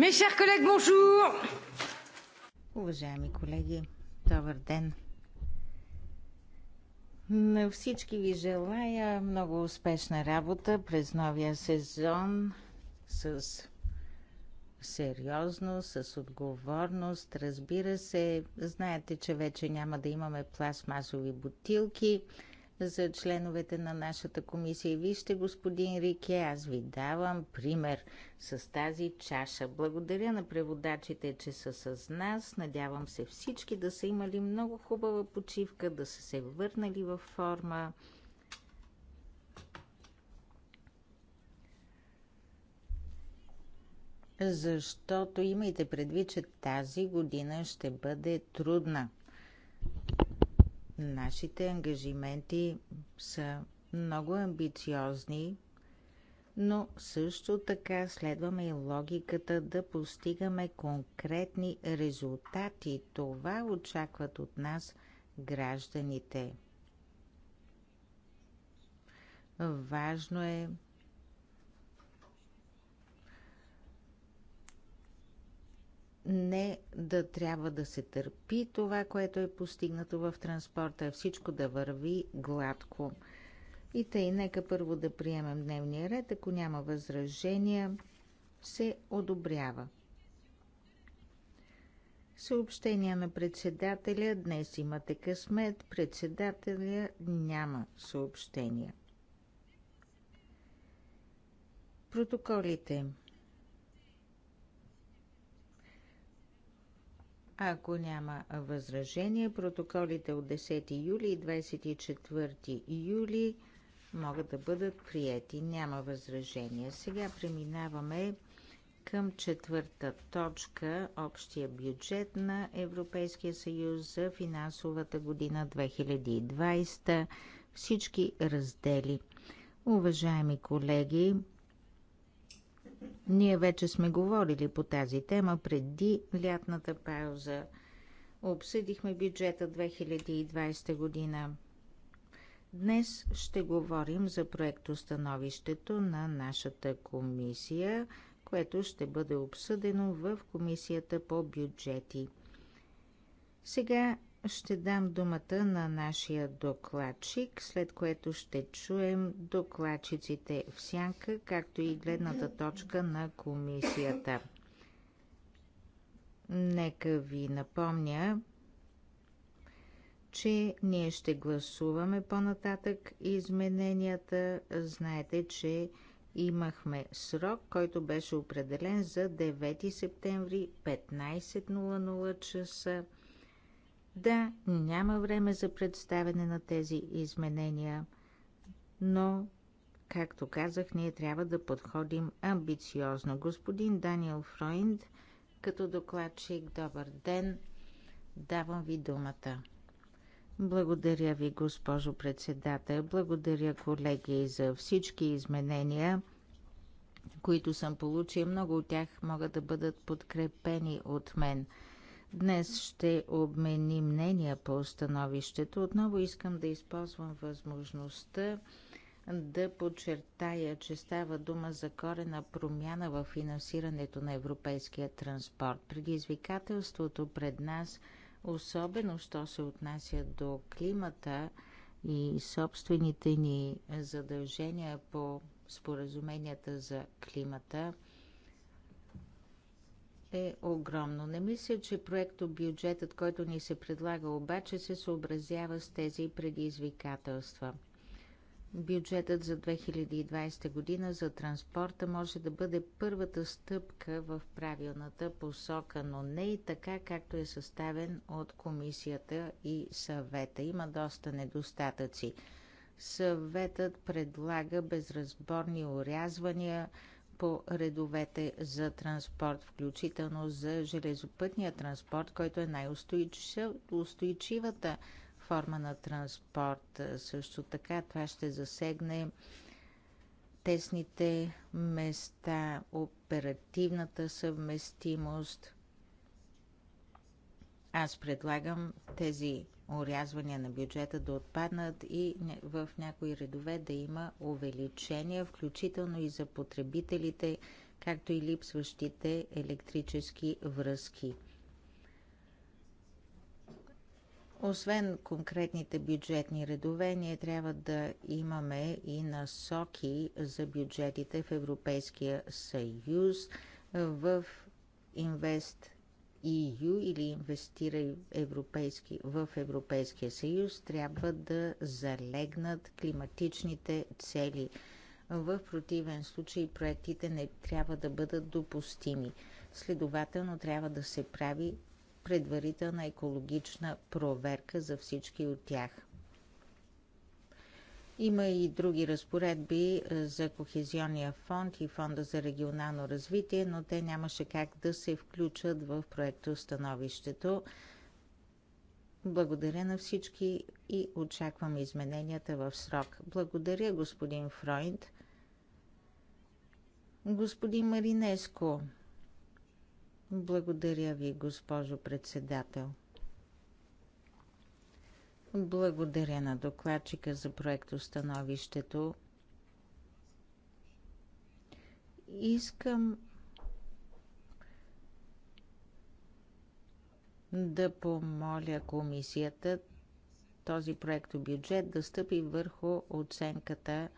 Мишер колег, бонжур! Уважаеми колеги, добър ден! На всички ви желая много успешна работа през новия сезон с сериозно, с отговорност. Разбира се, знаете, че вече няма да имаме пластмасови бутилки – за членовете на нашата комисия. Вижте, господин Рике, аз ви давам пример с тази чаша. Благодаря на преводачите, че са с нас. Надявам се всички да са имали много хубава почивка, да са се върнали във форма. Защото имайте предвид, че тази година ще бъде трудна. Нашите ангажименти са много амбициозни, но също така следваме и логиката да постигаме конкретни резултати. Това очакват от нас гражданите. Важно е не да трябва да се търпи това, което е постигнато в транспорта, всичко да върви гладко. И тъй, нека първо да приемем дневния ред, ако няма възражения, се одобрява. Съобщения на председателя. Днес имате късмет. Председателя няма съобщения. Протоколите. Ако няма възражение, протоколите от 10 юли и 24 юли могат да бъдат прияти. Няма възражение. Сега преминаваме към четвърта точка общия бюджет на Европейския съюз за финансовата година 2020. Всички раздели. Уважаеми колеги, ние вече сме говорили по тази тема преди лятната пауза. Обсъдихме бюджета 2020 година. Днес ще говорим за проектостановището на нашата комисия, което ще бъде обсъдено в комисията по бюджети. Сега ще дам думата на нашия докладчик, след което ще чуем докладчиците в сянка, както и гледната точка на комисията. Нека ви напомня, че ние ще гласуваме по-нататък измененията. Знаете, че имахме срок, който беше определен за 9 септември 15.00 часа. Да, няма време за представяне на тези изменения, но, както казах, ние трябва да подходим амбициозно. Господин Даниел Фройнд, като докладчик, добър ден, давам ви думата. Благодаря ви, госпожо председател. Благодаря, колеги, за всички изменения, които съм получил. Много от тях могат да бъдат подкрепени от мен – Днес ще обменим мнения по становището. Отново искам да използвам възможността да подчертая, че става дума за корена промяна в финансирането на европейския транспорт. Предизвикателството пред нас, особено що се отнася до климата и собствените ни задължения по споразуменията за климата – е огромно. Не мисля, че проекто бюджетът, който ни се предлага, обаче се съобразява с тези предизвикателства. Бюджетът за 2020 година за транспорта може да бъде първата стъпка в правилната посока, но не и така, както е съставен от комисията и съвета. Има доста недостатъци. Съветът предлага безразборни урязвания, по редовете за транспорт, включително за железопътния транспорт, който е най-устойчивата форма на транспорт. Също така това ще засегне тесните места, оперативната съвместимост. Аз предлагам тези урязвания на бюджета да отпаднат и в някои редове да има увеличение, включително и за потребителите, както и липсващите електрически връзки. Освен конкретните бюджетни редове, ние трябва да имаме и насоки за бюджетите в Европейския съюз в Инвест EU или инвестирай европейски, в Европейския съюз, трябва да залегнат климатичните цели. В противен случай проектите не трябва да бъдат допустими. Следователно трябва да се прави предварителна екологична проверка за всички от тях. Има и други разпоредби е, за Кохезионния фонд и Фонда за регионално развитие, но те нямаше как да се включат в проекта становището. Благодаря на всички и очаквам измененията в срок. Благодаря, господин Фройнд. Господин Маринеско, благодаря ви, госпожо председател. Благодаря на докладчика за проектостановището. Искам да помоля комисията този бюджет да стъпи върху оценката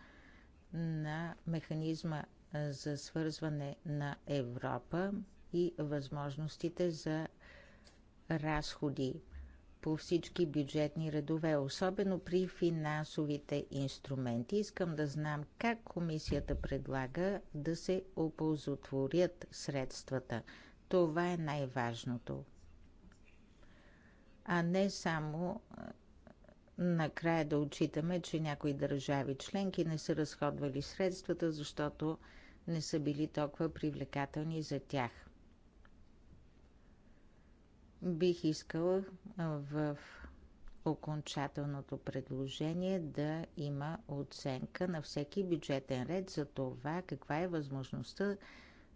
на механизма за свързване на Европа и възможностите за разходи по всички бюджетни редове, особено при финансовите инструменти. Искам да знам как комисията предлага да се оползотворят средствата. Това е най-важното. А не само накрая да отчитаме, че някои държави членки не са разходвали средствата, защото не са били толкова привлекателни за тях. Бих искала в окончателното предложение да има оценка на всеки бюджетен ред за това каква е възможността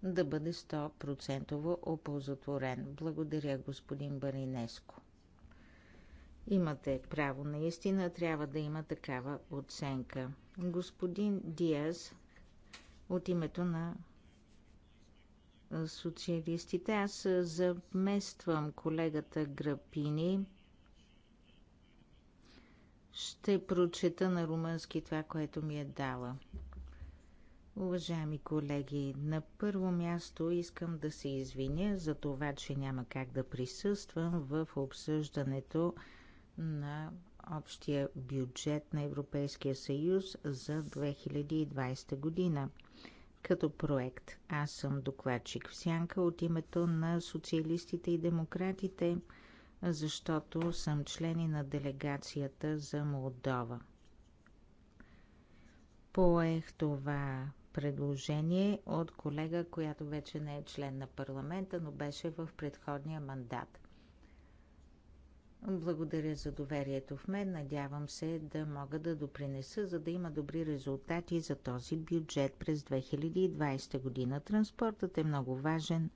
да бъде 100% оползотворен. Благодаря, господин Баринеско. Имате право, наистина трябва да има такава оценка. Господин Диаз от името на социалистите. Аз замествам колегата Грапини. Ще прочета на румънски това, което ми е дала. Уважаеми колеги, на първо място искам да се извиня за това, че няма как да присъствам в обсъждането на общия бюджет на Европейския съюз за 2020 година – като проект. Аз съм докладчик в сянка от името на социалистите и демократите, защото съм член и на делегацията за Молдова. Поех това предложение от колега, която вече не е член на парламента, но беше в предходния мандат. Благодаря за доверието в мен. Надявам се да мога да допринеса, за да има добри резултати за този бюджет през 2020 година. Транспортът е много важен.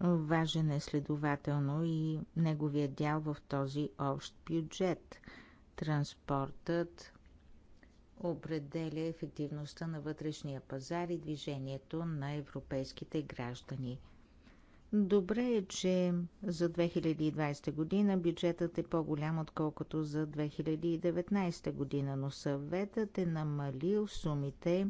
Важен е следователно и неговия дял в този общ бюджет. Транспортът определя ефективността на вътрешния пазар и движението на европейските граждани – Добре е, че за 2020 година бюджетът е по-голям, отколкото за 2019 година, но съветът е намалил сумите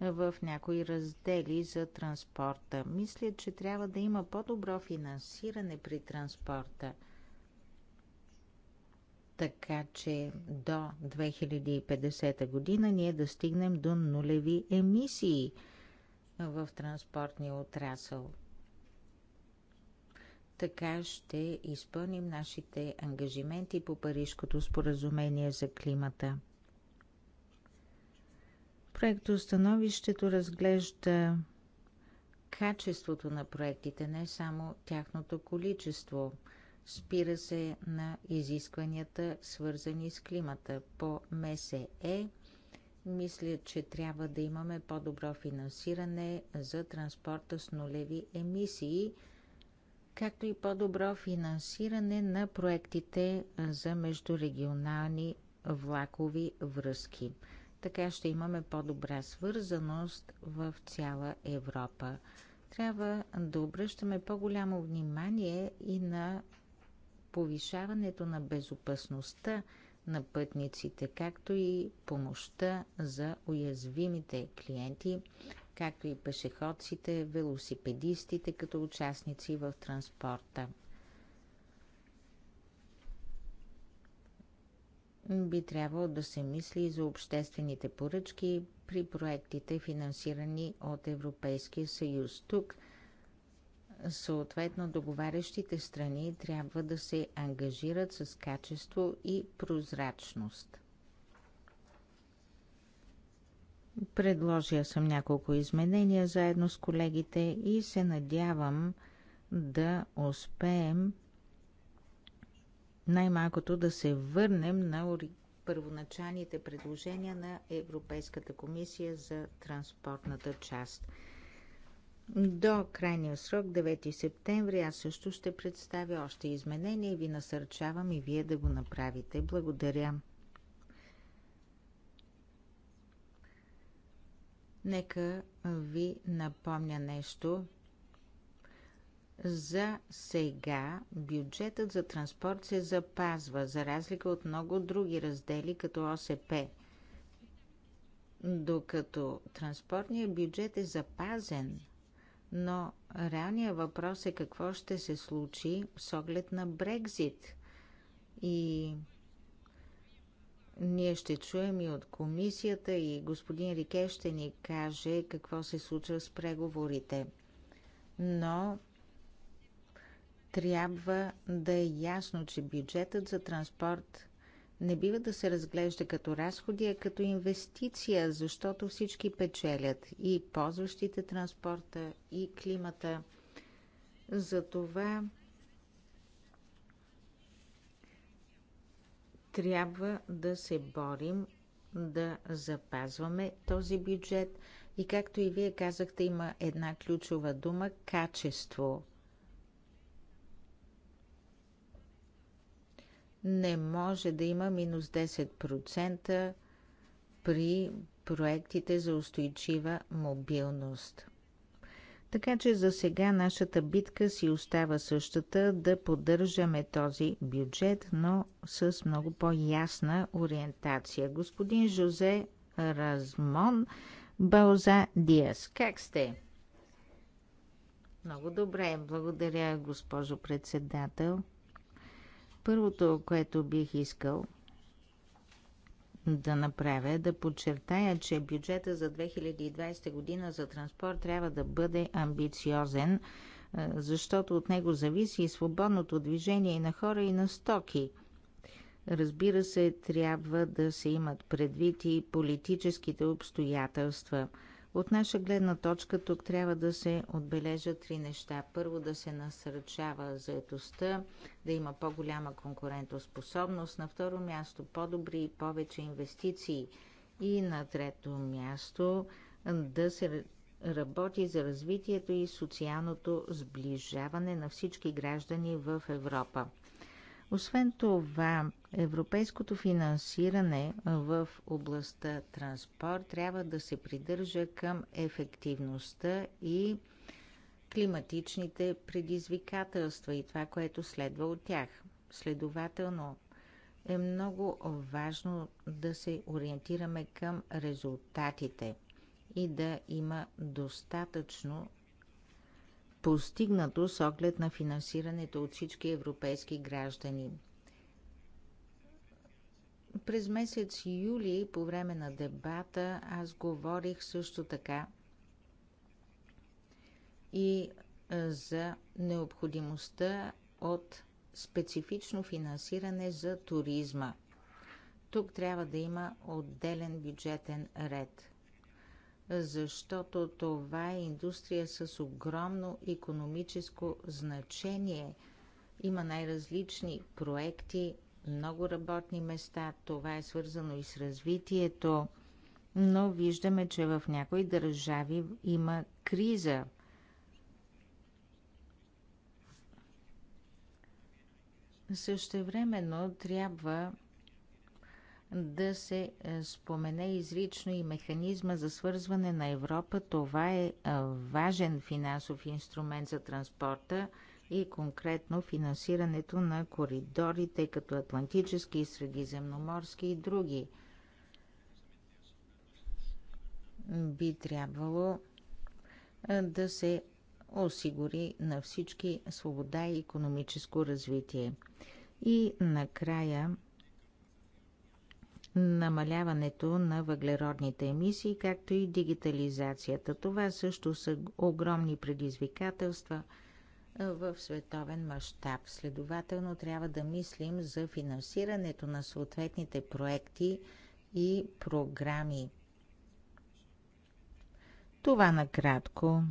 в някои раздели за транспорта. Мисля, че трябва да има по-добро финансиране при транспорта. Така че до 2050 година ние да стигнем до нулеви емисии в транспортния отрасъл. Така ще изпълним нашите ангажименти по Парижкото споразумение за климата. Проектостановището разглежда качеството на проектите, не само тяхното количество. Спира се на изискванията, свързани с климата. По МСЕ мисля, че трябва да имаме по-добро финансиране за транспорта с нулеви емисии – както и по-добро финансиране на проектите за междурегионални влакови връзки. Така ще имаме по-добра свързаност в цяла Европа. Трябва да обръщаме по-голямо внимание и на повишаването на безопасността на пътниците, както и помощта за уязвимите клиенти както и пешеходците, велосипедистите като участници в транспорта. Би трябвало да се мисли и за обществените поръчки при проектите, финансирани от Европейския съюз. Тук съответно договарящите страни трябва да се ангажират с качество и прозрачност. Предложил съм няколко изменения заедно с колегите и се надявам да успеем най-малкото да се върнем на първоначалните предложения на Европейската комисия за транспортната част. До крайния срок, 9 септември, аз също ще представя още изменения и ви насърчавам и вие да го направите. Благодаря. Нека ви напомня нещо. За сега бюджетът за транспорт се запазва, за разлика от много други раздели, като ОСП. Докато транспортният бюджет е запазен, но реалният въпрос е какво ще се случи с оглед на Брекзит. И ние ще чуем и от комисията и господин Рике ще ни каже какво се случва с преговорите. Но трябва да е ясно, че бюджетът за транспорт не бива да се разглежда като разходи, а като инвестиция, защото всички печелят и ползващите транспорта, и климата. Затова трябва да се борим да запазваме този бюджет и както и вие казахте, има една ключова дума – качество. Не може да има минус 10% при проектите за устойчива мобилност. Така че за сега нашата битка си остава същата да поддържаме този бюджет, но с много по-ясна ориентация. Господин Жозе Размон Балза Диас, как сте? Много добре, благодаря, госпожо председател. Първото, което бих искал да направя да подчертая, че бюджета за 2020 година за транспорт трябва да бъде амбициозен, защото от него зависи и свободното движение и на хора, и на стоки. Разбира се, трябва да се имат предвид и политическите обстоятелства – от наша гледна точка тук трябва да се отбележат три неща. Първо да се насърчава заетостта, да има по-голяма конкурентоспособност. На второ място по-добри и повече инвестиции. И на трето място да се работи за развитието и социалното сближаване на всички граждани в Европа. Освен това, европейското финансиране в областта транспорт трябва да се придържа към ефективността и климатичните предизвикателства и това, което следва от тях. Следователно, е много важно да се ориентираме към резултатите и да има достатъчно постигнато с оглед на финансирането от всички европейски граждани. През месец юли, по време на дебата, аз говорих също така и за необходимостта от специфично финансиране за туризма. Тук трябва да има отделен бюджетен ред защото това е индустрия с огромно економическо значение. Има най-различни проекти, много работни места, това е свързано и с развитието, но виждаме, че в някои държави има криза. времено трябва да се е, спомене изрично и механизма за свързване на Европа. Това е, е важен финансов инструмент за транспорта и конкретно финансирането на коридорите като Атлантически, Средиземноморски и други. Би трябвало е, да се осигури на всички свобода и економическо развитие. И накрая намаляването на въглеродните емисии, както и дигитализацията. Това също са огромни предизвикателства в световен мащаб. Следователно трябва да мислим за финансирането на съответните проекти и програми. Това накратко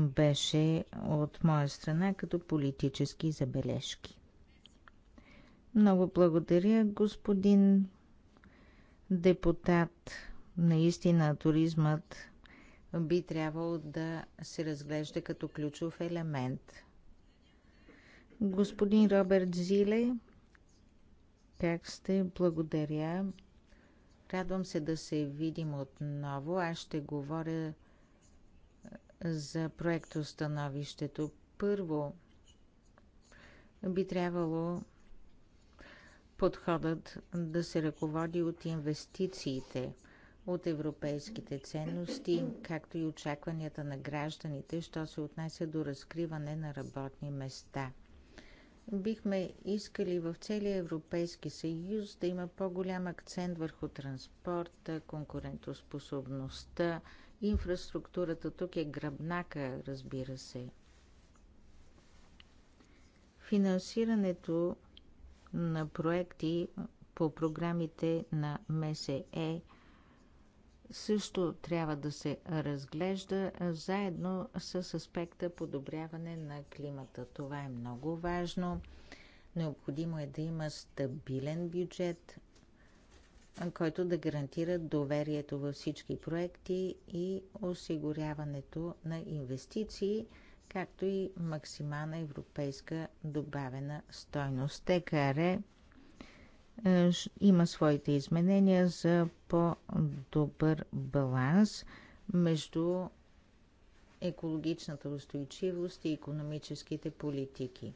беше от моя страна като политически забележки. Много благодаря, господин депутат. Наистина туризмът би трябвало да се разглежда като ключов елемент. Господин Роберт Зиле, как сте? Благодаря. Радвам се да се видим отново. Аз ще говоря е, за проектостановището. Първо, би трябвало подходът да се ръководи от инвестициите, от европейските ценности, както и очакванията на гражданите, що се отнася до разкриване на работни места. Бихме искали в целия Европейски съюз да има по-голям акцент върху транспорта, конкурентоспособността, инфраструктурата. Тук е гръбнака, разбира се. Финансирането на проекти по програмите на МСЕ също трябва да се разглежда заедно с аспекта подобряване на климата. Това е много важно. Необходимо е да има стабилен бюджет, който да гарантира доверието във всички проекти и осигуряването на инвестиции – както и максимална европейска добавена стойност. ТКР е, е, има своите изменения за по-добър баланс между екологичната устойчивост и економическите политики.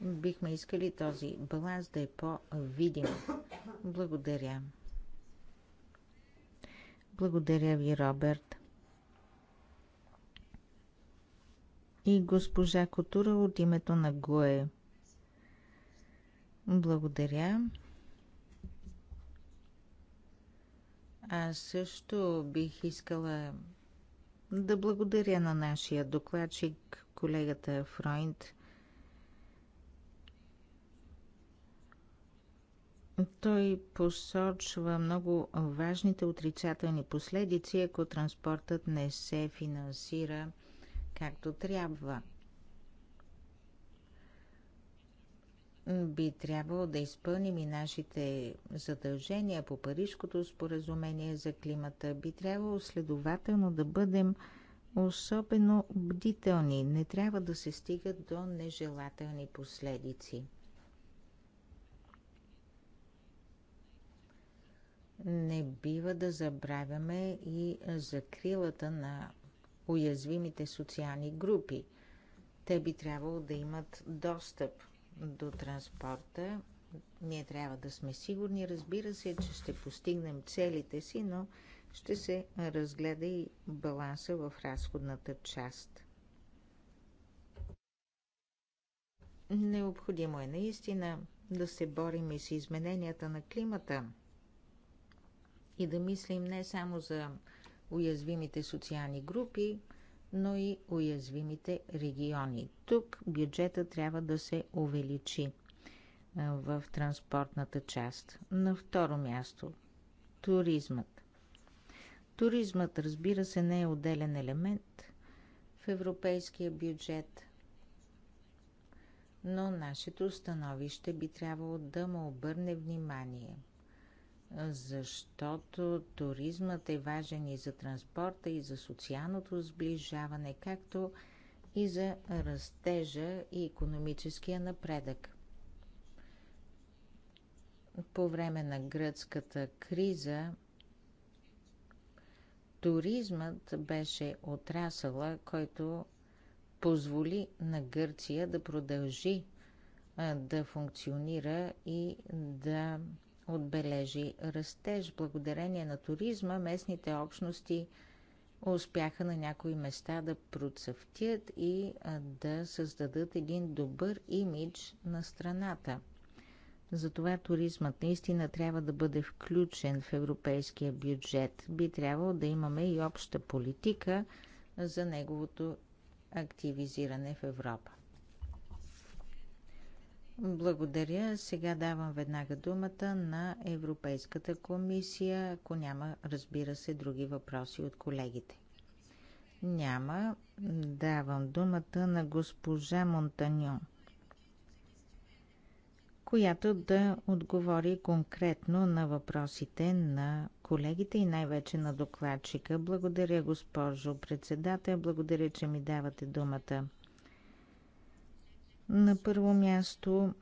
Бихме искали този баланс да е по-видим. Благодаря. Благодаря ви, Роберт. и госпожа Котура от името на ГОЕ. Благодаря. Аз също бих искала да благодаря на нашия докладчик, колегата Фройнд. Той посочва много важните отрицателни последици, ако транспортът не се финансира както трябва. Би трябвало да изпълним и нашите задължения по Парижкото споразумение за климата. Би трябвало следователно да бъдем особено бдителни. Не трябва да се стига до нежелателни последици. Не бива да забравяме и закрилата на уязвимите социални групи. Те би трябвало да имат достъп до транспорта. Ние трябва да сме сигурни, разбира се, че ще постигнем целите си, но ще се разгледа и баланса в разходната част. Необходимо е наистина да се борим и с измененията на климата и да мислим не само за уязвимите социални групи, но и уязвимите региони. Тук бюджета трябва да се увеличи в транспортната част. На второ място туризмът. Туризмът, разбира се, не е отделен елемент в европейския бюджет, но нашето становище би трябвало да му обърне внимание – защото туризмът е важен и за транспорта, и за социалното сближаване, както и за растежа и економическия напредък. По време на гръцката криза туризмът беше отрасъла, който позволи на Гърция да продължи да функционира и да отбележи растеж. Благодарение на туризма местните общности успяха на някои места да процъфтят и да създадат един добър имидж на страната. Затова туризмът наистина трябва да бъде включен в европейския бюджет. Би трябвало да имаме и обща политика за неговото активизиране в Европа. Благодаря. Сега давам веднага думата на Европейската комисия, ако няма, разбира се, други въпроси от колегите. Няма. Давам думата на госпожа Монтаньо, която да отговори конкретно на въпросите на колегите и най-вече на докладчика. Благодаря, госпожо председател. Благодаря, че ми давате думата. На първо място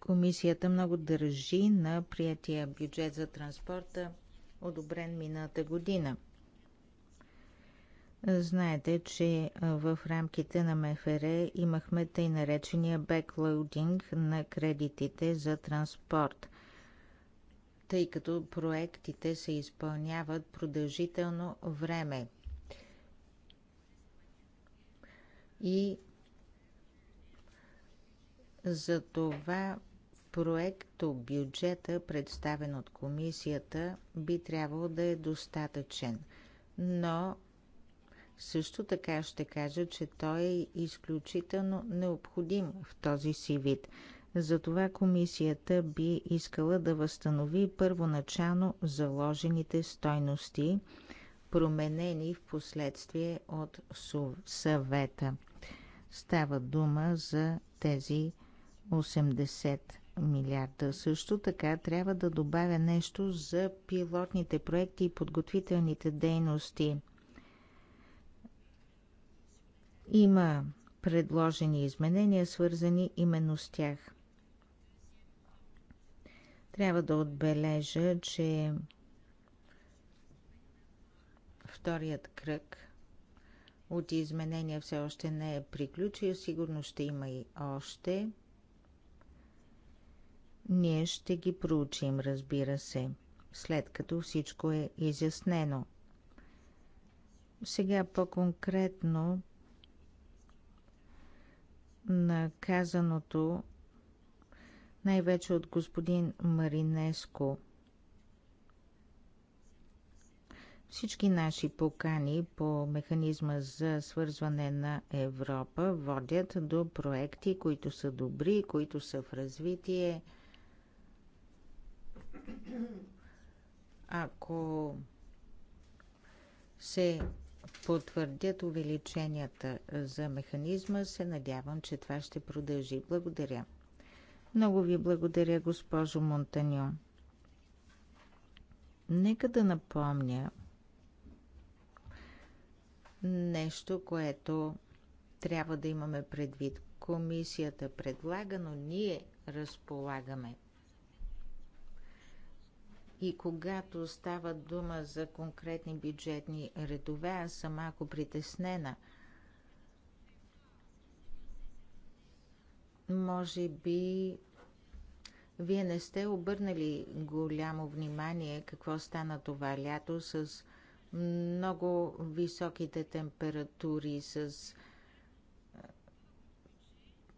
комисията много държи на приятия бюджет за транспорта, одобрен мината година. Знаете, че в рамките на МФР имахме тъй наречения беклоудинг на кредитите за транспорт, тъй като проектите се изпълняват продължително време. И за проекто бюджета, представен от комисията, би трябвало да е достатъчен. Но също така ще кажа, че той е изключително необходим в този си вид. Затова комисията би искала да възстанови първоначално заложените стойности, променени в последствие от съвета. Става дума за тези 80 милиарда. Също така трябва да добавя нещо за пилотните проекти и подготвителните дейности. Има предложени изменения, свързани именно с тях. Трябва да отбележа, че вторият кръг от изменения все още не е приключил. Сигурно ще има и още. Ние ще ги проучим, разбира се, след като всичко е изяснено. Сега по-конкретно на казаното най-вече от господин Маринеско. Всички наши покани по механизма за свързване на Европа водят до проекти, които са добри, които са в развитие – ако се потвърдят увеличенията за механизма, се надявам, че това ще продължи. Благодаря. Много ви благодаря, госпожо Монтаньо. Нека да напомня нещо, което трябва да имаме предвид. Комисията предлага, но ние разполагаме. И когато става дума за конкретни бюджетни редове, аз съм малко притеснена. Може би вие не сте обърнали голямо внимание какво стана това лято с много високите температури, с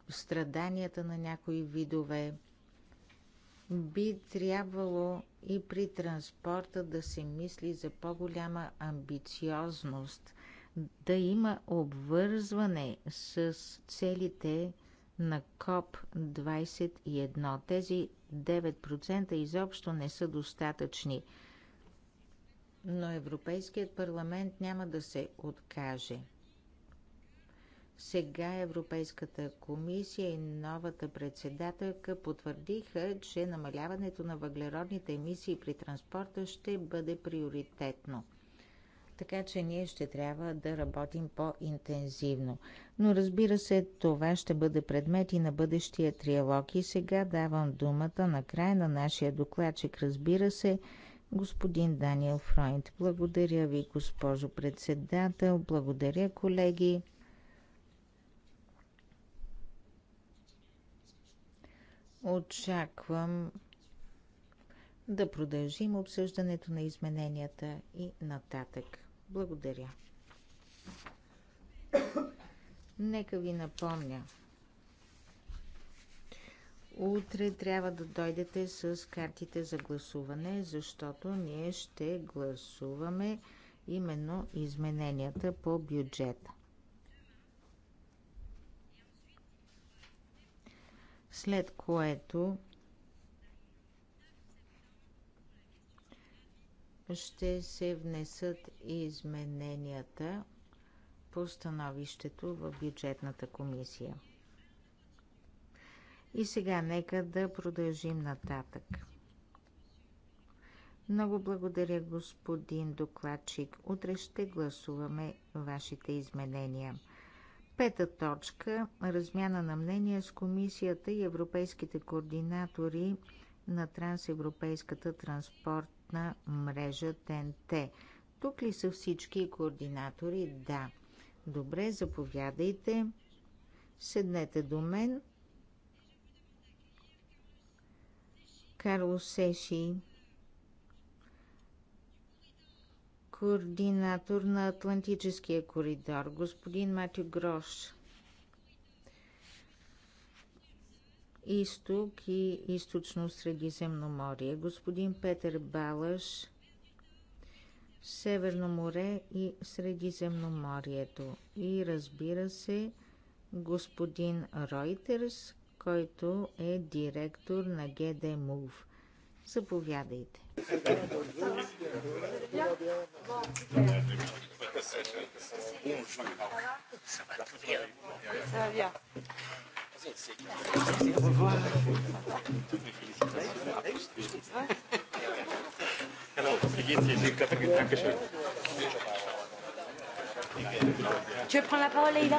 страданията на някои видове. Би трябвало и при транспорта да се мисли за по-голяма амбициозност, да има обвързване с целите на КОП-21. Тези 9% изобщо не са достатъчни. Но Европейският парламент няма да се откаже – сега Европейската комисия и новата председателка потвърдиха, че намаляването на въглеродните емисии при транспорта ще бъде приоритетно. Така че ние ще трябва да работим по-интензивно. Но разбира се, това ще бъде предмет и на бъдещия триалог. И сега давам думата на край на нашия докладчик, разбира се, господин Даниел Фройнт, Благодаря ви, госпожо председател. Благодаря, колеги. Очаквам да продължим обсъждането на измененията и нататък. Благодаря. Нека ви напомня. Утре трябва да дойдете с картите за гласуване, защото ние ще гласуваме именно измененията по бюджета. след което ще се внесат и измененията по становището в бюджетната комисия. И сега нека да продължим нататък. Много благодаря, господин докладчик. Утре ще гласуваме вашите изменения. Пета точка – размяна на мнения с Комисията и европейските координатори на трансевропейската транспортна мрежа ТНТ. Тук ли са всички координатори? Да. Добре, заповядайте. Седнете до мен. Карл Сеши. координатор на Атлантическия коридор, господин Матю Грош. Изток и източно Средиземноморие, господин Петър Балаш, Северно море и Средиземноморието. И разбира се, господин Ройтерс, който е директор на GD Move – Заповядайте. Tu veux prendre la parole, Leïla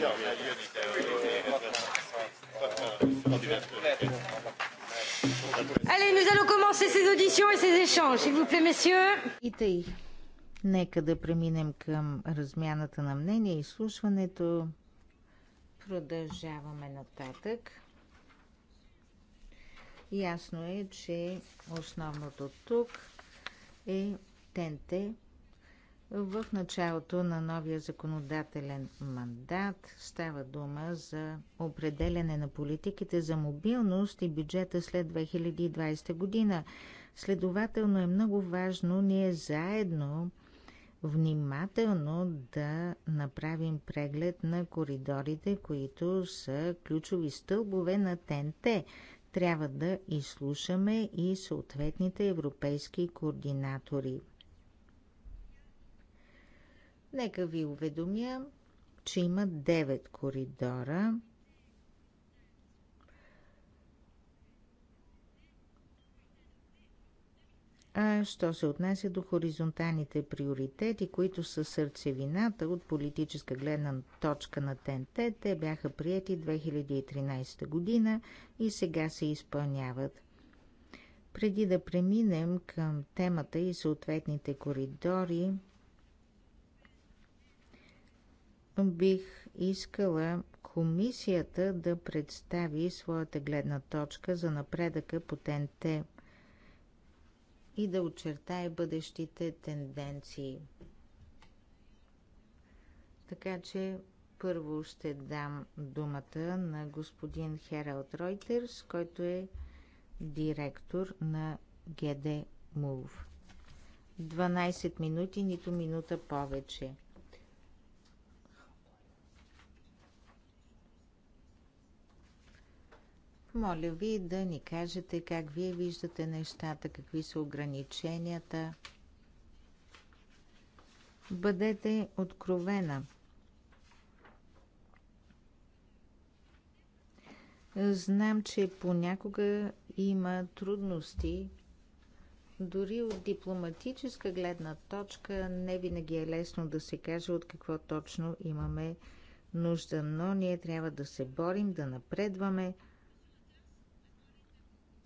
Allez, nous allons commencer ces auditions et ces échanges, s'il vous plaît, messieurs. И тъй, нека да преминем към размяната на мнение и слушването. Продължаваме нататък. Ясно е, че основното тук е ТНТ в началото на новия законодателен мандат става дума за определене на политиките за мобилност и бюджета след 2020 година. Следователно е много важно ние заедно внимателно да направим преглед на коридорите, които са ключови стълбове на ТНТ. Трябва да изслушаме и съответните европейски координатори – Нека ви уведомя, че има 9 коридора. А що се отнася до хоризонталните приоритети, които са сърцевината от политическа гледна точка на ТНТ, те бяха прияти 2013 година и сега се изпълняват. Преди да преминем към темата и съответните коридори, бих искала комисията да представи своята гледна точка за напредъка по ТНТ и да очертае бъдещите тенденции. Така че първо ще дам думата на господин Хералд Ройтерс, който е директор на ГД Move. 12 минути, нито минута повече. Моля ви да ни кажете как вие виждате нещата, какви са ограниченията. Бъдете откровена. Знам, че понякога има трудности, дори от дипломатическа гледна точка не винаги е лесно да се каже от какво точно имаме нужда, но ние трябва да се борим, да напредваме.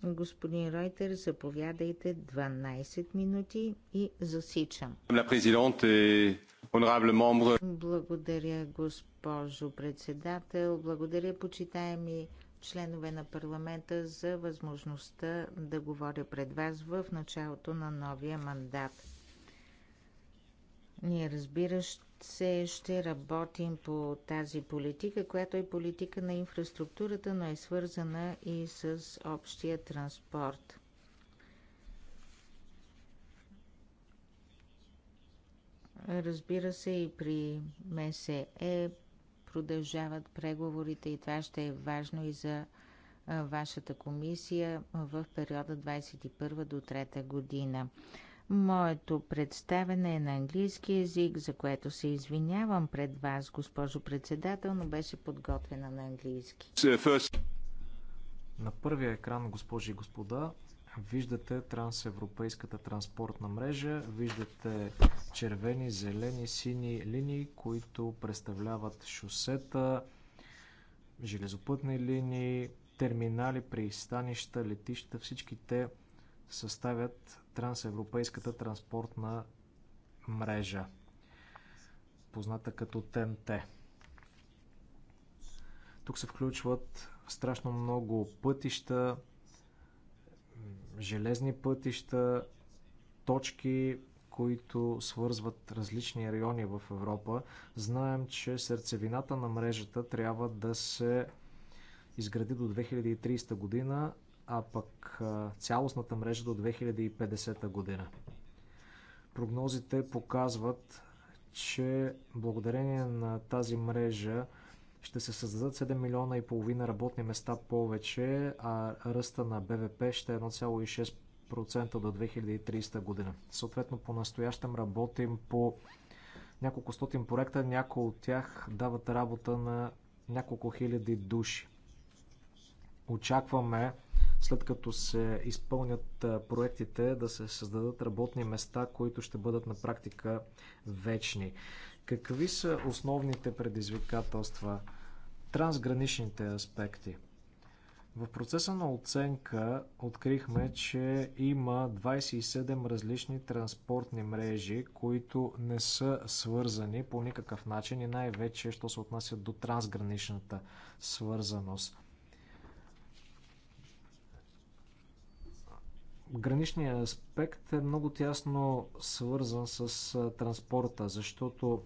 Господин Ройтер, заповядайте 12 минути и засичам. Благодаря, госпожо председател. Благодаря, почитаеми членове на парламента, за възможността да говоря пред вас в началото на новия мандат. Ние, разбираш, се ще работим по тази политика, която е политика на инфраструктурата, но е свързана и с общия транспорт. Разбира се, и при МСЕ продължават преговорите и това ще е важно и за вашата комисия в периода 21 до 3 година. Моето представене е на английски язик, за което се извинявам пред вас, госпожо председател, но беше подготвена на английски. На първия екран, госпожи и господа, виждате трансевропейската транспортна мрежа, виждате червени, зелени, сини линии, които представляват шосета, железопътни линии, терминали, пристанища, летища, всички те съставят трансевропейската транспортна мрежа, позната като ТНТ. Тук се включват страшно много пътища, железни пътища, точки, които свързват различни райони в Европа. Знаем, че сърцевината на мрежата трябва да се изгради до 2030 година, а пък цялостната мрежа до 2050 година. Прогнозите показват, че благодарение на тази мрежа ще се създадат 7 милиона и половина работни места повече, а ръста на БВП ще е 1,6% до 2030 година. Съответно, по-настоящем работим по няколко стотин проекта, някои от тях дават работа на няколко хиляди души. Очакваме след като се изпълнят проектите, да се създадат работни места, които ще бъдат на практика вечни. Какви са основните предизвикателства, трансграничните аспекти? В процеса на оценка открихме, че има 27 различни транспортни мрежи, които не са свързани по никакъв начин и най-вече, що се отнася до трансграничната свързаност. граничният аспект е много тясно свързан с транспорта, защото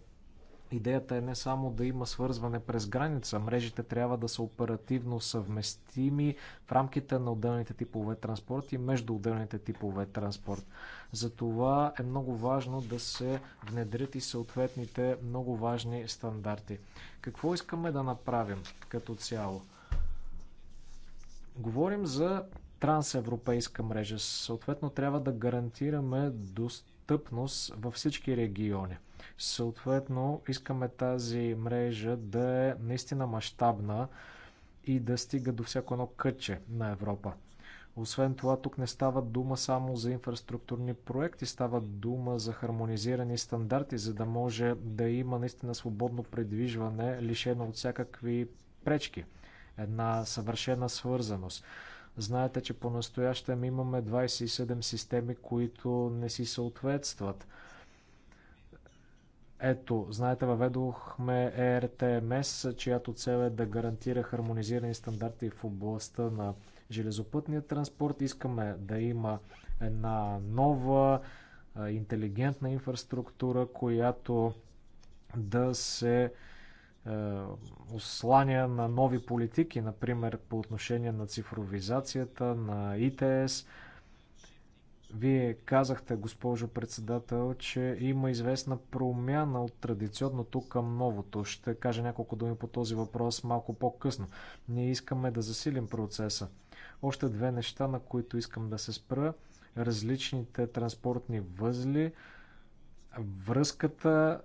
идеята е не само да има свързване през граница, мрежите трябва да са оперативно съвместими в рамките на отделните типове транспорт и между отделните типове транспорт. Затова е много важно да се внедрят и съответните много важни стандарти. Какво искаме да направим като цяло? Говорим за трансевропейска мрежа. Съответно, трябва да гарантираме достъпност във всички региони. Съответно, искаме тази мрежа да е наистина мащабна и да стига до всяко едно кътче на Европа. Освен това, тук не става дума само за инфраструктурни проекти, става дума за хармонизирани стандарти, за да може да има наистина свободно предвижване, лишено от всякакви пречки. Една съвършена свързаност. Знаете, че по-настоящем имаме 27 системи, които не си съответстват. Ето, знаете, въведохме ERTMS, чиято цел е да гарантира хармонизирани стандарти в областта на железопътния транспорт. Искаме да има една нова интелигентна инфраструктура, която да се ослания е, на нови политики, например по отношение на цифровизацията, на ИТС. Вие казахте, госпожо председател, че има известна промяна от традиционното към новото. Ще кажа няколко думи по този въпрос малко по-късно. Ние искаме да засилим процеса. Още две неща, на които искам да се спра. Различните транспортни възли, връзката,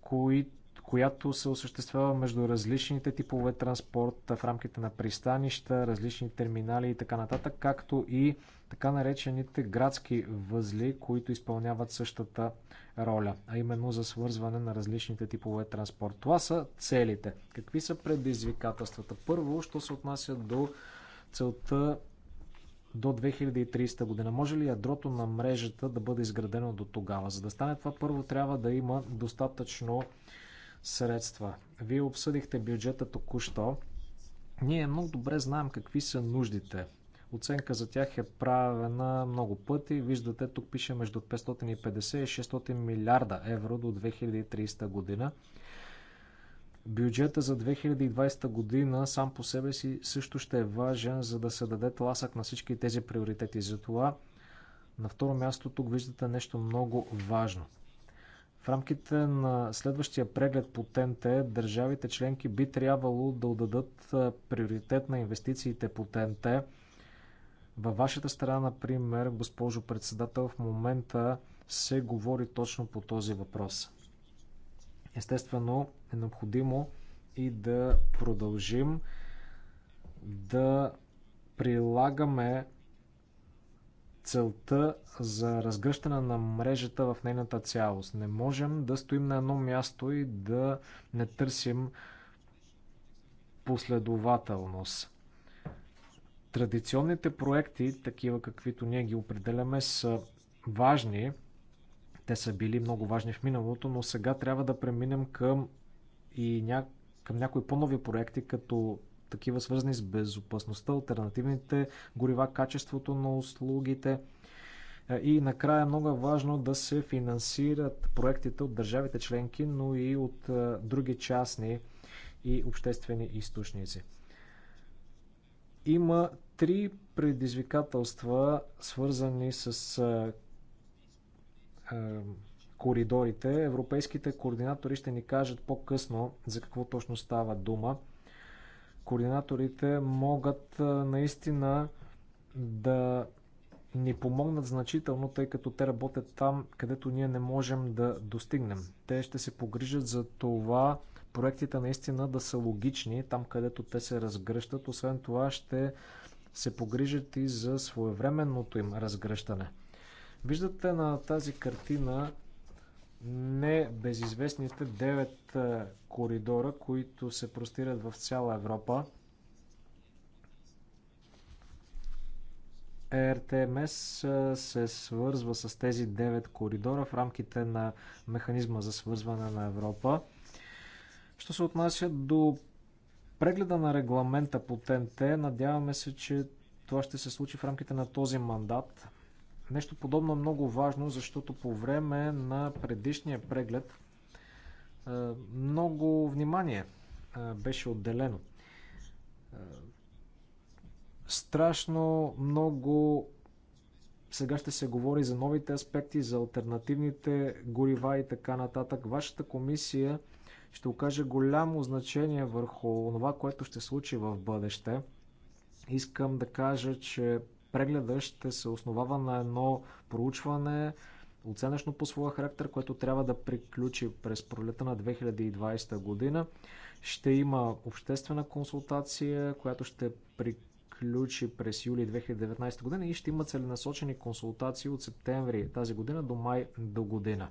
които която се осъществява между различните типове транспорт в рамките на пристанища, различни терминали и така нататък, както и така наречените градски възли, които изпълняват същата роля, а именно за свързване на различните типове транспорт. Това са целите. Какви са предизвикателствата? Първо, що се отнася до целта до 2030 година. Може ли ядрото на мрежата да бъде изградено до тогава? За да стане това, първо трябва да има достатъчно средства. Вие обсъдихте бюджета току-що. Ние много добре знаем какви са нуждите. Оценка за тях е правена много пъти. Виждате, тук пише между 550 и 600 милиарда евро до 2030 година. Бюджета за 2020 година сам по себе си също ще е важен, за да се даде тласък на всички тези приоритети. Затова на второ място тук виждате нещо много важно – в рамките на следващия преглед по ТНТ, държавите членки би трябвало да отдадат приоритет на инвестициите по ТНТ. Във вашата страна, например, госпожо председател, в момента се говори точно по този въпрос. Естествено, е необходимо и да продължим да прилагаме целта за разгръщане на мрежата в нейната цялост. Не можем да стоим на едно място и да не търсим последователност. Традиционните проекти, такива каквито ние ги определяме, са важни. Те са били много важни в миналото, но сега трябва да преминем към и ня... към някои по-нови проекти, като такива свързани с безопасността, альтернативните горива, качеството на услугите. Е, и накрая е много е важно да се финансират проектите от държавите членки, но и от е, други частни и обществени източници. Има три предизвикателства, свързани с коридорите. Европейските координатори ще ни кажат по-късно за какво точно става дума координаторите могат наистина да ни помогнат значително, тъй като те работят там, където ние не можем да достигнем. Те ще се погрижат за това проектите наистина да са логични там, където те се разгръщат. Освен това ще се погрижат и за своевременното им разгръщане. Виждате на тази картина не безизвестните 9 коридора, които се простират в цяла Европа. РТМС се свързва с тези 9 коридора в рамките на механизма за свързване на Европа. Що се отнася до прегледа на регламента по ТНТ, надяваме се, че това ще се случи в рамките на този мандат. Нещо подобно е много важно, защото по време на предишния преглед много внимание беше отделено. Страшно много сега ще се говори за новите аспекти, за альтернативните горива и така нататък. Вашата комисия ще окаже голямо значение върху това, което ще случи в бъдеще. Искам да кажа, че прегледа ще се основава на едно проучване, оценъчно по своя характер, което трябва да приключи през пролета на 2020 година. Ще има обществена консултация, която ще приключи през юли 2019 година и ще има целенасочени консултации от септември тази година до май до година.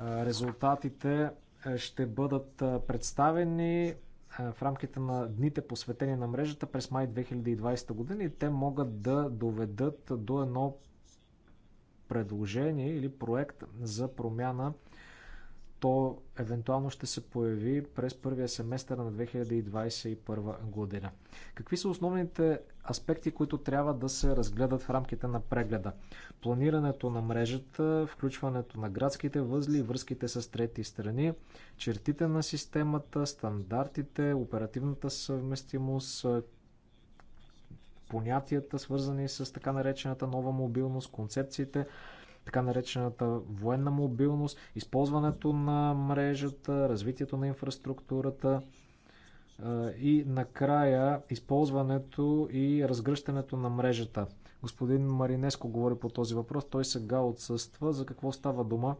Резултатите ще бъдат представени е, в рамките на дните посветени на мрежата през май 2020 година и те могат да доведат до едно предложение или проект за промяна то евентуално ще се появи през първия семестър на 2021 година. Какви са основните аспекти, които трябва да се разгледат в рамките на прегледа? Планирането на мрежата, включването на градските възли, връзките с трети страни, чертите на системата, стандартите, оперативната съвместимост, понятията, свързани с така наречената нова мобилност, концепциите, така наречената военна мобилност, използването на мрежата, развитието на инфраструктурата и накрая използването и разгръщането на мрежата. Господин Маринеско говори по този въпрос, той сега отсъства. За какво става дума?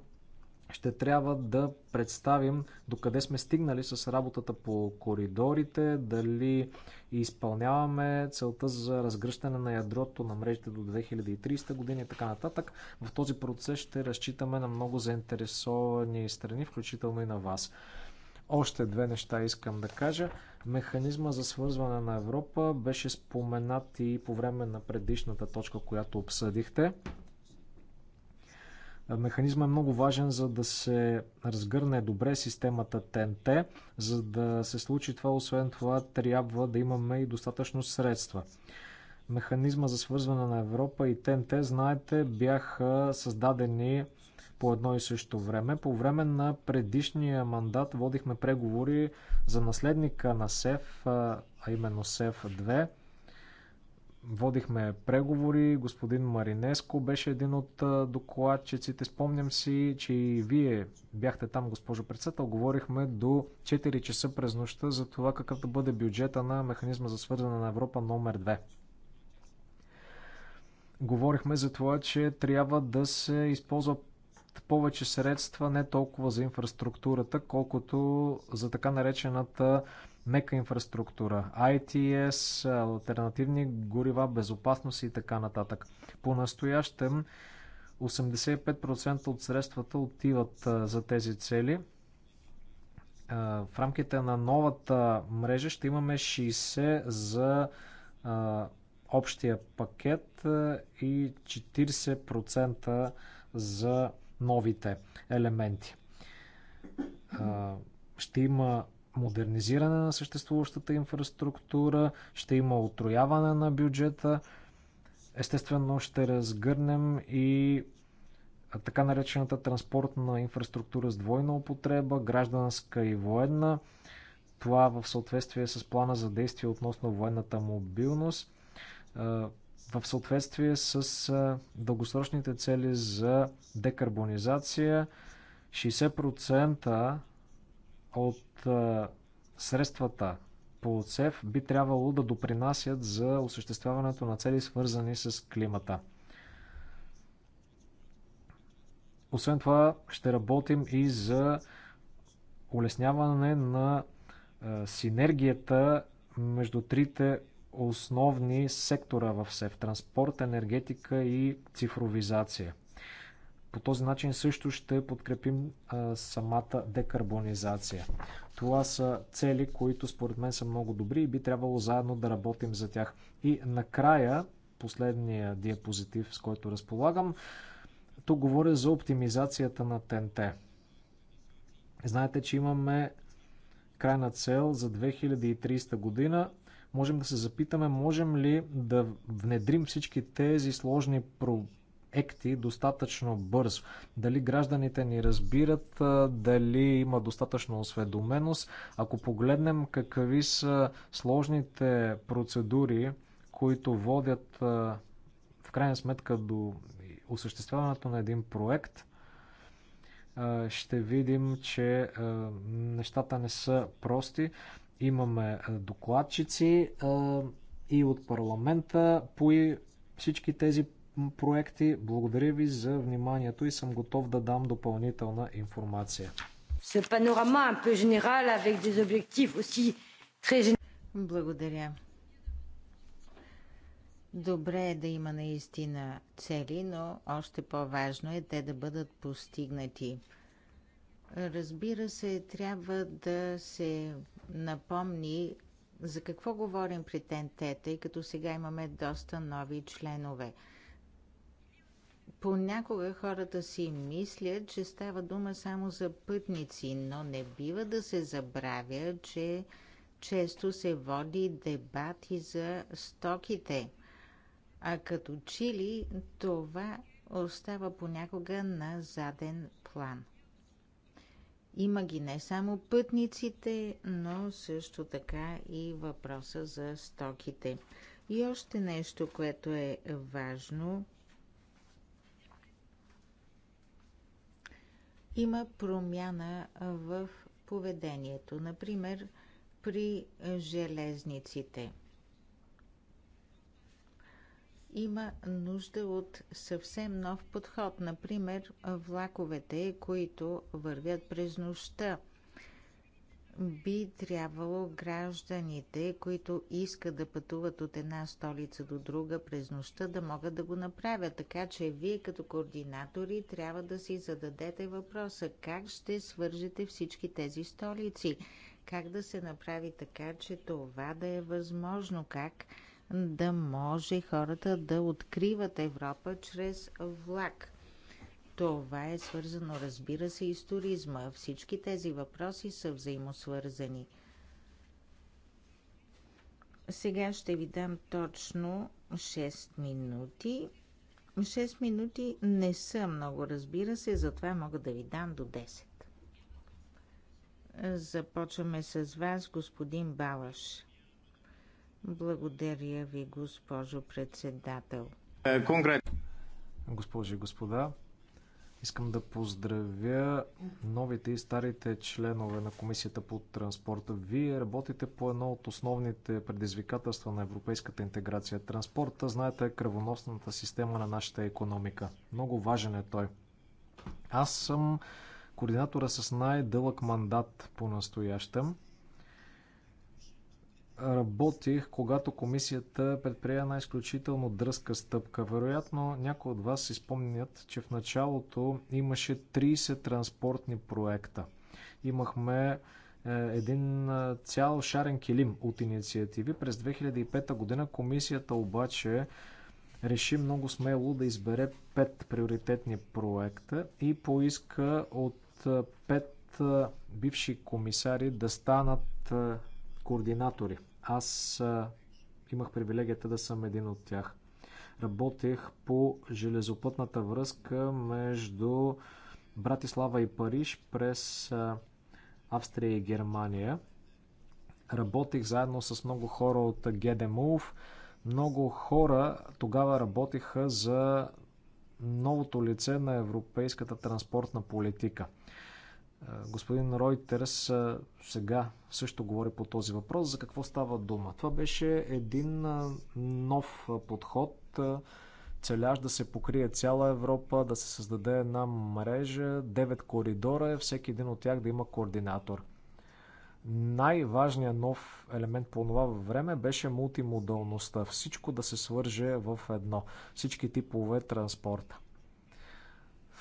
ще трябва да представим докъде сме стигнали с работата по коридорите, дали изпълняваме целта за разгръщане на ядрото на мрежите до 2030 година и така нататък. В този процес ще разчитаме на много заинтересовани страни, включително и на вас. Още две неща искам да кажа. Механизма за свързване на Европа беше споменат и по време на предишната точка, която обсъдихте. Механизмът е много важен, за да се разгърне добре системата ТНТ. За да се случи това, освен това, трябва да имаме и достатъчно средства. Механизма за свързване на Европа и ТНТ, знаете, бяха създадени по едно и също време. По време на предишния мандат водихме преговори за наследника на СЕФ, а именно СЕФ 2 Водихме преговори, господин Маринеско беше един от докладчиците. Спомням си, че и вие бяхте там, госпожо председател. Говорихме до 4 часа през нощта за това какъв да бъде бюджета на механизма за свързане на Европа номер 2 говорихме за това, че трябва да се използват повече средства не толкова за инфраструктурата, колкото за така наречената мека инфраструктура, ITS, альтернативни горива, безопасност и така нататък. По-настоящем 85% от средствата отиват за тези цели. В рамките на новата мрежа ще имаме 60 за общия пакет и 40% за новите елементи. Ще има модернизиране на съществуващата инфраструктура, ще има отрояване на бюджета. Естествено ще разгърнем и така наречената транспортна инфраструктура с двойна употреба, гражданска и военна. Това в съответствие с плана за действие относно военната мобилност, в съответствие с дългосрочните цели за декарбонизация, 60% от е, средствата по ОЦЕВ би трябвало да допринасят за осъществяването на цели свързани с климата. Освен това, ще работим и за улесняване на е, синергията между трите основни сектора в СЕВ транспорт, енергетика и цифровизация. По този начин също ще подкрепим а, самата декарбонизация. Това са цели, които според мен са много добри и би трябвало заедно да работим за тях. И накрая, последния диапозитив, с който разполагам, тук говоря за оптимизацията на ТНТ. Знаете, че имаме крайна цел за 2030 година. Можем да се запитаме, можем ли да внедрим всички тези сложни проблеми екти достатъчно бързо. Дали гражданите ни разбират, дали има достатъчно осведоменост. Ако погледнем какви са сложните процедури, които водят в крайна сметка до осъществяването на един проект, ще видим, че нещата не са прости. Имаме докладчици и от парламента по всички тези проекти. Благодаря ви за вниманието и съм готов да дам допълнителна информация. Благодаря. Добре е да има наистина цели, но още по-важно е те да бъдат постигнати. Разбира се, трябва да се напомни за какво говорим при ТНТ, тъй като сега имаме доста нови членове – Понякога хората си мислят, че става дума само за пътници, но не бива да се забравя, че често се води дебати за стоките. А като чили това остава понякога на заден план. Има ги не само пътниците, но също така и въпроса за стоките. И още нещо, което е важно има промяна в поведението. Например, при железниците. Има нужда от съвсем нов подход. Например, влаковете, които вървят през нощта – би трябвало гражданите, които искат да пътуват от една столица до друга през нощта, да могат да го направят. Така че вие като координатори трябва да си зададете въпроса как ще свържете всички тези столици, как да се направи така, че това да е възможно, как да може хората да откриват Европа чрез влак. Това е свързано, разбира се, и с туризма. Всички тези въпроси са взаимосвързани. Сега ще ви дам точно 6 минути. 6 минути не са много, разбира се, затова мога да ви дам до 10. Започваме с вас, господин Балаш. Благодаря ви, госпожо председател. Конгрес. Госпожи и господа, Искам да поздравя новите и старите членове на Комисията по транспорта. Вие работите по едно от основните предизвикателства на европейската интеграция. Транспорта, знаете, е кръвоносната система на нашата економика. Много важен е той. Аз съм координатора с най-дълъг мандат по настоящем работих, когато комисията предприе една изключително дръзка стъпка. Вероятно някои от вас си спомнят, че в началото имаше 30 транспортни проекта. Имахме е, един е, цял шарен килим от инициативи. През 2005 година комисията обаче реши много смело да избере 5 приоритетни проекта и поиска от 5 е, бивши комисари да станат координатори. Аз имах привилегията да съм един от тях. Работех по железопътната връзка между Братислава и Париж през Австрия и Германия. Работих заедно с много хора от Гедемов. Много хора тогава работиха за новото лице на европейската транспортна политика – Господин Ройтерс сега също говори по този въпрос. За какво става дума? Това беше един нов подход, целящ да се покрие цяла Европа, да се създаде една мрежа, девет коридора, всеки един от тях да има координатор. Най-важният нов елемент по това време беше мултимодалността. Всичко да се свърже в едно. Всички типове транспорта.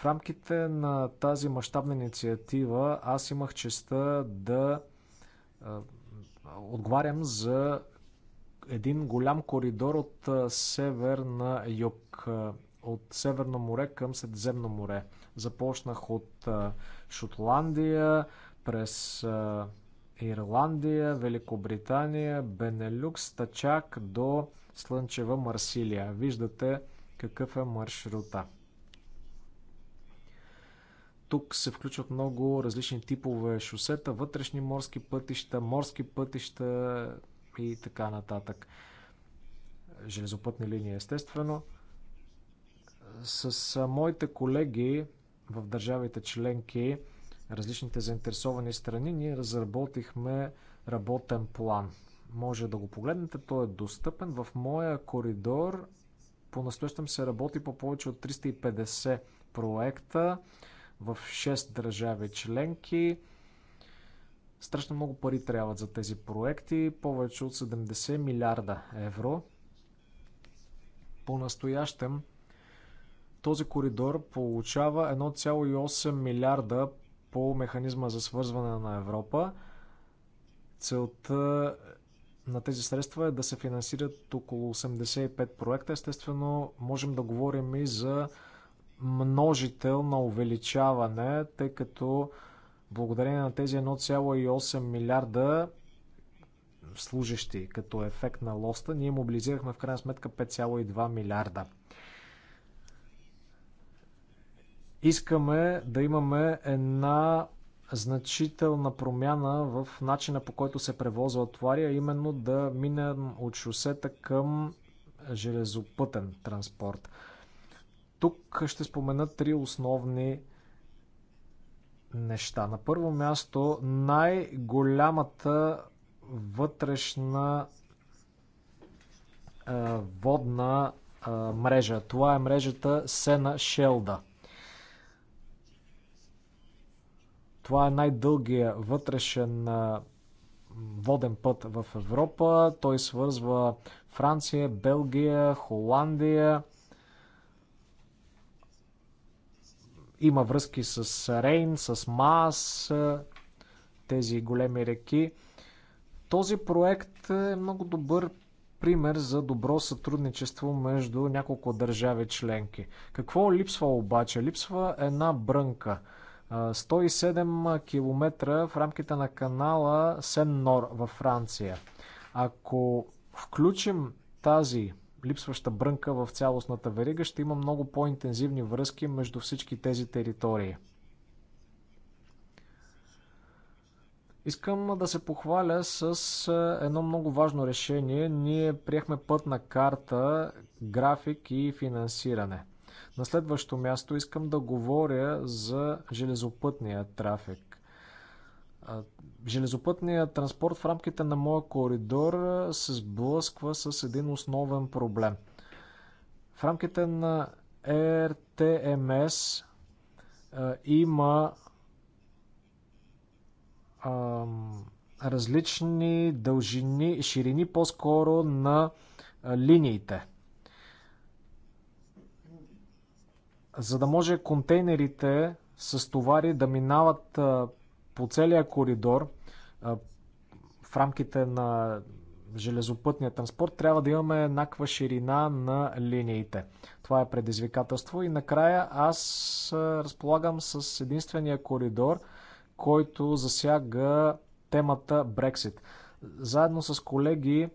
В рамките на тази мащабна инициатива аз имах честа да отговарям за един голям коридор от север на юг, от Северно море към Средиземно море. Започнах от Шотландия, през Ирландия, Великобритания, Бенелюкс, Тачак до Слънчева Марсилия. Виждате какъв е маршрута. Тук се включват много различни типове шосета, вътрешни морски пътища, морски пътища и така нататък. Железопътни линии, естествено. С моите колеги в държавите членки, различните заинтересовани страни, ние разработихме работен план. Може да го погледнете, той е достъпен. В моя коридор по-настоящем се работи по повече от 350 проекта в 6 държави членки. Страшно много пари трябват за тези проекти, повече от 70 милиарда евро. По-настоящем този коридор получава 1,8 милиарда по механизма за свързване на Европа. Целта на тези средства е да се финансират около 85 проекта. Естествено, можем да говорим и за множител на увеличаване, тъй като благодарение на тези 1,8 милиарда служащи като ефект на лоста, ние мобилизирахме в крайна сметка 5,2 милиарда. Искаме да имаме една значителна промяна в начина по който се превозва отваря, именно да минем от шосета към железопътен транспорт. Тук ще спомена три основни неща. На първо място най-голямата вътрешна е, водна е, мрежа. Това е мрежата Сена Шелда. Това е най-дългия вътрешен е, воден път в Европа. Той свързва Франция, Белгия, Холандия, има връзки с Рейн, с Маас, тези големи реки. Този проект е много добър пример за добро сътрудничество между няколко държави членки. Какво липсва обаче? Липсва една брънка. 107 км в рамките на канала Сен-Нор във Франция. Ако включим тази липсваща брънка в цялостната верига, ще има много по-интензивни връзки между всички тези територии. Искам да се похваля с е, едно много важно решение. Ние приехме пътна карта, график и финансиране. На следващо място искам да говоря за железопътния трафик. Железопътния транспорт в рамките на моя коридор се сблъсква с един основен проблем. В рамките на РТМС а, има а, различни дължини, ширини по-скоро на а, линиите. За да може контейнерите с товари да минават а, по целия коридор в рамките на железопътния транспорт трябва да имаме еднаква ширина на линиите. Това е предизвикателство. И накрая аз разполагам с единствения коридор, който засяга темата Брексит. Заедно с колеги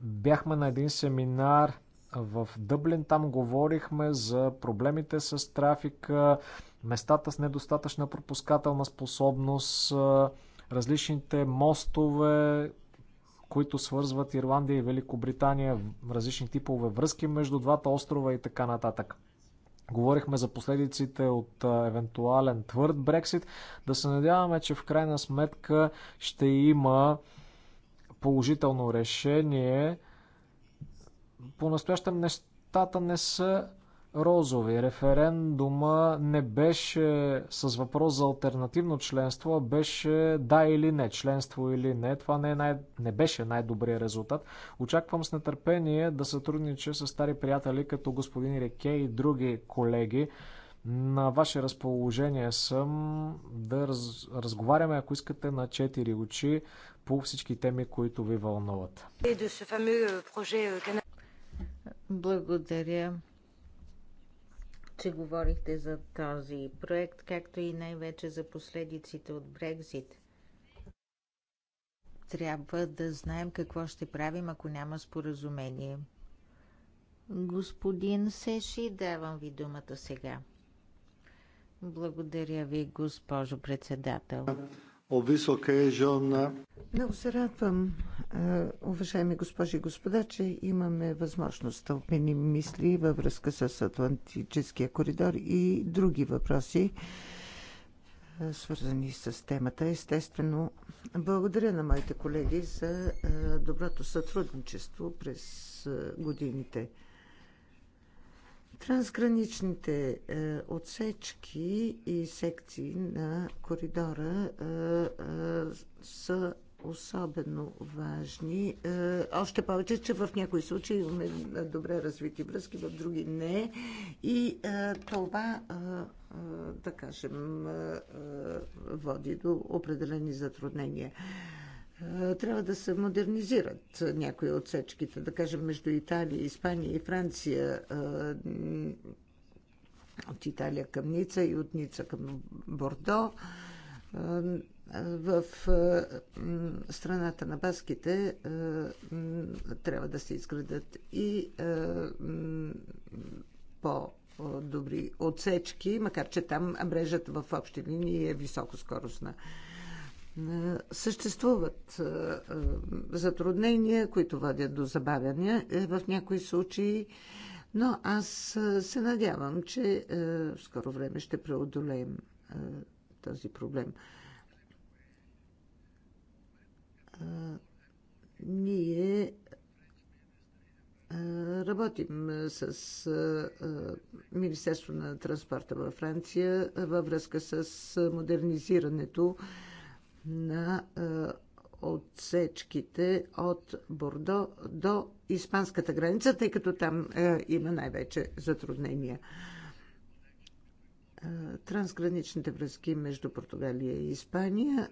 бяхме на един семинар в Дъблин. Там говорихме за проблемите с трафика, местата с недостатъчна пропускателна способност, различните мостове, които свързват Ирландия и Великобритания, различни типове връзки между двата острова и така нататък. Говорихме за последиците от евентуален твърд Брексит. Да се надяваме, че в крайна сметка ще има положително решение. По-настоящем нещата не са розови. Референдума не беше с въпрос за альтернативно членство, а беше да или не, членство или не. Това не, е най... не беше най-добрият резултат. Очаквам с нетърпение да сътруднича с стари приятели като господин Реке и други колеги. На ваше разположение съм да раз... разговаряме, ако искате, на четири очи по всички теми, които ви вълнуват. Euh, euh, Благодаря че говорихте за този проект, както и най-вече за последиците от Брекзит. Трябва да знаем какво ще правим, ако няма споразумение. Господин Сеши, давам ви думата сега. Благодаря ви, госпожо председател. Е Много се радвам, уважаеми госпожи и господа, че имаме възможност да обменим мисли във връзка с Атлантическия коридор и други въпроси, свързани с темата. Естествено, благодаря на моите колеги за доброто сътрудничество през годините. Трансграничните е, отсечки и секции на коридора е, е, са особено важни. Е, още повече, че в някои случаи имаме добре развити връзки, в други не. И е, това, е, е, да кажем, е, е води до определени затруднения. Е, трябва да се модернизират някои сечките, да кажем между Италия, Испания и Франция, е, от Италия към Ница и от Ница към Бордо. Е, в страната на баските трябва да се изградат и по добри отсечки, макар че там мрежата в общи линии е високоскоростна. скоростна. Е, съществуват е, е, затруднения, които водят до забавяния в някои случаи, но аз се надявам, че в скоро време ще преодолеем този проблем. Ние Работим с Министерство на транспорта във Франция във връзка с модернизирането на е, отсечките от Бордо до испанската граница, тъй като там е, има най-вече затруднения. Е, трансграничните връзки между Португалия и Испания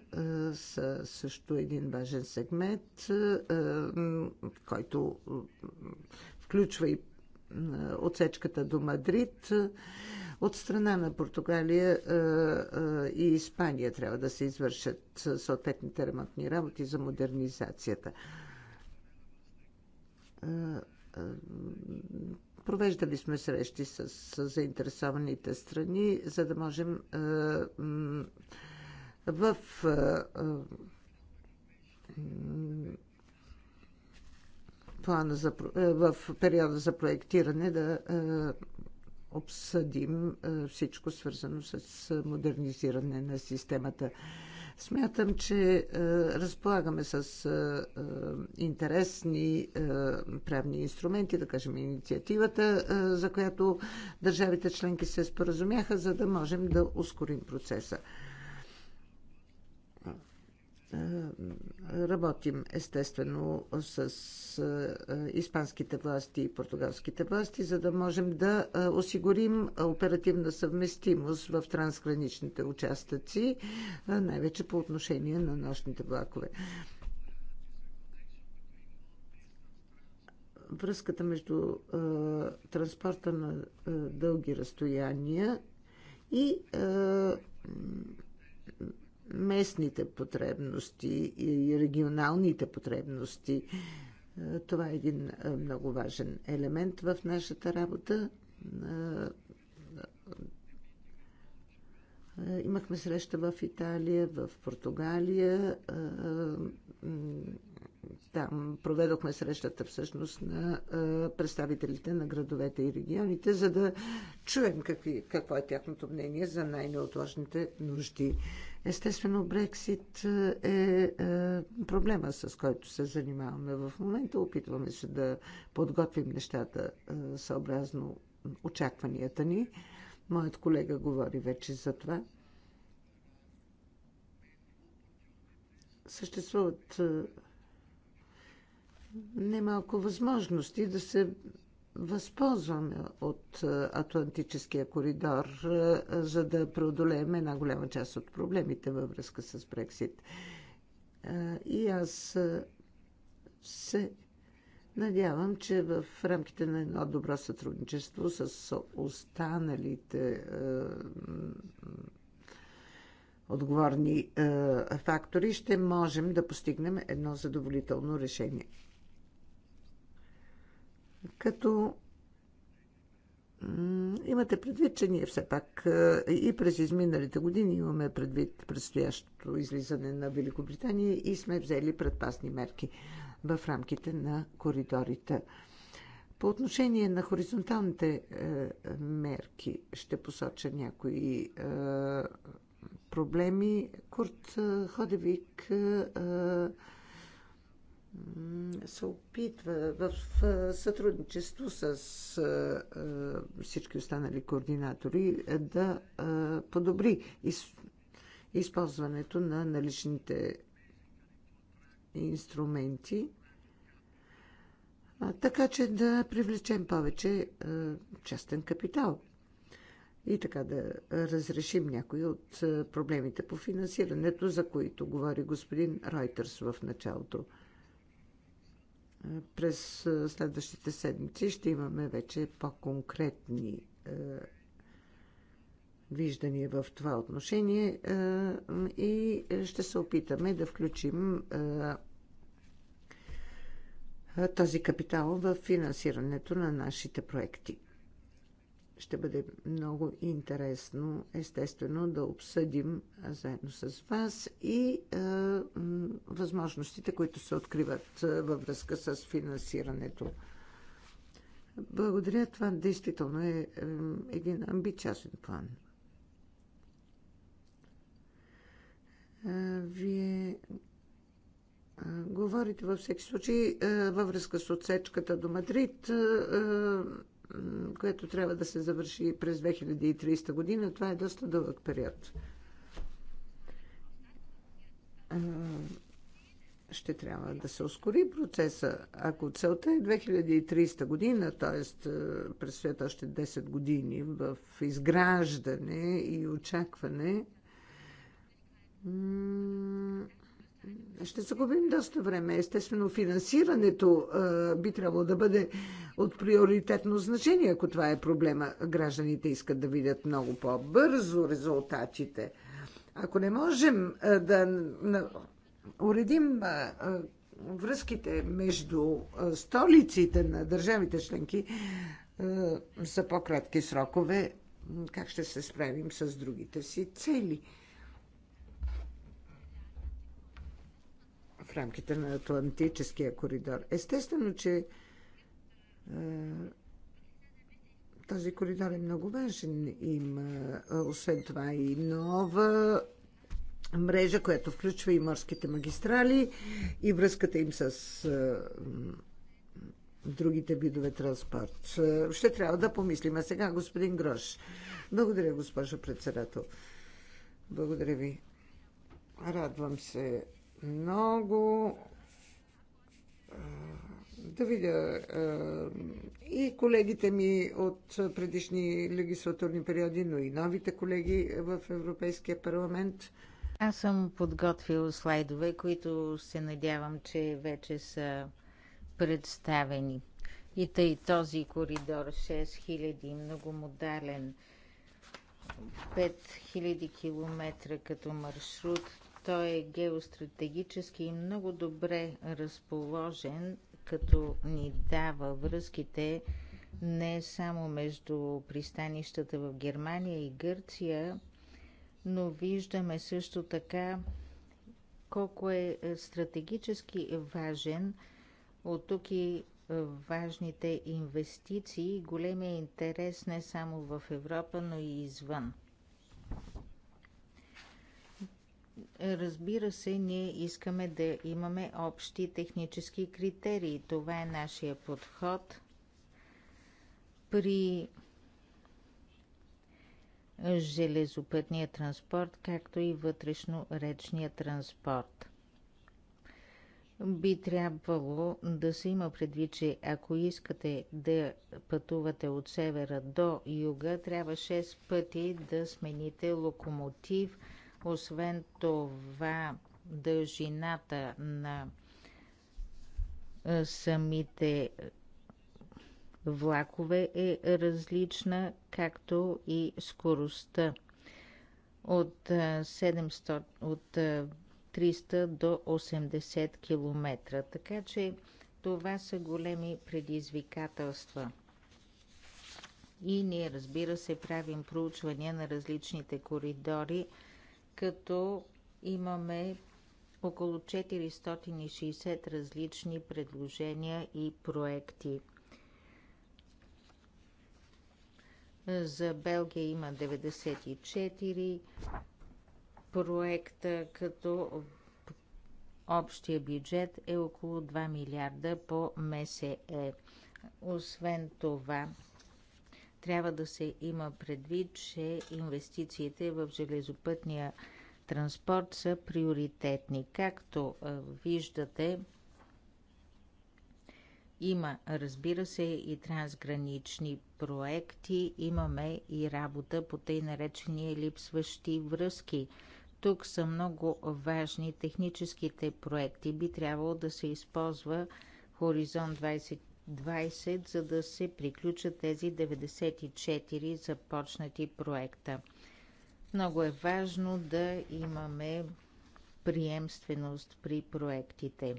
са също един важен сегмент, който включва и отсечката до Мадрид. От страна на Португалия и Испания трябва да се извършат съответните ремонтни работи за модернизацията. Провеждали сме срещи с, с заинтересованите страни, за да можем е, в е, плана за, е, в периода за проектиране да е, обсъдим е, всичко свързано с модернизиране на системата. Смятам, че разполагаме с интересни правни инструменти, да кажем инициативата, за която държавите членки се споразумяха, за да можем да ускорим процеса. Е, работим естествено с е, е, испанските власти и португалските власти, за да можем да осигурим оперативна съвместимост в трансграничните участъци, най-вече по отношение на нощните влакове. Връзката между транспорта на дълги разстояния и местните потребности и регионалните потребности. Е, това е един е, много важен елемент в нашата работа. Е, имахме среща в Италия, в Португалия. Там проведохме срещата всъщност на представителите на градовете и регионите, за да чуем какви, какво е тяхното мнение за най-неотложните нужди. Естествено, Брексит е, е проблема, с който се занимаваме в момента. Опитваме се да подготвим нещата е, съобразно очакванията ни. Моят колега говори вече за това. Съществуват е, немалко възможности да се възползваме от е, Атлантическия коридор, е, за да преодолеем една голяма част от проблемите във връзка с Брексит. Е, и аз се надявам, че в рамките на едно добро сътрудничество с останалите отговорни фактори ще можем да постигнем едно задоволително решение като имате предвид, че ние все пак е, и през изминалите години имаме предвид предстоящото излизане на Великобритания и сме взели предпасни мерки в рамките на коридорите. По отношение на хоризонталните е, мерки ще посоча някои е, проблеми. Курт Ходевик се опитва в сътрудничество с всички останали координатори е, да подобри използването на наличните инструменти, така че да привлечем повече частен капитал и така да разрешим някои от проблемите по финансирането, за които говори господин Ройтерс в началото през следващите седмици ще имаме вече по-конкретни е, виждания в това отношение е, и ще се опитаме да включим е, този капитал в финансирането на нашите проекти ще бъде много интересно, естествено, да обсъдим заедно с вас и е, възможностите, които се откриват във връзка с финансирането. Благодаря, това действително е, е един амбициозен план. Вие говорите във всеки случай във връзка с отсечката до Мадрид което трябва да се завърши през 2030 година. Това е доста дълъг период. Ще трябва да се ускори процеса. Ако целта е 2030 година, т.е. през след още 10 години в изграждане и очакване, ще загубим доста време. Естествено, финансирането а, би трябвало да бъде от приоритетно значение, ако това е проблема. Гражданите искат да видят много по-бързо резултатите. Ако не можем а, да на, уредим а, връзките между столиците на държавите членки за по-кратки срокове, как ще се справим с другите си цели? в рамките на Атлантическия коридор. Естествено, че е, този коридор е много важен. Има, е, освен това, и нова мрежа, която включва и морските магистрали и връзката им с е, другите видове транспорт. Ще трябва да помислим. А сега, господин Грош. Благодаря, госпожо председател. Благодаря ви. Радвам се много да видя и колегите ми от предишни легислатурни периоди, но и новите колеги в Европейския парламент. Аз съм подготвил слайдове, които се надявам, че вече са представени. И тъй този коридор 6000 многомодален 5000 км като маршрут той е геостратегически и много добре разположен, като ни дава връзките не само между пристанищата в Германия и Гърция, но виждаме също така колко е, е стратегически важен от тук и е, важните инвестиции и големия интерес не само в Европа, но и извън. Разбира се, ние искаме да имаме общи технически критерии. Това е нашия подход. При железопътния транспорт, както и вътрешно-речния транспорт. Би трябвало да се има предвид, че ако искате да пътувате от севера до юга, трябва 6 пъти да смените локомотив – освен това, дължината на самите влакове е различна, както и скоростта от, 700, от 300 до 80 км. Така че това са големи предизвикателства. И ние, разбира се, правим проучвания на различните коридори, като имаме около 460 различни предложения и проекти. За Белгия има 94 проекта, като общия бюджет е около 2 милиарда по МСЕ. Освен това, трябва да се има предвид, че инвестициите в железопътния транспорт са приоритетни. Както виждате, има, разбира се, и трансгранични проекти, имаме и работа по тъй наречени липсващи връзки. Тук са много важни техническите проекти. Би трябвало да се използва Хоризонт 20 20, за да се приключат тези 94 започнати проекта. Много е важно да имаме приемственост при проектите.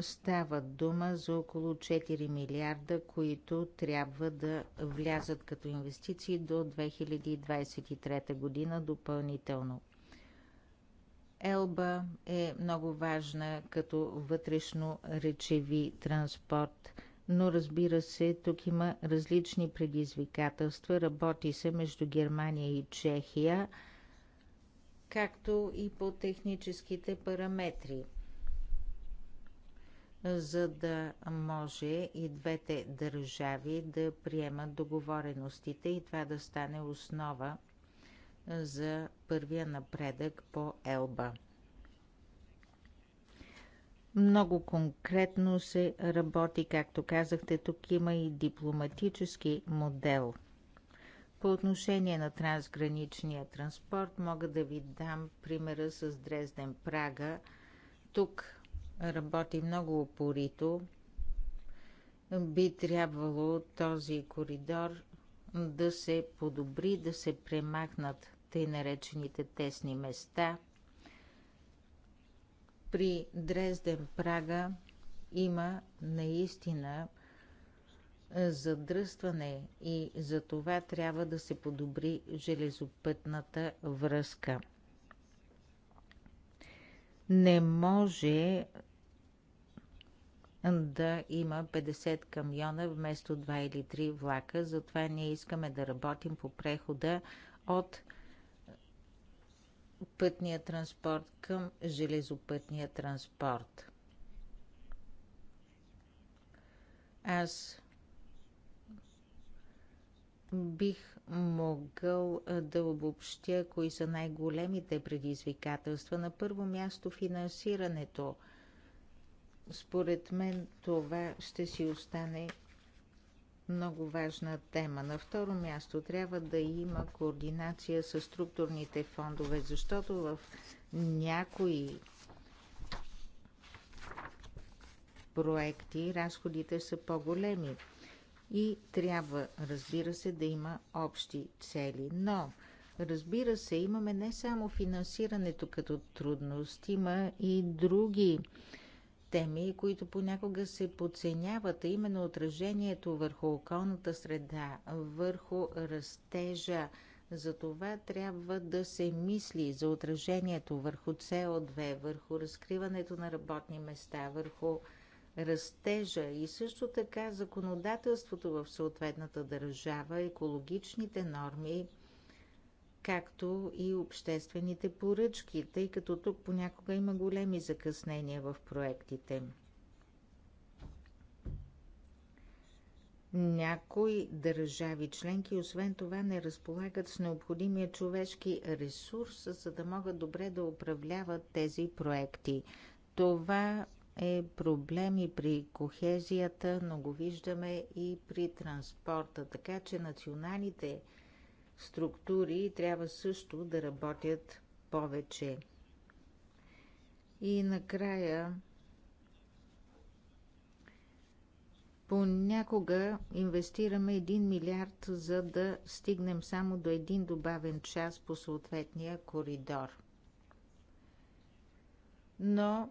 Става дума за около 4 милиарда, които трябва да влязат като инвестиции до 2023 година допълнително. Елба е много важна като вътрешно речеви транспорт, но разбира се, тук има различни предизвикателства. Работи се между Германия и Чехия, както и по техническите параметри за да може и двете държави да приемат договореностите и това да стане основа за първия напредък по Елба. Много конкретно се работи, както казахте, тук има и дипломатически модел. По отношение на трансграничния транспорт мога да ви дам примера с Дрезден Прага. Тук работи много опорито. Би трябвало този коридор да се подобри, да се премахнат тъй наречените тесни места. При Дрезден Прага има наистина задръстване и за това трябва да се подобри железопътната връзка. Не може да има 50 камиона вместо 2 или 3 влака, затова ние искаме да работим по прехода от пътния транспорт към железопътния транспорт. Аз бих могъл да обобщя кои са най-големите предизвикателства. На първо място финансирането. Според мен това ще си остане много важна тема. На второ място трябва да има координация с структурните фондове, защото в някои проекти разходите са по-големи и трябва, разбира се, да има общи цели. Но, разбира се, имаме не само финансирането като трудност, има и други теми, които понякога се подценяват, а именно отражението върху околната среда, върху растежа. За това трябва да се мисли за отражението върху CO2, върху разкриването на работни места, върху растежа и също така законодателството в съответната държава, екологичните норми както и обществените поръчки, тъй като тук понякога има големи закъснения в проектите. Някои държави членки, освен това, не разполагат с необходимия човешки ресурс, за да могат добре да управляват тези проекти. Това е проблем и при кохезията, но го виждаме и при транспорта, така че националните структури трябва също да работят повече. И накрая Понякога инвестираме 1 милиард, за да стигнем само до един добавен час по съответния коридор. Но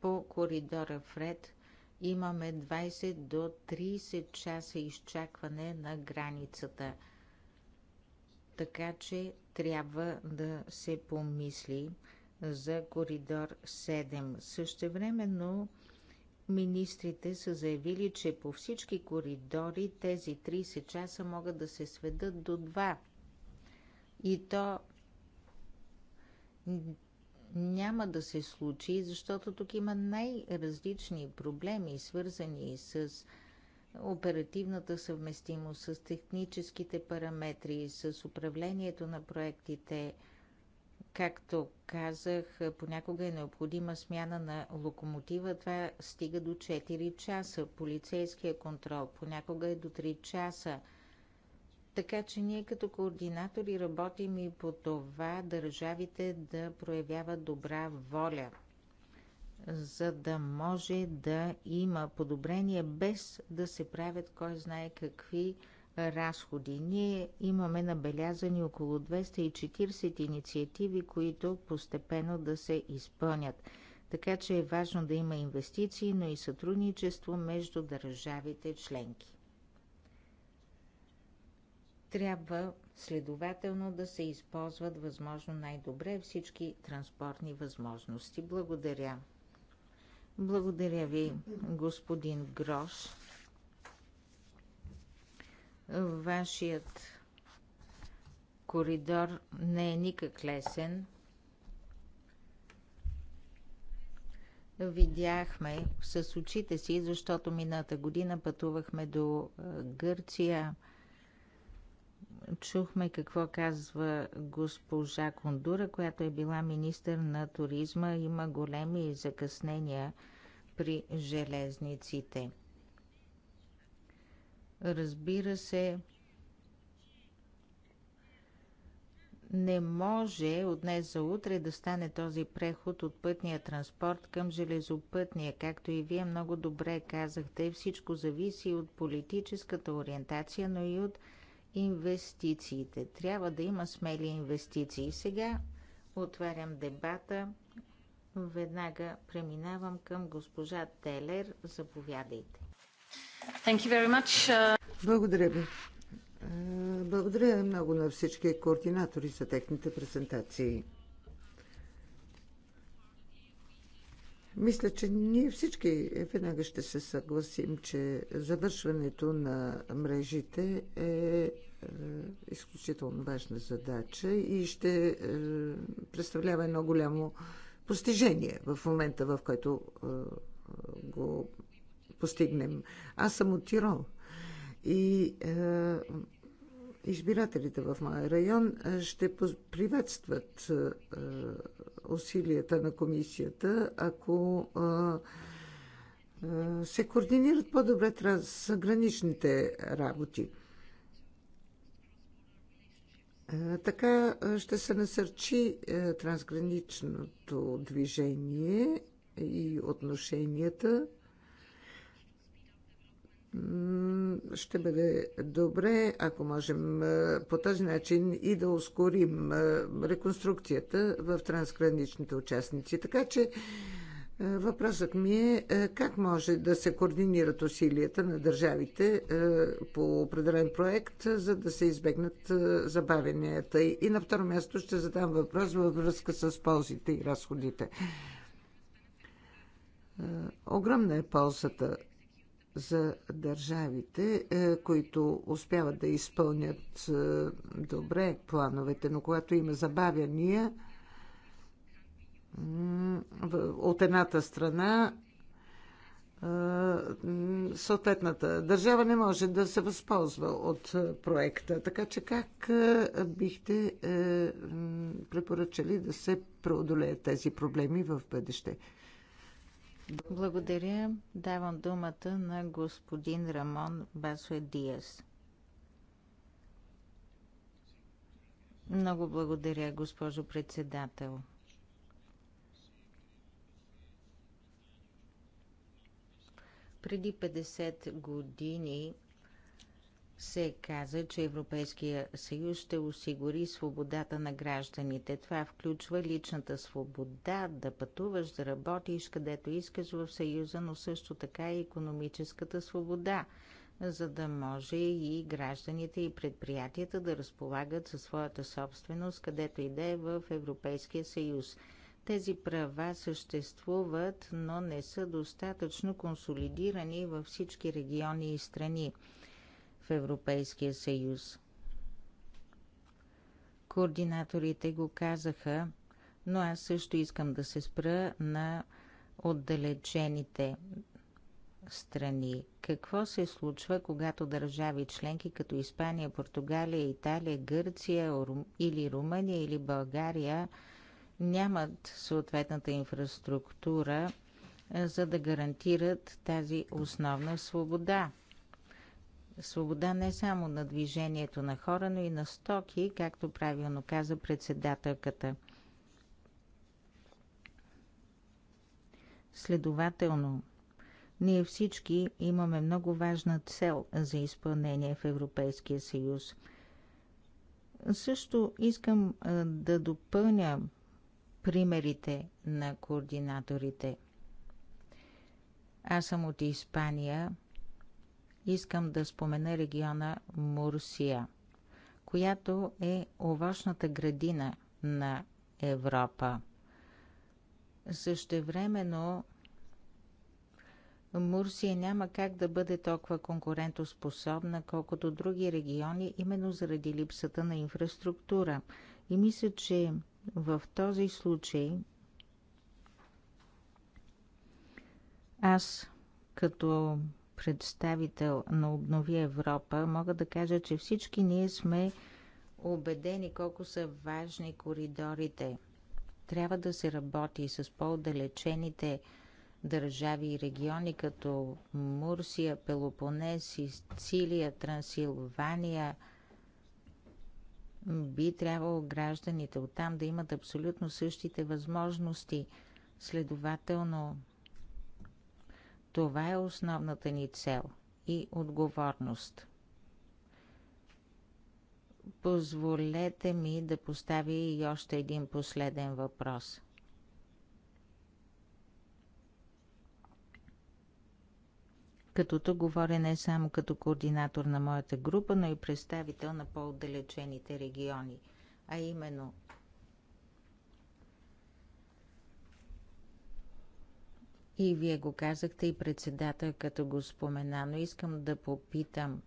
по коридора Фред имаме 20 до 30 часа изчакване на границата. Така че трябва да се помисли за коридор 7. Същевременно министрите са заявили, че по всички коридори тези 30 часа могат да се сведат до 2. И то няма да се случи, защото тук има най-различни проблеми, свързани с оперативната съвместимост, с техническите параметри, с управлението на проектите. Както казах, понякога е необходима смяна на локомотива. Това стига до 4 часа. Полицейския контрол понякога е до 3 часа – така че ние като координатори работим и по това държавите да проявяват добра воля, за да може да има подобрение без да се правят кой знае какви разходи. Ние имаме набелязани около 240 инициативи, които постепенно да се изпълнят. Така че е важно да има инвестиции, но и сътрудничество между държавите членки. Трябва следователно да се използват възможно най-добре всички транспортни възможности. Благодаря. Благодаря ви, господин Грош. Вашият коридор не е никак лесен. Видяхме с очите си, защото мината година пътувахме до Гърция – Чухме какво казва госпожа Кондура, която е била министър на туризма. Има големи закъснения при железниците. Разбира се, не може от днес за утре да стане този преход от пътния транспорт към железопътния. Както и вие много добре казахте, всичко зависи от политическата ориентация, но и от инвестициите. Трябва да има смели инвестиции. Сега отварям дебата. Веднага преминавам към госпожа Телер. Заповядайте. Thank you very much. Благодаря ви. Благодаря много на всички координатори за техните презентации. Мисля, че ние всички веднага ще се съгласим, че завършването на мрежите е е, изключително важна задача и ще е, представлява едно голямо постижение в момента, в който е, го постигнем. Аз съм от Тирол и избирателите в моя район ще приветстват усилията на комисията, ако се координират по-добре трансграничните работи. Е, така е, ще се насърчи е, трансграничното движение и отношенията. Ще бъде добре, ако можем по този начин и да ускорим реконструкцията в трансграничните участници. Така че Въпросът ми е, е как може да се координират усилията на държавите е, по определен проект, за да се избегнат е, забавенията. И на второ място ще задам въпрос във връзка с ползите и разходите. Огромна е ползата за държавите, които успяват да изпълнят добре плановете, но когато има забавяния, от едната страна съответната държава не може да се възползва от проекта. Така че как бихте е, препоръчали да се преодолеят тези проблеми в бъдеще? Благодаря. Давам думата на господин Рамон Басуе Диас. Много благодаря, госпожо председател. Преди 50 години се каза, че Европейския съюз ще осигури свободата на гражданите. Това включва личната свобода да пътуваш, да работиш където искаш в съюза, но също така и економическата свобода, за да може и гражданите и предприятията да разполагат със своята собственост, където и да е в Европейския съюз – тези права съществуват, но не са достатъчно консолидирани във всички региони и страни в Европейския съюз. Координаторите го казаха, но аз също искам да се спра на отдалечените страни. Какво се случва, когато държави членки като Испания, Португалия, Италия, Гърция или Румъния или България – нямат съответната инфраструктура, е, за да гарантират тази основна свобода. Свобода не само на движението на хора, но и на стоки, както правилно каза председателката. Следователно, ние всички имаме много важна цел за изпълнение в Европейския съюз. Също искам е, да допълня примерите на координаторите. Аз съм от Испания. Искам да спомена региона Мурсия, която е овощната градина на Европа. Същевременно Мурсия няма как да бъде толкова конкурентоспособна, колкото други региони, именно заради липсата на инфраструктура. И мисля, че в този случай аз като представител на Обнови Европа мога да кажа, че всички ние сме убедени колко са важни коридорите. Трябва да се работи с по-отдалечените държави и региони, като Мурсия, Пелопонес, Сицилия, Трансилвания – би трябвало гражданите оттам да имат абсолютно същите възможности. Следователно, това е основната ни цел и отговорност. Позволете ми да поставя и още един последен въпрос – като тук говоря не само като координатор на моята група, но и представител на по-отдалечените региони, а именно И вие го казахте и председател, като го спомена, но искам да попитам,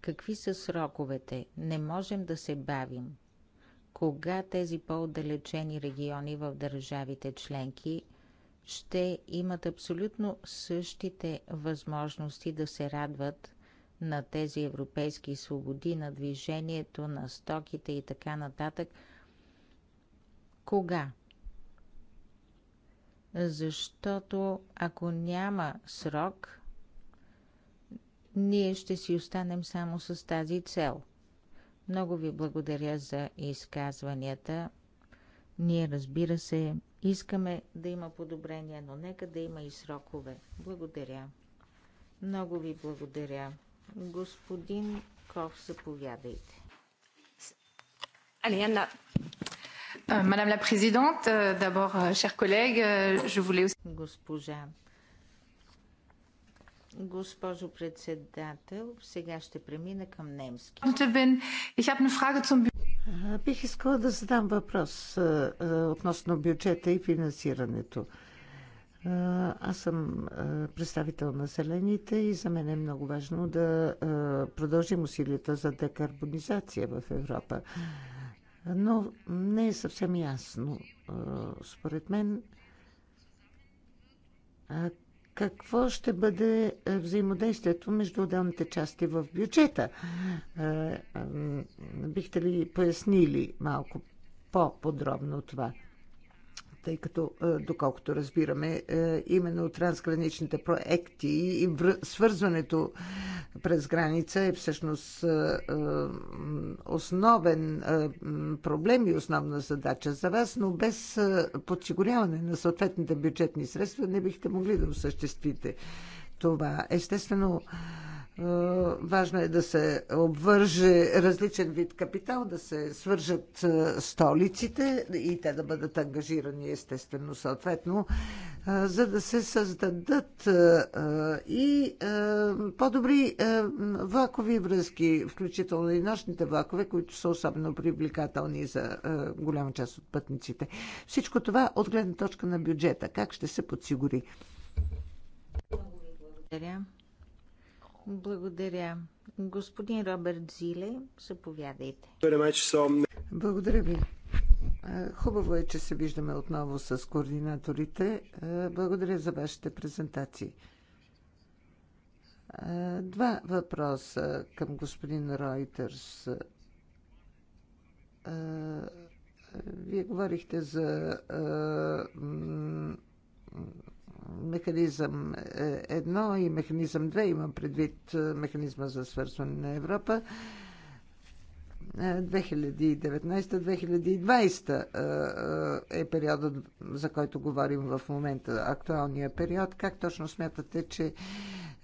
какви са сроковете? Не можем да се бавим. Кога тези по-отдалечени региони в държавите членки – ще имат абсолютно същите възможности да се радват на тези европейски свободи, на движението, на стоките и така нататък. Кога? Защото ако няма срок, ние ще си останем само с тази цел. Много ви благодаря за изказванията. Ние, разбира се, Искаме да има подобрение, но нека да има и срокове. Благодаря. Много ви благодаря. Господин Ков, заповядайте. Allez, Мадам ла президент, дабор, шер колег, collègues, je voulais Госпожа. Госпожо председател, сега ще премина към немски. Ich habe eine Frage zum Бих искала да задам въпрос относно бюджета и финансирането. Аз съм представител на Зелените и за мен е много важно да продължим усилията за декарбонизация в Европа. Но не е съвсем ясно, според мен, какво ще бъде е, взаимодействието между отделните части в бюджета. Е, бихте ли пояснили малко по-подробно това? тъй като, е, доколкото разбираме, е, именно трансграничните проекти и свързването през граница е всъщност е, основен проблем и основна задача за вас, но без подсигуряване на съответните бюджетни средства не бихте могли да осъществите това. Естествено, е, важно е да се обвърже различен вид капитал, да се свържат е, столиците и те да бъдат ангажирани естествено съответно, е, за да се създадат и по-добри влакови връзки, включително и нощните влакове, които са особено привлекателни за голяма част от пътниците. Всичко това от гледна точка на бюджета. Как ще се подсигури? Благодаря. Благодаря. Господин Роберт Зиле, заповядайте. Благодаря ви. Хубаво е, че се виждаме отново с координаторите. Благодаря за вашите презентации. Два въпроса към господин Ройтерс. Вие говорихте за механизъм 1 е, и механизъм 2, имам предвид е, механизма за свързване на Европа, 2019-2020 е, е периодът, за който говорим в момента, актуалния период. Как точно смятате, че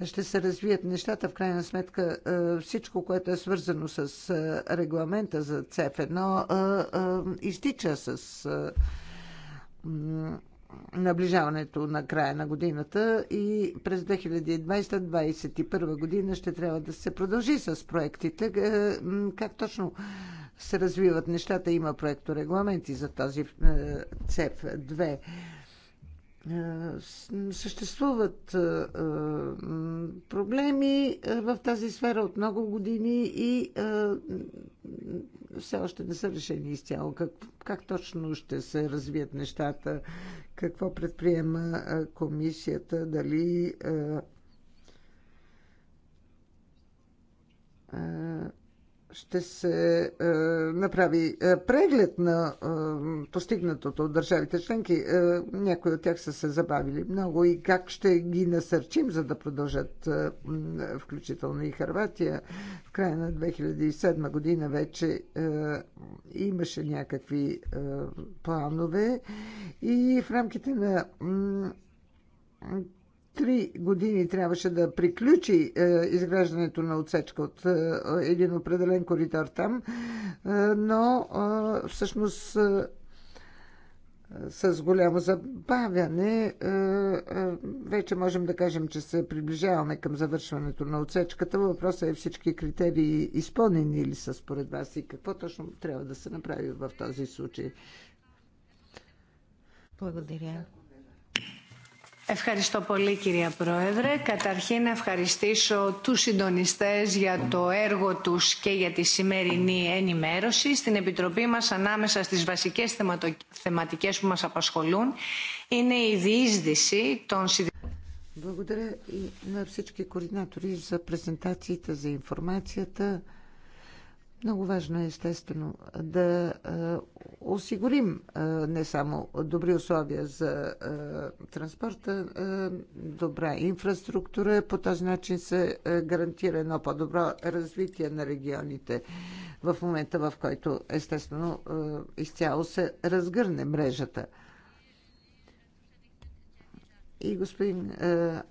ще се развият нещата? В крайна сметка всичко, което е свързано с регламента за ЦЕФ-1, изтича с наближаването на края на годината и през 2020-2021 година ще трябва да се продължи с проектите. Е, как точно се развиват нещата? Има проекторегламенти за този е, ЦЕП-2. Е, съществуват е, е, проблеми в тази сфера от много години и все още не са решени изцяло. Как, как точно ще се развият нещата? Какво предприема комисията? Дали ще се е, направи е, преглед на е, постигнатото от държавите членки. Е, някои от тях са се забавили много и как ще ги насърчим, за да продължат, е, включително и Харватия. В края на 2007 година вече е, имаше някакви е, планове и в рамките на три години трябваше да приключи е, изграждането на отсечка от е, един определен коридор там, е, но всъщност с голямо забавяне вече можем да кажем, че се приближаваме към завършването на отсечката. Въпросът е всички критерии изпълнени ли са според вас и какво точно трябва да се направи в този случай. Благодаря. Ευχαριστώ πολύ κυρία Πρόεδρε. Καταρχήν να ευχαριστήσω τους συντονιστές για το έργο τους και για τη σημερινή ενημέρωση. Στην Επιτροπή μας ανάμεσα στις βασικές θεματο... θεματικές που μας απασχολούν είναι η διείσδυση των Благодаря и на всички координатори за за информацията. Много важно е, естествено, да е, осигурим е, не само добри условия за е, транспорта, добра инфраструктура. По този начин се гарантира едно по-добро развитие на регионите в момента, в който, естествено, изцяло се разгърне мрежата. И господин е, е,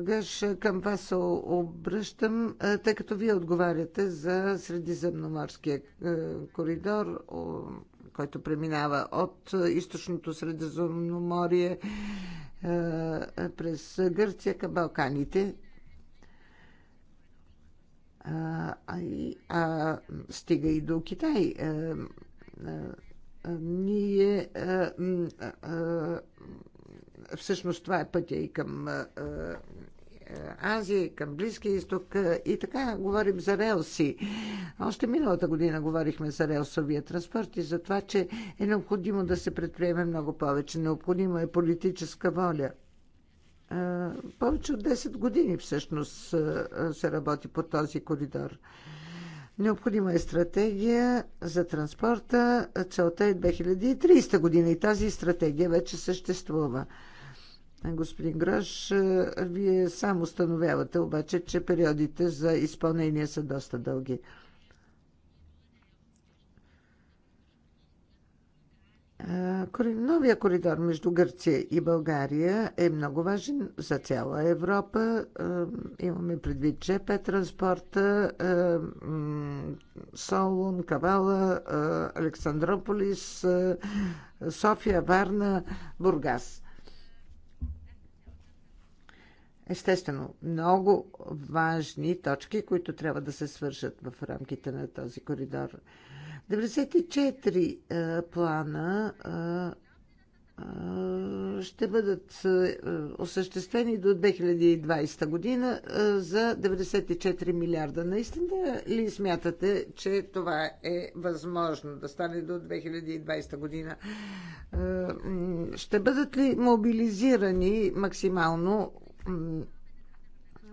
Гъш, към вас се обръщам, е, тъй като вие отговаряте за Средиземноморския коридор, който преминава от източното Средиземноморие през Гърция към Балканите а, а, стига и до Китай. а, а, ние а, а, всъщност това е пътя и към Азия, към Близкия изток и така говорим за релси. Още миналата година говорихме за релсовия транспорт и за това, че е необходимо да се предприеме много повече. Необходима е политическа воля. Повече от 10 години всъщност се работи по този коридор. Необходима е стратегия за транспорта. Целта е 2030 година и тази стратегия вече съществува господин Грош. Е, вие сам установявате обаче, че периодите за изпълнение са доста дълги. Е, новия коридор между Гърция и България е много важен за цяла Европа. Е, имаме предвид ЧП, транспорта, Солун, Кавала, Александрополис, София, Варна, Бургас. Естествено, много важни точки, които трябва да се свършат в рамките на този коридор. 94 е, плана е, е, ще бъдат осъществени до 2020 година за 94 милиарда. Наистина ли смятате, че това е възможно да стане до 2020 година? Ще бъдат ли мобилизирани максимално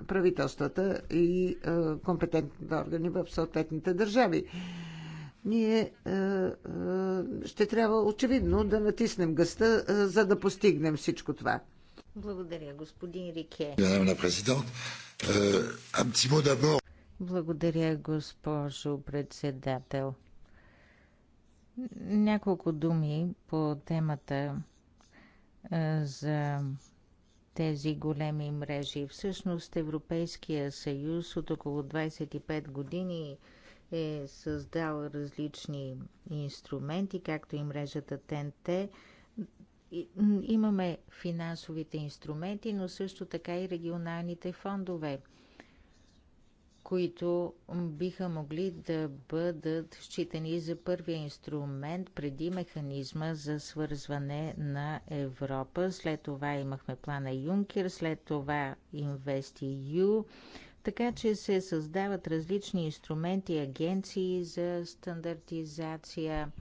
правителствата и компетентните органи в съответните държави. Ние ще трябва очевидно да натиснем гъста, за да постигнем всичко това. Благодаря, господин Рике. Euh, Благодаря, госпожо председател. Няколко думи по темата за тези големи мрежи. Всъщност Европейския съюз от около 25 години е създал различни инструменти, както и мрежата ТНТ. Имаме финансовите инструменти, но също така и регионалните фондове – които биха могли да бъдат считани за първия инструмент преди механизма за свързване на Европа. След това имахме плана Юнкер, след това InvestEU, така че се създават различни инструменти, агенции за стандартизация.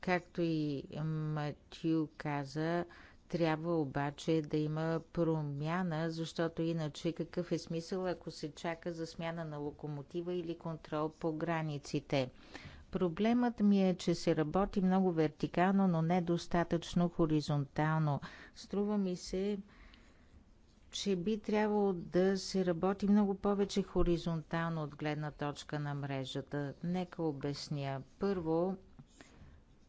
Както и Матю каза, трябва обаче да има промяна, защото иначе какъв е смисъл, ако се чака за смяна на локомотива или контрол по границите? Проблемът ми е, че се работи много вертикално, но недостатъчно хоризонтално. Струва ми се, че би трябвало да се работи много повече хоризонтално от гледна точка на мрежата. Нека обясня. Първо,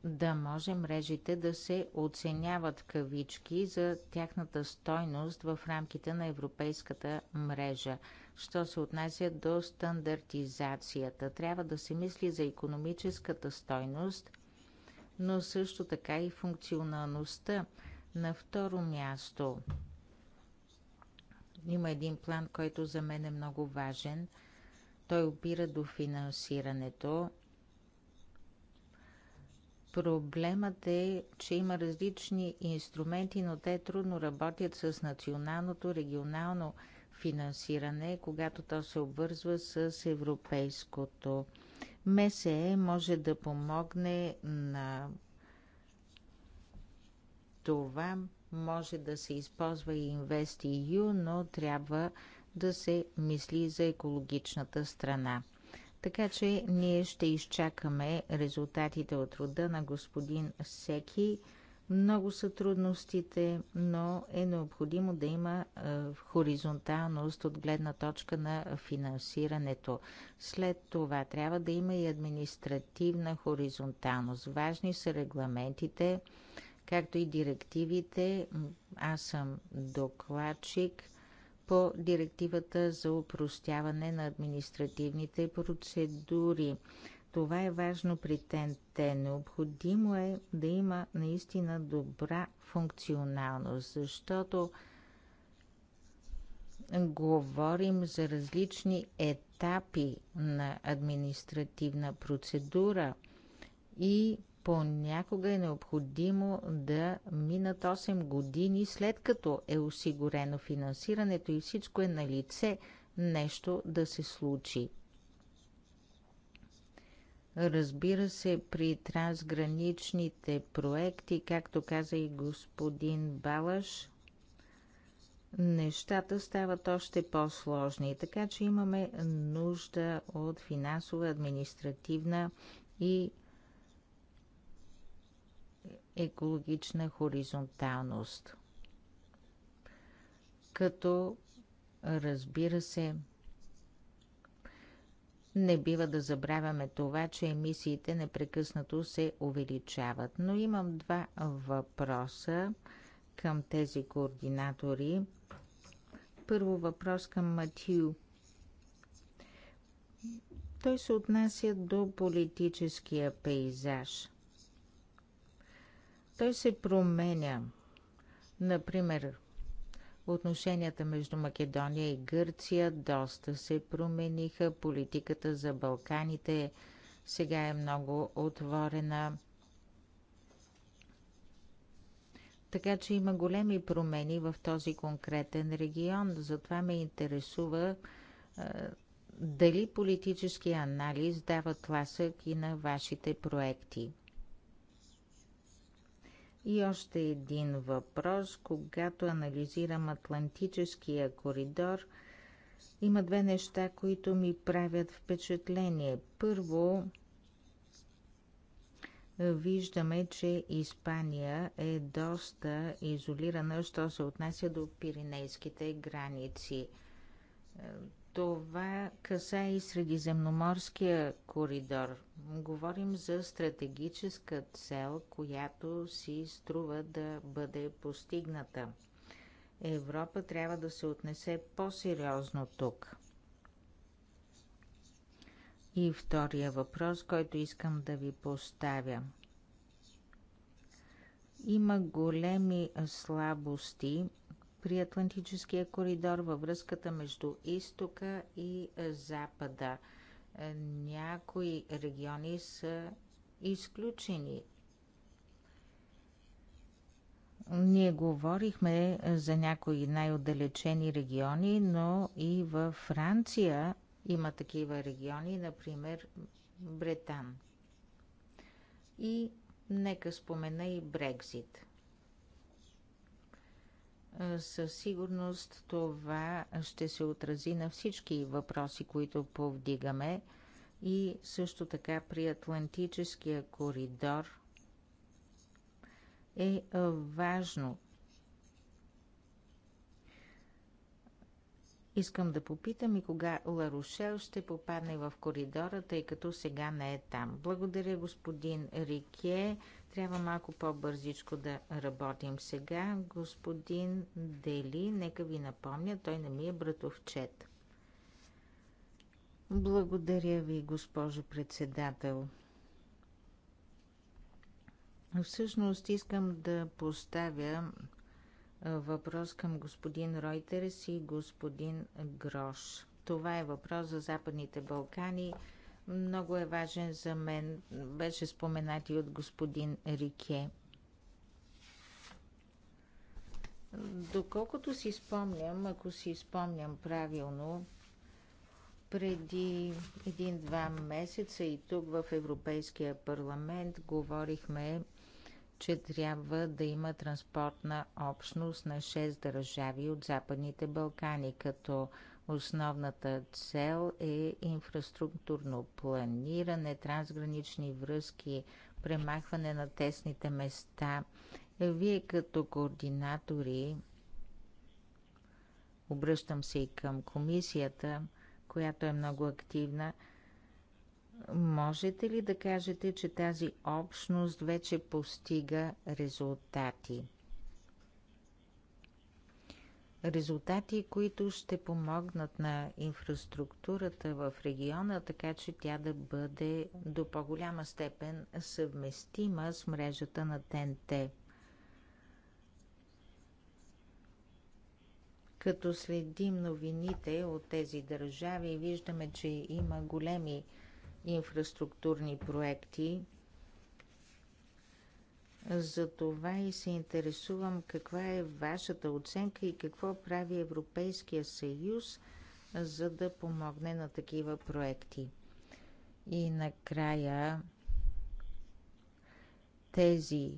да може мрежите да се оценяват в кавички за тяхната стойност в рамките на европейската мрежа. Що се отнася до стандартизацията, трябва да се мисли за економическата стойност, но също така и функционалността. На второ място има един план, който за мен е много важен. Той опира до финансирането Проблемът е, че има различни инструменти, но те трудно работят с националното, регионално финансиране, когато то се обвързва с европейското. МСЕ може да помогне на това, може да се използва и InvestEU, но трябва да се мисли за екологичната страна. Така че ние ще изчакаме резултатите от рода на господин Секи. Много са трудностите, но е необходимо да има е, хоризонталност от гледна точка на финансирането. След това трябва да има и административна хоризонталност. Важни са регламентите, както и директивите. Аз съм докладчик по директивата за упростяване на административните процедури. Това е важно при ТНТ. Необходимо е да има наистина добра функционалност, защото говорим за различни етапи на административна процедура и понякога е необходимо да минат 8 години след като е осигурено финансирането и всичко е на лице нещо да се случи. Разбира се, при трансграничните проекти, както каза и господин Балаш, нещата стават още по-сложни, така че имаме нужда от финансова, административна и екологична хоризонталност. Като, разбира се, не бива да забравяме това, че емисиите непрекъснато се увеличават. Но имам два въпроса към тези координатори. Първо въпрос към Матю. Той се отнася до политическия пейзаж. Той се променя. Например, отношенията между Македония и Гърция доста се промениха. Политиката за Балканите сега е много отворена. Така че има големи промени в този конкретен регион. Затова ме интересува дали политически анализ дава тласък и на вашите проекти. И още един въпрос. Когато анализирам Атлантическия коридор, има две неща, които ми правят впечатление. Първо, виждаме, че Испания е доста изолирана, що се отнася до пиренейските граници. Е, това каса и Средиземноморския коридор. Говорим за стратегическа цел, която си струва да бъде постигната. Европа трябва да се отнесе по-сериозно тук. И втория въпрос, който искам да ви поставя. Има големи слабости при Атлантическия коридор във връзката между изтока и е, запада. Е, някои региони са изключени. Ние говорихме е, за някои най-отдалечени региони, но и във Франция има такива региони, например Бретан. И нека спомена и Брекзит – със сигурност това ще се отрази на всички въпроси, които повдигаме и също така при Атлантическия коридор – е важно Искам да попитам и кога Ларушел ще попадне в коридора, тъй като сега не е там. Благодаря, господин Рике. Трябва малко по-бързичко да работим сега. Господин Дели, нека ви напомня, той не ми е братовчет. Благодаря ви, госпожо председател. Всъщност искам да поставя въпрос към господин Ройтерс и господин Грош. Това е въпрос за Западните Балкани. Много е важен за мен. Беше споменат и от господин Рике. Доколкото си спомням, ако си спомням правилно, преди един-два месеца и тук в Европейския парламент говорихме че трябва да има транспортна общност на 6 държави от Западните Балкани, като основната цел е инфраструктурно планиране, трансгранични връзки, премахване на тесните места. Вие като координатори, обръщам се и към комисията, която е много активна – Можете ли да кажете, че тази общност вече постига резултати? Резултати, които ще помогнат на инфраструктурата в региона, така че тя да бъде до по-голяма степен съвместима с мрежата на ТНТ. Като следим новините от тези държави, виждаме, че има големи инфраструктурни проекти. Затова и се интересувам каква е вашата оценка и какво прави Европейския съюз, за да помогне на такива проекти. И накрая тези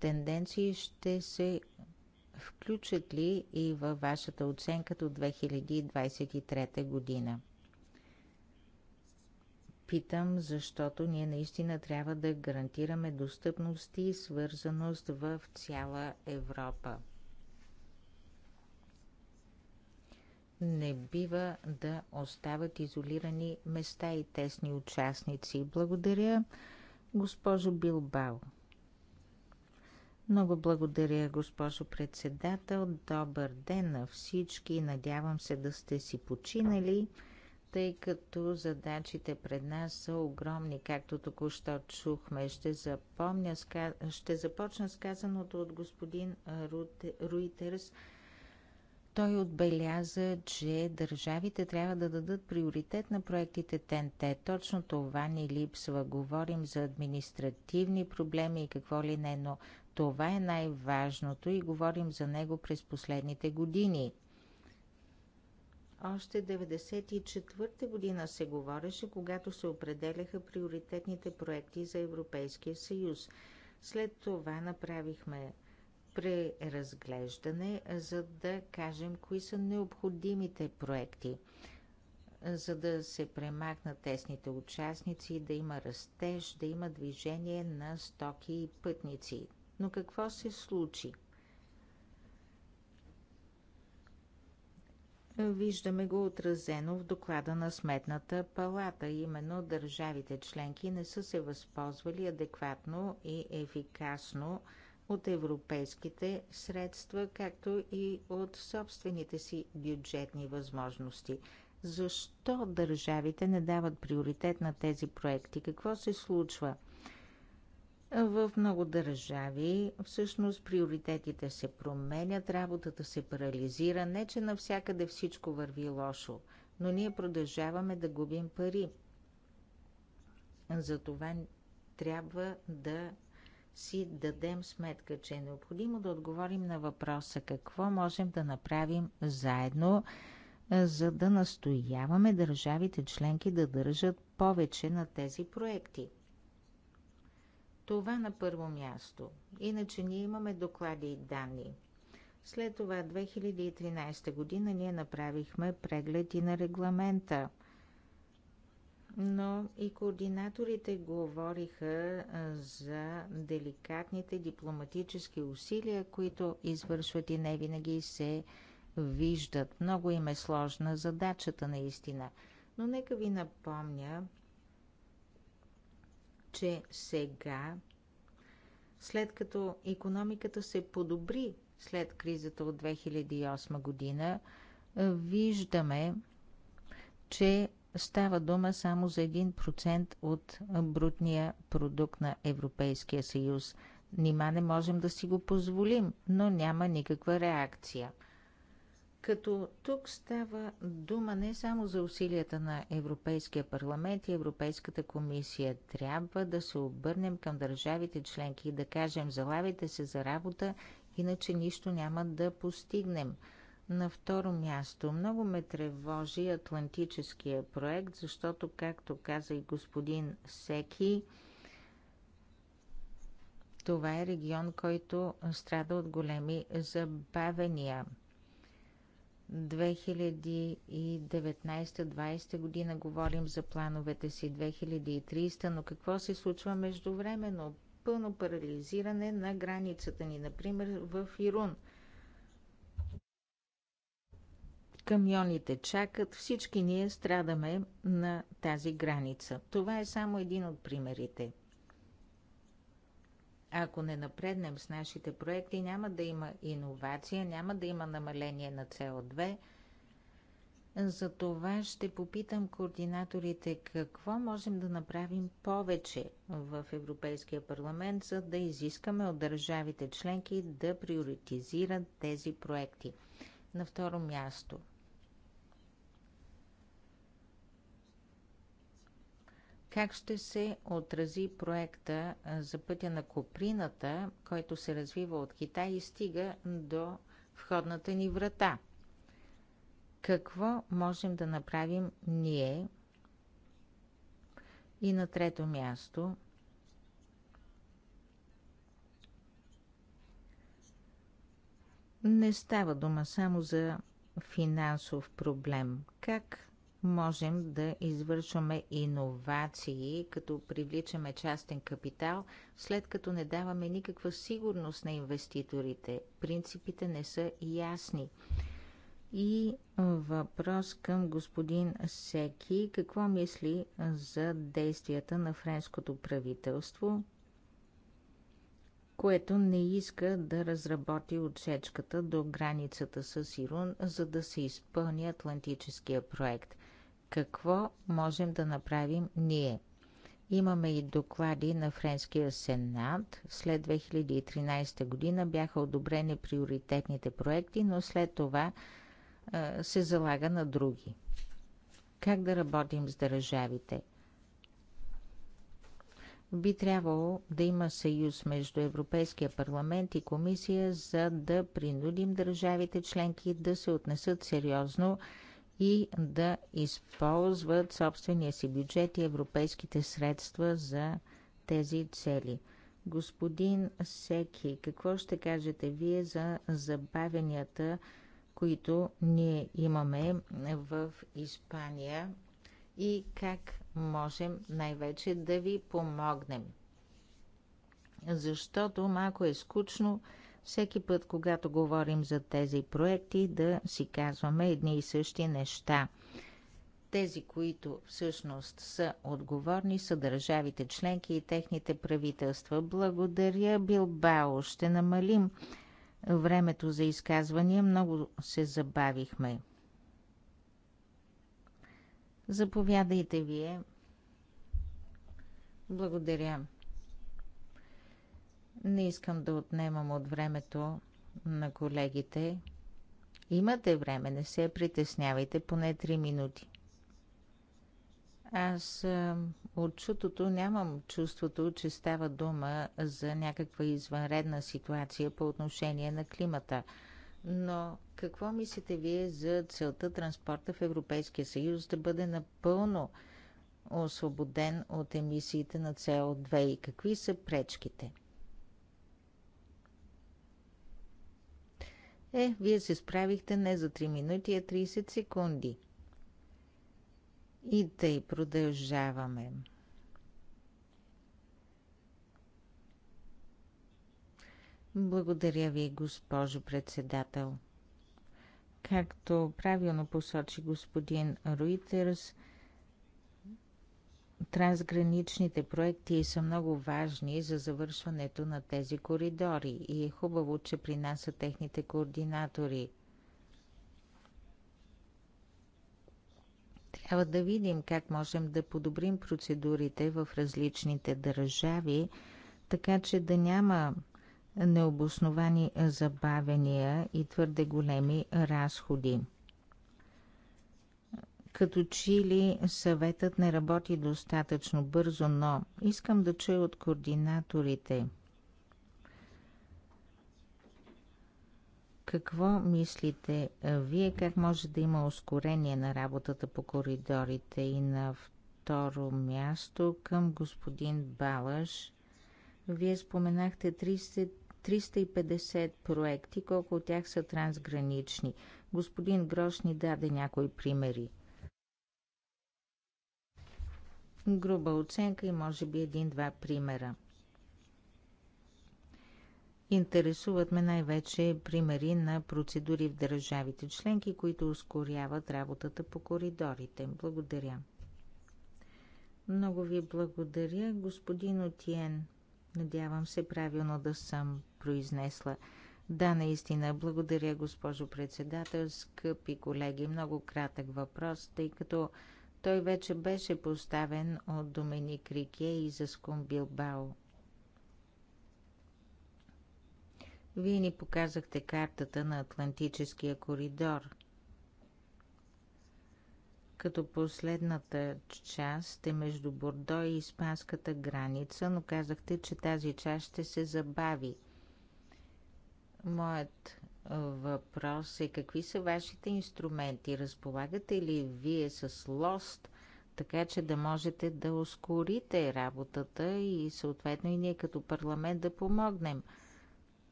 тенденции ще се включат ли и във вашата оценка до 2023 година? питам, защото ние наистина трябва да гарантираме достъпност и свързаност в цяла Европа. Не бива да остават изолирани места и тесни участници. Благодаря, госпожо Билбао. Много благодаря, госпожо председател. Добър ден на всички. Надявам се да сте си починали тъй като задачите пред нас са огромни, както току-що чухме. Ще, запомня, ще започна с казаното от господин Руитерс. Той отбеляза, че държавите трябва да дадат приоритет на проектите ТНТ. Точно това ни липсва. Говорим за административни проблеми и какво ли не, но това е най-важното и говорим за него през последните години – още 1994 година се говореше, когато се определяха приоритетните проекти за Европейския съюз. След това направихме преразглеждане, за да кажем кои са необходимите проекти, за да се премахнат тесните участници, да има растеж, да има движение на стоки и пътници. Но какво се случи? Виждаме го отразено в доклада на Сметната палата. Именно държавите членки не са се възползвали адекватно и ефикасно от европейските средства, както и от собствените си бюджетни възможности. Защо държавите не дават приоритет на тези проекти? Какво се случва? В много държави всъщност приоритетите се променят, работата се парализира, не че навсякъде всичко върви лошо, но ние продължаваме да губим пари. Затова трябва да си дадем сметка, че е необходимо да отговорим на въпроса какво можем да направим заедно, за да настояваме държавите членки да държат повече на тези проекти. Това на първо място. Иначе ние имаме доклади и данни. След това 2013 година ние направихме преглед и на регламента. Но и координаторите говориха за деликатните дипломатически усилия, които извършват и не винаги се виждат. Много им е сложна задачата наистина. Но нека ви напомня, че сега, след като економиката се подобри след кризата от 2008 година, виждаме, че става дума само за 1% от брутния продукт на Европейския съюз. Нима не можем да си го позволим, но няма никаква реакция – като тук става дума не само за усилията на Европейския парламент и Европейската комисия. Трябва да се обърнем към държавите членки и да кажем залавите се за работа, иначе нищо няма да постигнем. На второ място, много ме тревожи Атлантическия проект, защото, както каза и господин Секи, това е регион, който страда от големи забавения – 2019-2020 година говорим за плановете си 2300, но какво се случва междувременно? Пълно парализиране на границата ни, например в Ирун. Камионите чакат, всички ние страдаме на тази граница. Това е само един от примерите. Ако не напреднем с нашите проекти, няма да има иновация, няма да има намаление на CO2. За това ще попитам координаторите какво можем да направим повече в Европейския парламент, за да изискаме от държавите членки да приоритизират тези проекти. На второ място, Как ще се отрази проекта за пътя на Коприната, който се развива от Китай и стига до входната ни врата? Какво можем да направим ние? И на трето място не става дума само за финансов проблем. Как можем да извършваме иновации, като привличаме частен капитал, след като не даваме никаква сигурност на инвеститорите. Принципите не са ясни. И въпрос към господин Секи. Какво мисли за действията на френското правителство, което не иска да разработи отсечката до границата с Ирун, за да се изпълни Атлантическия проект? какво можем да направим ние. Имаме и доклади на Френския сенат. След 2013 година бяха одобрени приоритетните проекти, но след това а, е, се залага на други. Как да работим с държавите? би трябвало да има съюз между Европейския парламент и комисия, за да принудим държавите членки да се отнесат сериозно и да използват собствения си бюджет и европейските средства за тези цели. Господин Секи, какво ще кажете вие за забавенията, които ние имаме в Испания и как можем най-вече да ви помогнем? Защото малко е скучно всеки път, когато говорим за тези проекти, да си казваме едни и същи неща. Тези, които всъщност са отговорни, са държавите членки и техните правителства. Благодаря, Билбао. Ще намалим времето за изказвания. Много се забавихме. Заповядайте вие. Благодаря. Не искам да отнемам от времето на колегите. Имате време, не се притеснявайте, поне 3 минути. Аз от чутото нямам чувството, че става дума за някаква извънредна ситуация по отношение на климата. Но какво мислите вие за целта транспорта в Европейския съюз да бъде напълно освободен от емисиите на CO2 и какви са пречките? Е, вие се справихте не за 3 минути, а 30 секунди. И тъй продължаваме. Благодаря ви, госпожо председател. Както правилно посочи господин Руитерс, трансграничните проекти са много важни за завършването на тези коридори и е хубаво, че при нас са техните координатори. Трябва да видим как можем да подобрим процедурите в различните държави, така че да няма необосновани забавения и твърде големи разходи. Като че ли съветът не работи достатъчно бързо, но искам да чуя от координаторите. Какво мислите вие, как може да има ускорение на работата по коридорите и на второ място към господин Балаш? Вие споменахте 300, 350 проекти, колко от тях са трансгранични. Господин Грош ни даде някои примери груба оценка и може би един-два примера. Интересуват ме най-вече примери на процедури в държавите членки, които ускоряват работата по коридорите. Благодаря. Много ви благодаря, господин Отиен. Надявам се правилно да съм произнесла. Да, наистина. Благодаря, госпожо председател, скъпи колеги. Много кратък въпрос, тъй като той вече беше поставен от Доменик Рике и Заскун Бао. Вие ни показахте картата на Атлантическия коридор. Като последната част е между Бордо и Испанската граница, но казахте, че тази част ще се забави. Моят въпрос е какви са вашите инструменти? Разполагате ли вие с лост, така че да можете да ускорите работата и съответно и ние като парламент да помогнем?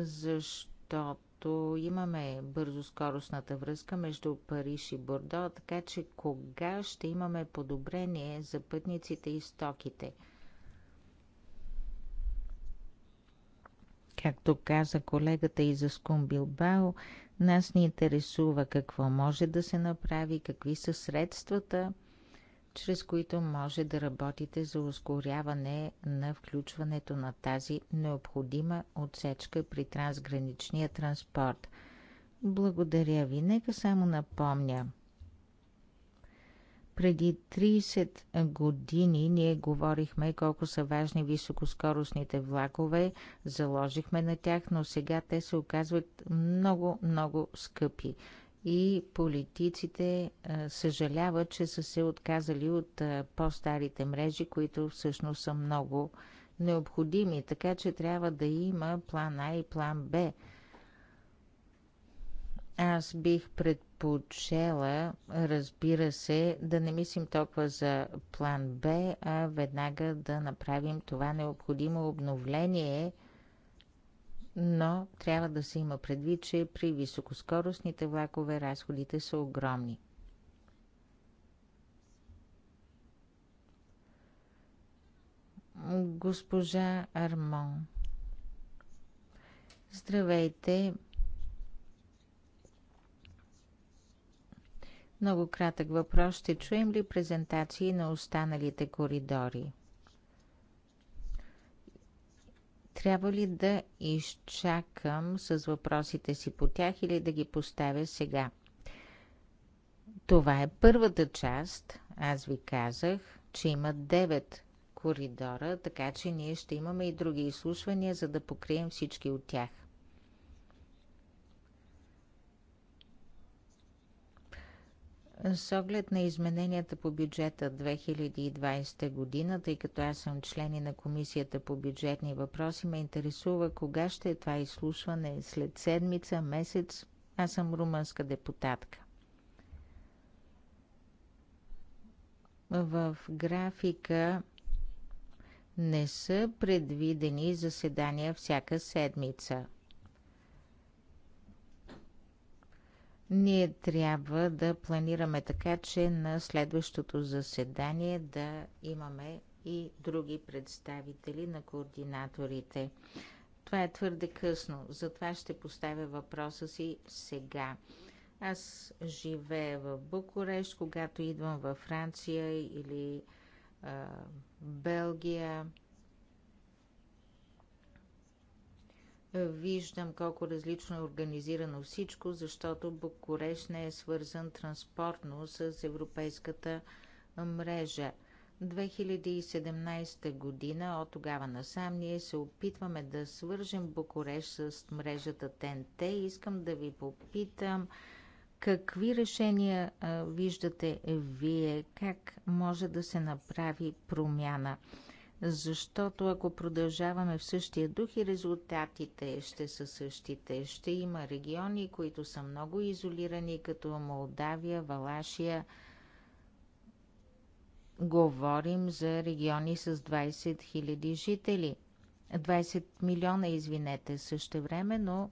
Защото имаме бързо скоростната връзка между Париж и Бордо, така че кога ще имаме подобрение за пътниците и стоките – Както каза колегата и за Скумбилбао, нас ни интересува какво може да се направи, какви са средствата, чрез които може да работите за ускоряване на включването на тази необходима отсечка при трансграничния транспорт. Благодаря ви. Нека само напомня – преди 30 години ние говорихме колко са важни високоскоростните влакове, заложихме на тях, но сега те се оказват много, много скъпи. И политиците съжаляват, че са се отказали от по-старите мрежи, които всъщност са много необходими. Така че трябва да има план А и план Б аз бих предпочела, разбира се, да не мислим толкова за план Б, а веднага да направим това необходимо обновление, но трябва да се има предвид, че при високоскоростните влакове разходите са огромни. Госпожа Армон. Здравейте! Много кратък въпрос. Ще чуем ли презентации на останалите коридори? Трябва ли да изчакам с въпросите си по тях или да ги поставя сега? Това е първата част. Аз ви казах, че има 9 коридора, така че ние ще имаме и други изслушвания, за да покрием всички от тях. С оглед на измененията по бюджета 2020 година, тъй като аз съм член и на Комисията по бюджетни въпроси, ме интересува кога ще е това изслушване след седмица, месец. Аз съм румънска депутатка. В графика не са предвидени заседания всяка седмица – Ние трябва да планираме така, че на следващото заседание да имаме и други представители на координаторите. Това е твърде късно, затова ще поставя въпроса си сега. Аз живея в Букурещ, когато идвам във Франция или а, Белгия, Виждам колко различно е организирано всичко, защото Букурещ не е свързан транспортно с европейската мрежа. 2017 година, от тогава насам, ние се опитваме да свържем Букурещ с мрежата ТНТ. Искам да ви попитам какви решения виждате вие, как може да се направи промяна защото ако продължаваме в същия дух и резултатите ще са същите. Ще има региони, които са много изолирани, като Молдавия, Валашия. Говорим за региони с 20 000 жители. 20 милиона, извинете, също време, но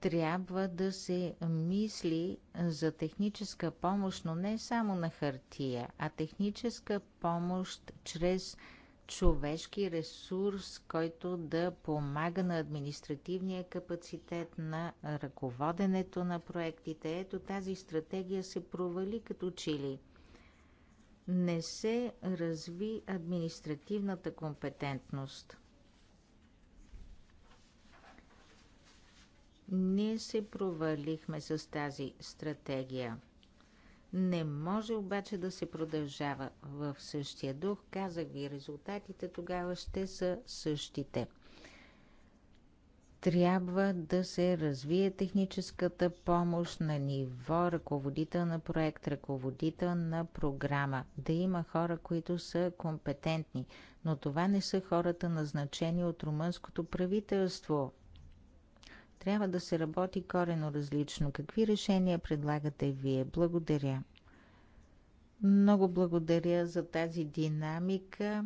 трябва да се мисли за техническа помощ, но не само на хартия, а техническа помощ чрез човешки ресурс, който да помага на административния капацитет, на ръководенето на проектите. Ето тази стратегия се провали като чили. Не се разви административната компетентност – Ние се провалихме с тази стратегия. Не може обаче да се продължава в същия дух. Казах ви, резултатите тогава ще са същите. Трябва да се развие техническата помощ на ниво ръководител на проект, ръководител на програма. Да има хора, които са компетентни. Но това не са хората назначени от румънското правителство трябва да се работи корено различно. Какви решения предлагате вие? Благодаря. Много благодаря за тази динамика,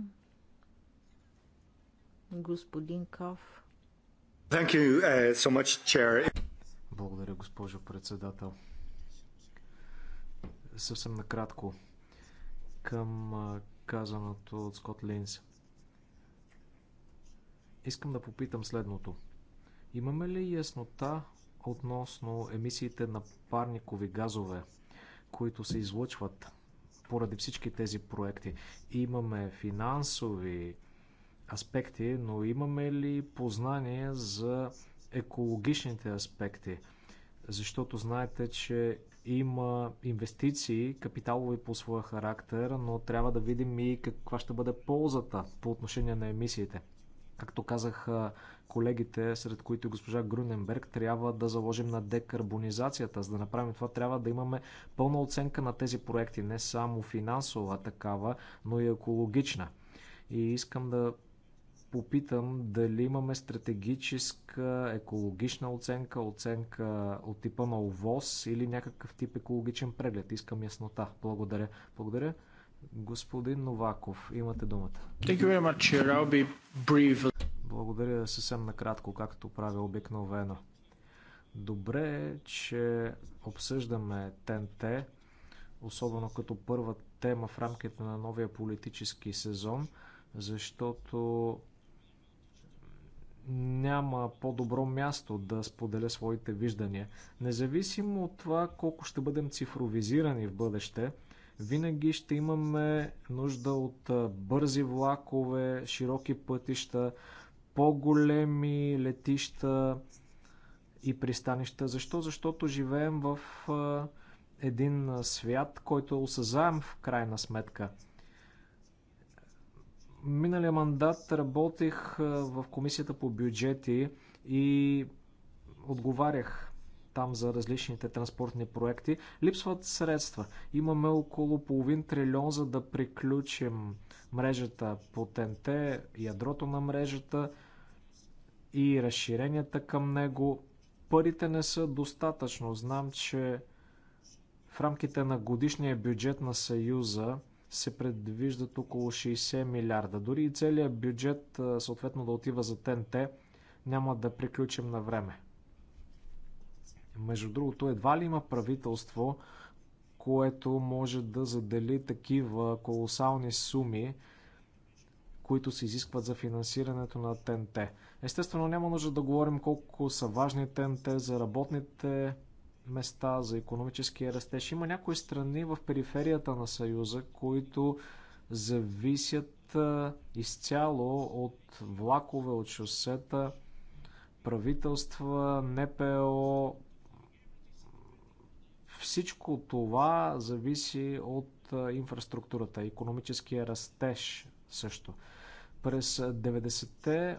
господин Ков. Thank you, uh, so much, chair. Благодаря, госпожо председател. Съвсем накратко към казаното от Скот Линс. Искам да попитам следното. Имаме ли яснота относно емисиите на парникови газове, които се излъчват поради всички тези проекти? Имаме финансови аспекти, но имаме ли познание за екологичните аспекти? Защото знаете, че има инвестиции, капиталови по своя характер, но трябва да видим и каква ще бъде ползата по отношение на емисиите. Както казах колегите, сред които госпожа Груненберг, трябва да заложим на декарбонизацията. За да направим това, трябва да имаме пълна оценка на тези проекти, не само финансова такава, но и екологична. И искам да попитам дали имаме стратегическа екологична оценка, оценка от типа на ОВОз или някакъв тип екологичен преглед. Искам яснота. Благодаря. Благодаря. Господин Новаков, имате думата. Благодаря съвсем накратко, както правя обикновено. Добре е, че обсъждаме ТНТ, особено като първа тема в рамките на новия политически сезон, защото няма по-добро място да споделя своите виждания. Независимо от това колко ще бъдем цифровизирани в бъдеще, винаги ще имаме нужда от бързи влакове, широки пътища, по-големи летища и пристанища. Защо? Защото живеем в един свят, който е осъзаем в крайна сметка. Миналия мандат работих в комисията по бюджети и отговарях там за различните транспортни проекти. Липсват средства. Имаме около половин трилион, за да приключим мрежата по ТНТ, ядрото на мрежата и разширенията към него. Парите не са достатъчно. Знам, че в рамките на годишния бюджет на Съюза се предвиждат около 60 милиарда. Дори и целият бюджет съответно да отива за ТНТ, няма да приключим на време. Между другото, едва ли има правителство, което може да задели такива колосални суми, които се изискват за финансирането на ТНТ. Естествено, няма нужда да говорим колко са важни ТНТ за работните места, за економическия растеж. Има някои страни в периферията на Съюза, които зависят изцяло от влакове, от шосета, правителства, НПО, всичко това зависи от инфраструктурата, економическия растеж също. През 90-те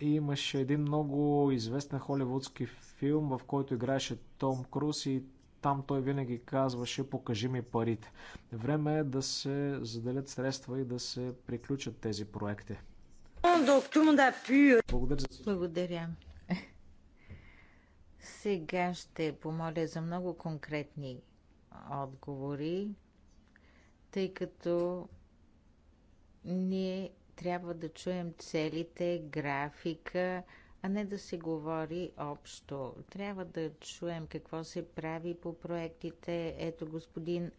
имаше един много известен холивудски филм, в който играеше Том Круз и там той винаги казваше покажи ми парите. Време е да се заделят средства и да се приключат тези проекти. Euh, Благодаря. Благодаря. Сега ще помоля за много конкретни отговори, тъй като ние трябва да чуем целите, графика, а не да се говори общо. Трябва да чуем какво се прави по проектите. Ето господин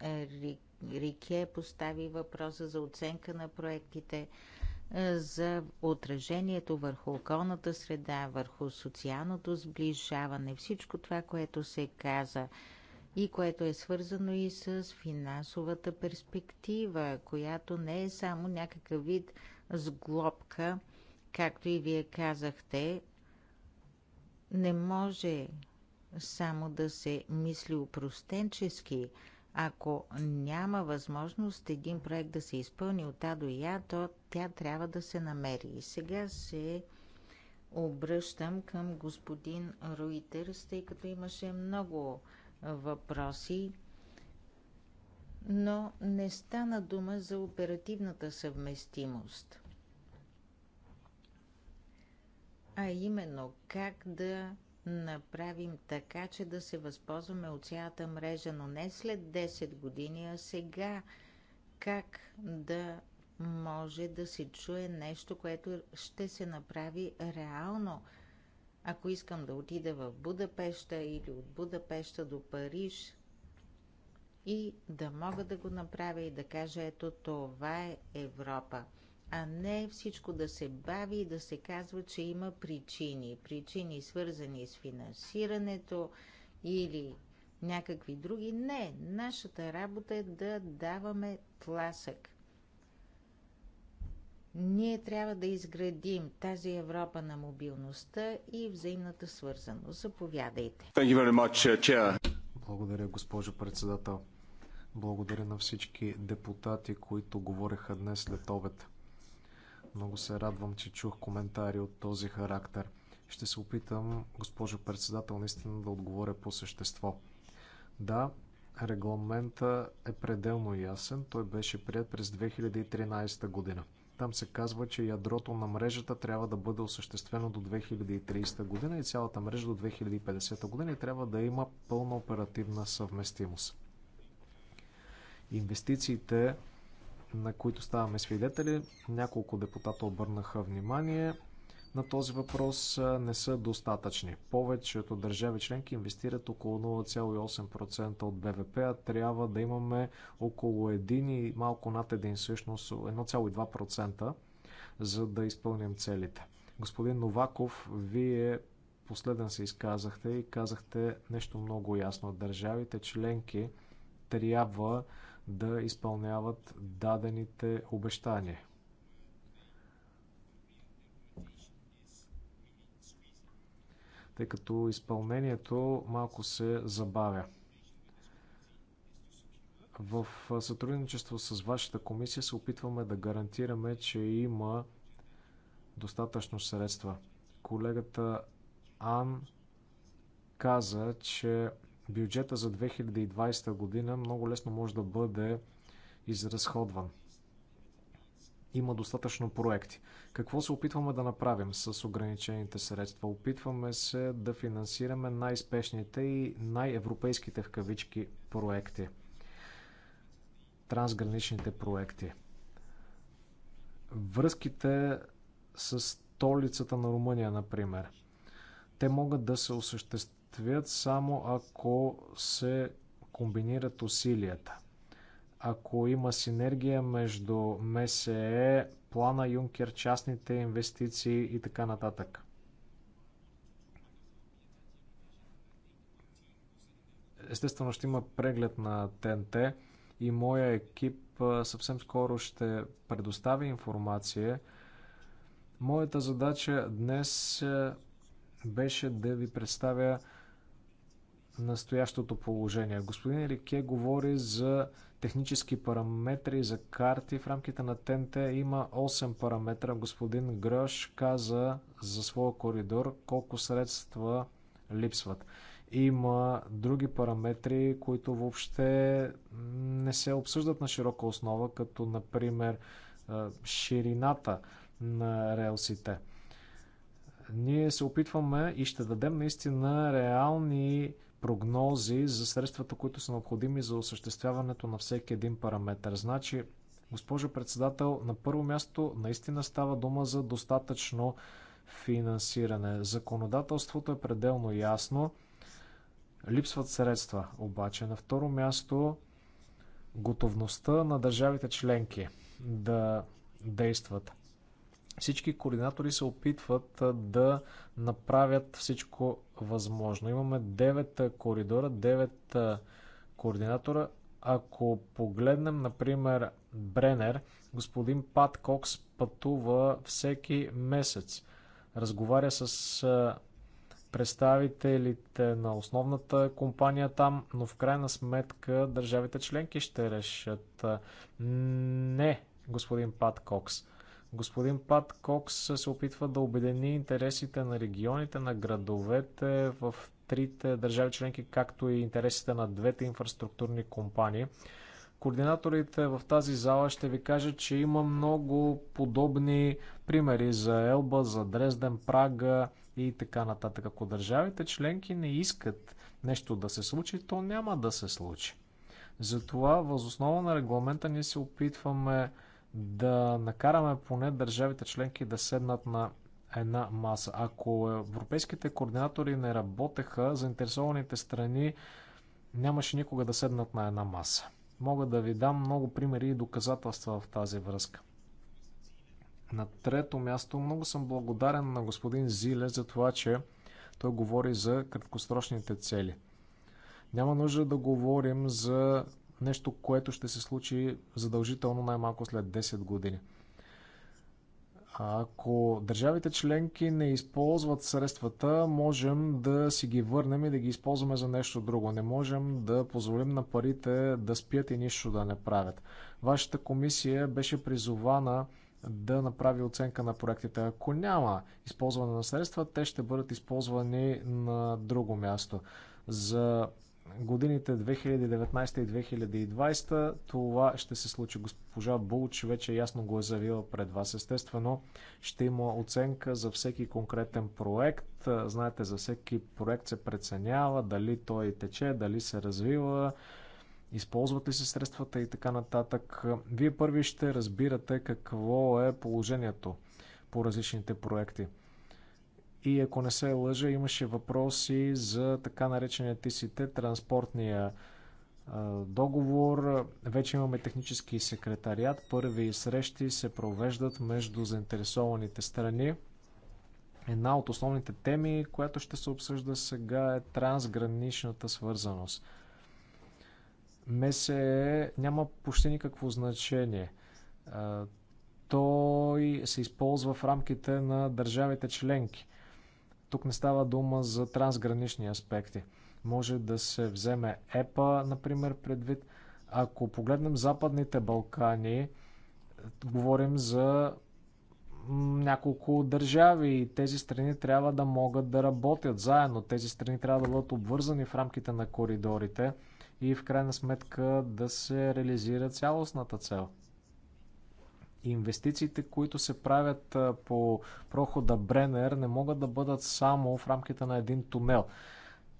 Рике постави въпроса за оценка на проектите. Е, за отражението върху околната среда, върху социалното сближаване, всичко това, което се каза и което е свързано и с финансовата перспектива, която не е само някакъв вид сглобка, както и вие казахте, не може само да се мисли упростенчески. Ако няма възможност един проект да се изпълни от А до Я, то тя трябва да се намери. И сега се обръщам към господин Руитерс, тъй като имаше много въпроси, но не стана дума за оперативната съвместимост. А именно как да направим така, че да се възползваме от цялата мрежа, но не след 10 години, а сега как да може да се чуе нещо, което ще се направи реално. Ако искам да отида в Будапеща или от Будапеща до Париж и да мога да го направя и да кажа ето това е Европа, а не всичко да се бави и да се казва, че има причини. Причини свързани с финансирането или някакви други. Не, нашата работа е да даваме тласък – ние трябва да изградим тази Европа на мобилността и взаимната свързаност. Заповядайте. Much, uh, Благодаря, госпожо председател. Благодаря на всички депутати, които говореха днес след обед. Много се радвам, че чух коментари от този характер. Ще се опитам, госпожо председател, наистина да отговоря по същество. Да, регламента е пределно ясен. Той беше прият през 2013 година. Там се казва, че ядрото на мрежата трябва да бъде осъществено до 2030 година и цялата мрежа до 2050 година и трябва да има пълна оперативна съвместимост. Инвестициите, на които ставаме свидетели, няколко депутата обърнаха внимание, на този въпрос не са достатъчни. Повечето държави членки инвестират около 0,8% от БВП, а трябва да имаме около 1 и малко над 1, всъщност 1,2%, за да изпълним целите. Господин Новаков, вие последен се изказахте и казахте нещо много ясно. Държавите членки трябва да изпълняват дадените обещания. тъй като изпълнението малко се забавя. В сътрудничество с вашата комисия се опитваме да гарантираме, че има достатъчно средства. Колегата Ан каза, че бюджета за 2020 година много лесно може да бъде изразходван има достатъчно проекти. Какво се опитваме да направим с ограничените средства? Опитваме се да финансираме най-спешните и най-европейските в кавички проекти. Трансграничните проекти. Връзките с столицата на Румъния, например. Те могат да се осъществят само ако се комбинират усилията – ако има синергия между МСЕ, плана Юнкер, частните инвестиции и така нататък. Естествено ще има преглед на ТНТ и моя екип съвсем скоро ще предостави информация. Моята задача днес беше да ви представя настоящото положение. Господин Рике говори за технически параметри за карти. В рамките на ТНТ има 8 параметра. Господин Гръш каза за своя коридор колко средства липсват. Има други параметри, които въобще не се обсъждат на широка основа, като например ширината на релсите. Ние се опитваме и ще дадем наистина реални прогнози за средствата, които са необходими за осъществяването на всеки един параметр. Значи, госпожо председател, на първо място наистина става дума за достатъчно финансиране. Законодателството е пределно ясно. Липсват средства обаче. На второ място готовността на държавите членки да действат. Всички координатори се опитват да направят всичко възможно. Имаме 9 коридора, 9 координатора. Ако погледнем, например, Бренер, господин Пат Кокс пътува всеки месец. Разговаря с представителите на основната компания там, но в крайна сметка държавите членки ще решат. Не, господин Пат Кокс. Господин Пат Кокс се опитва да обедини интересите на регионите, на градовете в трите държави членки, както и интересите на двете инфраструктурни компании. Координаторите в тази зала ще ви кажат, че има много подобни примери за Елба, за Дрезден, Прага и така нататък. Ако държавите членки не искат нещо да се случи, то няма да се случи. Затова, възоснова на регламента, ние се опитваме да накараме поне държавите членки да седнат на една маса. Ако европейските координатори не работеха, заинтересованите страни нямаше никога да седнат на една маса. Мога да ви дам много примери и доказателства в тази връзка. На трето място, много съм благодарен на господин Зиле за това, че той говори за краткосрочните цели. Няма нужда да говорим за Нещо, което ще се случи задължително най-малко след 10 години. Ако държавите членки не използват средствата, можем да си ги върнем и да ги използваме за нещо друго. Не можем да позволим на парите да спят и нищо да не правят. Вашата комисия беше призована да направи оценка на проектите. Ако няма използване на средства, те ще бъдат използвани на друго място. За годините 2019 и 2020 това ще се случи. Госпожа Булч вече ясно го е заявила пред вас. Естествено, ще има оценка за всеки конкретен проект. Знаете, за всеки проект се преценява дали той тече, дали се развива, използват ли се средствата и така нататък. Вие първи ще разбирате какво е положението по различните проекти. И ако не се лъжа, имаше въпроси за така наречения ТСТ, транспортния договор. Вече имаме технически секретариат. Първи срещи се провеждат между заинтересованите страни. Една от основните теми, която ще се обсъжда сега е трансграничната свързаност. МСЕ няма почти никакво значение. Той се използва в рамките на държавите членки – тук не става дума за трансгранични аспекти. Може да се вземе ЕПА, например, предвид. Ако погледнем Западните Балкани, говорим за няколко държави и тези страни трябва да могат да работят заедно. Тези страни трябва да бъдат обвързани в рамките на коридорите и в крайна сметка да се реализира цялостната цел – инвестициите, които се правят по прохода Бренер, не могат да бъдат само в рамките на един тунел.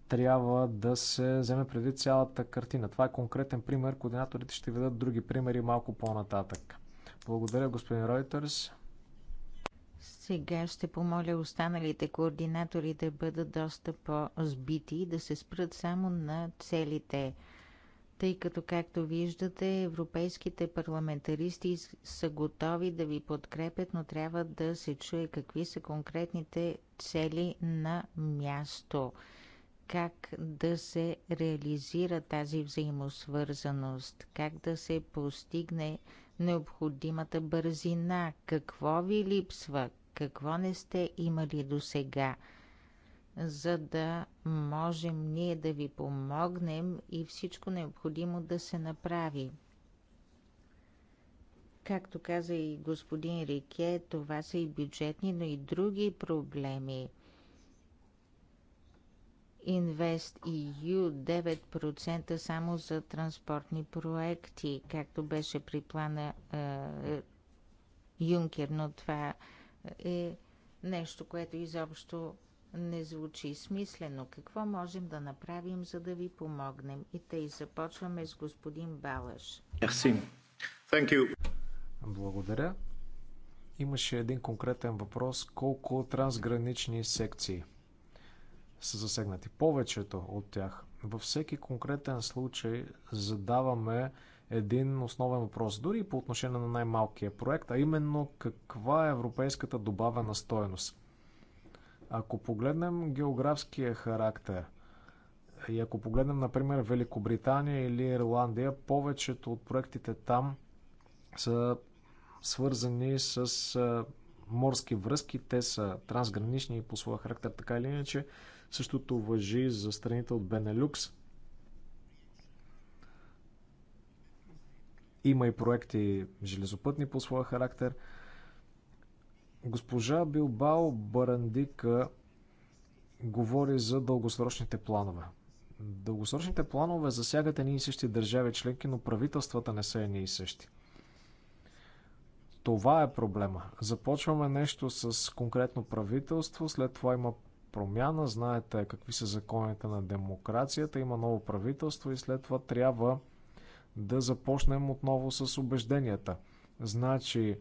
Трябва да се вземе преди цялата картина. Това е конкретен пример. Координаторите ще ви дадат други примери малко по-нататък. Благодаря, господин Ройтерс. Сега ще помоля останалите координатори да бъдат доста по-збити и да се спрат само на целите тъй като, както виждате, европейските парламентаристи са готови да ви подкрепят, но трябва да се чуе какви са конкретните цели на място. Как да се реализира тази взаимосвързаност? Как да се постигне необходимата бързина? Какво ви липсва? Какво не сте имали до сега? за да можем ние да ви помогнем и всичко необходимо да се направи. Както каза и господин Рике, това са и бюджетни, но и други проблеми. Инвест EU 9% само за транспортни проекти, както беше при плана е, Юнкер, но това е нещо, което изобщо не звучи смислено. Какво можем да направим, за да ви помогнем? И тъй започваме с господин Балаш. Благодаря. Имаше един конкретен въпрос. Колко трансгранични секции са засегнати? Повечето от тях. Във всеки конкретен случай задаваме един основен въпрос, дори по отношение на най-малкия проект, а именно каква е европейската добавена стоеност. Ако погледнем географския характер и ако погледнем, например, Великобритания или Ирландия, повечето от проектите там са свързани с морски връзки. Те са трансгранични по своя характер, така или иначе. Същото въжи за страните от Бенелюкс. Има и проекти железопътни по своя характер – Госпожа Билбао Барандика говори за дългосрочните планове. Дългосрочните планове засягат едни и същи държави членки, но правителствата не са едни и същи. Това е проблема. Започваме нещо с конкретно правителство, след това има промяна, знаете какви са законите на демокрацията, има ново правителство и след това трябва да започнем отново с убежденията. Значи,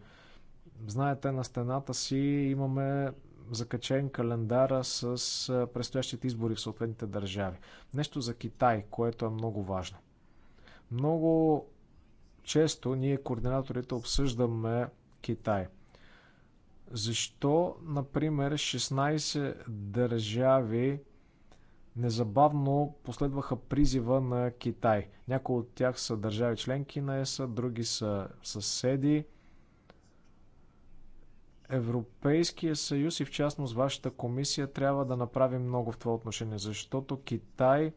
Знаете, на стената си имаме закачен календара с предстоящите избори в съответните държави. Нещо за Китай, което е много важно. Много често ние, координаторите, обсъждаме Китай. Защо, например, 16 държави незабавно последваха призива на Китай? Някои от тях са държави членки на ЕСА, други са съседи – Европейския съюз и в частност вашата комисия трябва да направи много в това отношение, защото Китай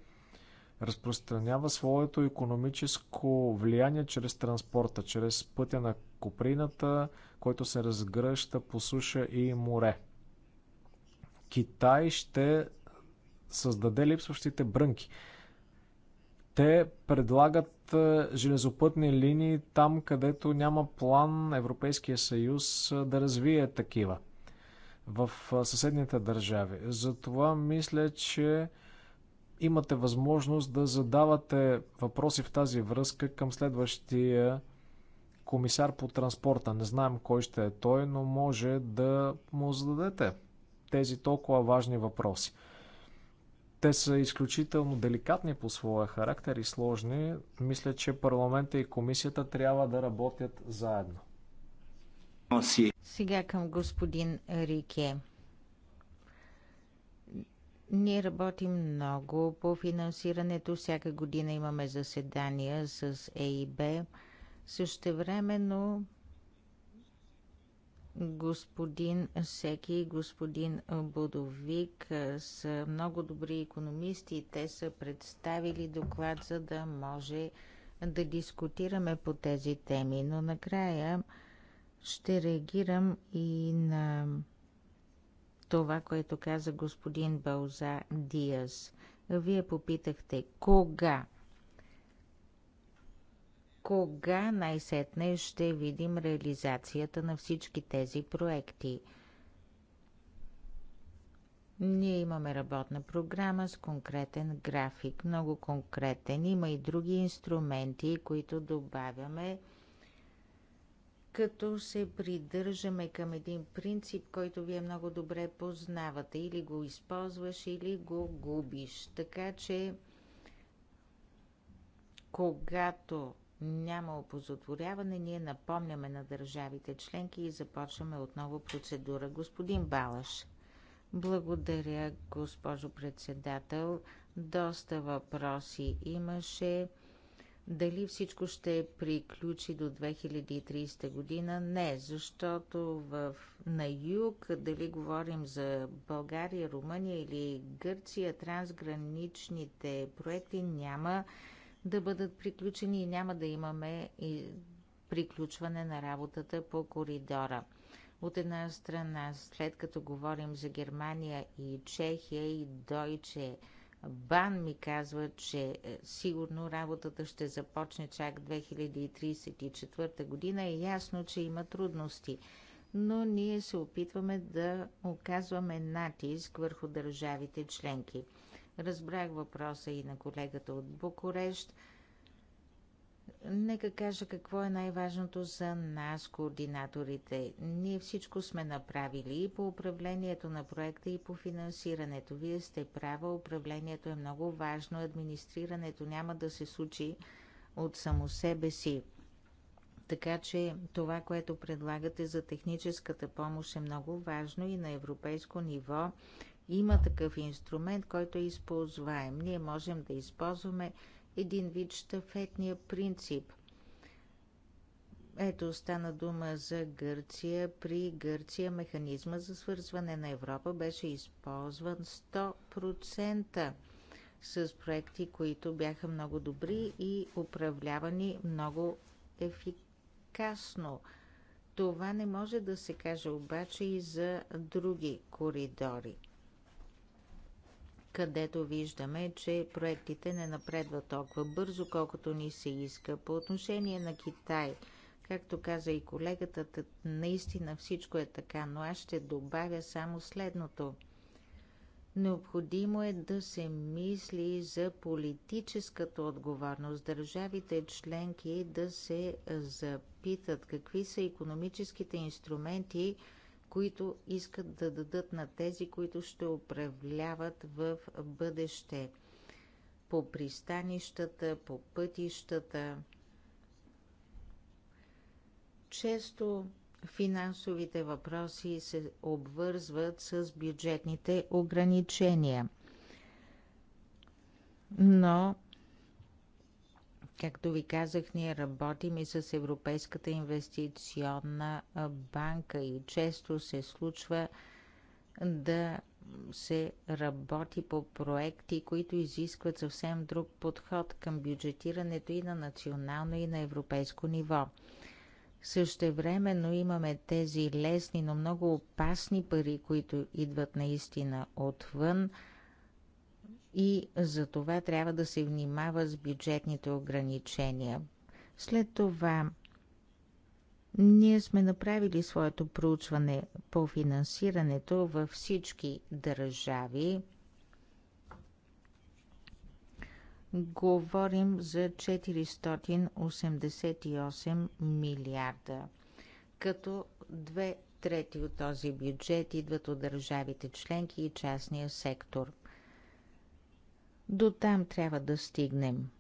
разпространява своето економическо влияние чрез транспорта, чрез пътя на Коприната, който се разгръща по суша и море. Китай ще създаде липсващите брънки. Те предлагат железопътни линии там, където няма план Европейския съюз да развие такива в съседните държави. Затова мисля, че имате възможност да задавате въпроси в тази връзка към следващия комисар по транспорта. Не знаем кой ще е той, но може да му зададете тези толкова важни въпроси. Те са изключително деликатни по своя характер и сложни. Мисля, че парламента и комисията трябва да работят заедно. Сега към господин Рике. Ние работим много по финансирането. Всяка година имаме заседания с ЕИБ. също времено Господин Секи и господин Будовик са много добри економисти и те са представили доклад, за да може да дискутираме по тези теми. Но накрая ще реагирам и на това, което каза господин Бълза Диас. Вие попитахте кога кога най-сетне ще видим реализацията на всички тези проекти? Ние имаме работна програма с конкретен график, много конкретен. Има и други инструменти, които добавяме, като се придържаме към един принцип, който вие много добре познавате. Или го използваш, или го губиш. Така че, когато няма опозотворяване, ние напомняме на държавите членки и започваме отново процедура. Господин Балаш. Благодаря, госпожо председател. Доста въпроси имаше. Дали всичко ще приключи до 2030 година? Не, защото в, на юг, дали говорим за България, Румъния или Гърция, трансграничните проекти няма да бъдат приключени и няма да имаме и приключване на работата по коридора. От една страна, след като говорим за Германия и Чехия и Дойче, Бан ми казва, че е, сигурно работата ще започне чак 2034 година. Е ясно, че има трудности, но ние се опитваме да оказваме натиск върху държавите членки. Разбрах въпроса и на колегата от Букурещ. Нека кажа какво е най-важното за нас, координаторите. Ние всичко сме направили и по управлението на проекта, и по финансирането. Вие сте права, управлението е много важно, администрирането няма да се случи от само себе си. Така че това, което предлагате за техническата помощ е много важно и на европейско ниво има такъв инструмент, който е използваем. Ние можем да използваме един вид штафетния принцип. Ето стана дума за Гърция. При Гърция механизма за свързване на Европа беше използван 100% с проекти, които бяха много добри и управлявани много ефикасно. Това не може да се каже обаче и за други коридори където виждаме, че проектите не напредват толкова бързо, колкото ни се иска. По отношение на Китай, както каза и колегата, наистина всичко е така, но аз ще добавя само следното. Необходимо е да се мисли за политическата отговорност. Държавите членки да се запитат какви са економическите инструменти, които искат да дадат на тези, които ще управляват в бъдеще по пристанищата, по пътищата. Често финансовите въпроси се обвързват с бюджетните ограничения. Но Както ви казах, ние работим и с Европейската инвестиционна банка и често се случва да се работи по проекти, които изискват съвсем друг подход към бюджетирането и на национално и на европейско ниво. Същевременно имаме тези лесни, но много опасни пари, които идват наистина отвън – и за това трябва да се внимава с бюджетните ограничения. След това ние сме направили своето проучване по финансирането във всички държави. Говорим за 488 милиарда, като две трети от този бюджет идват от държавите членки и частния сектор – до там трябва да стигнем.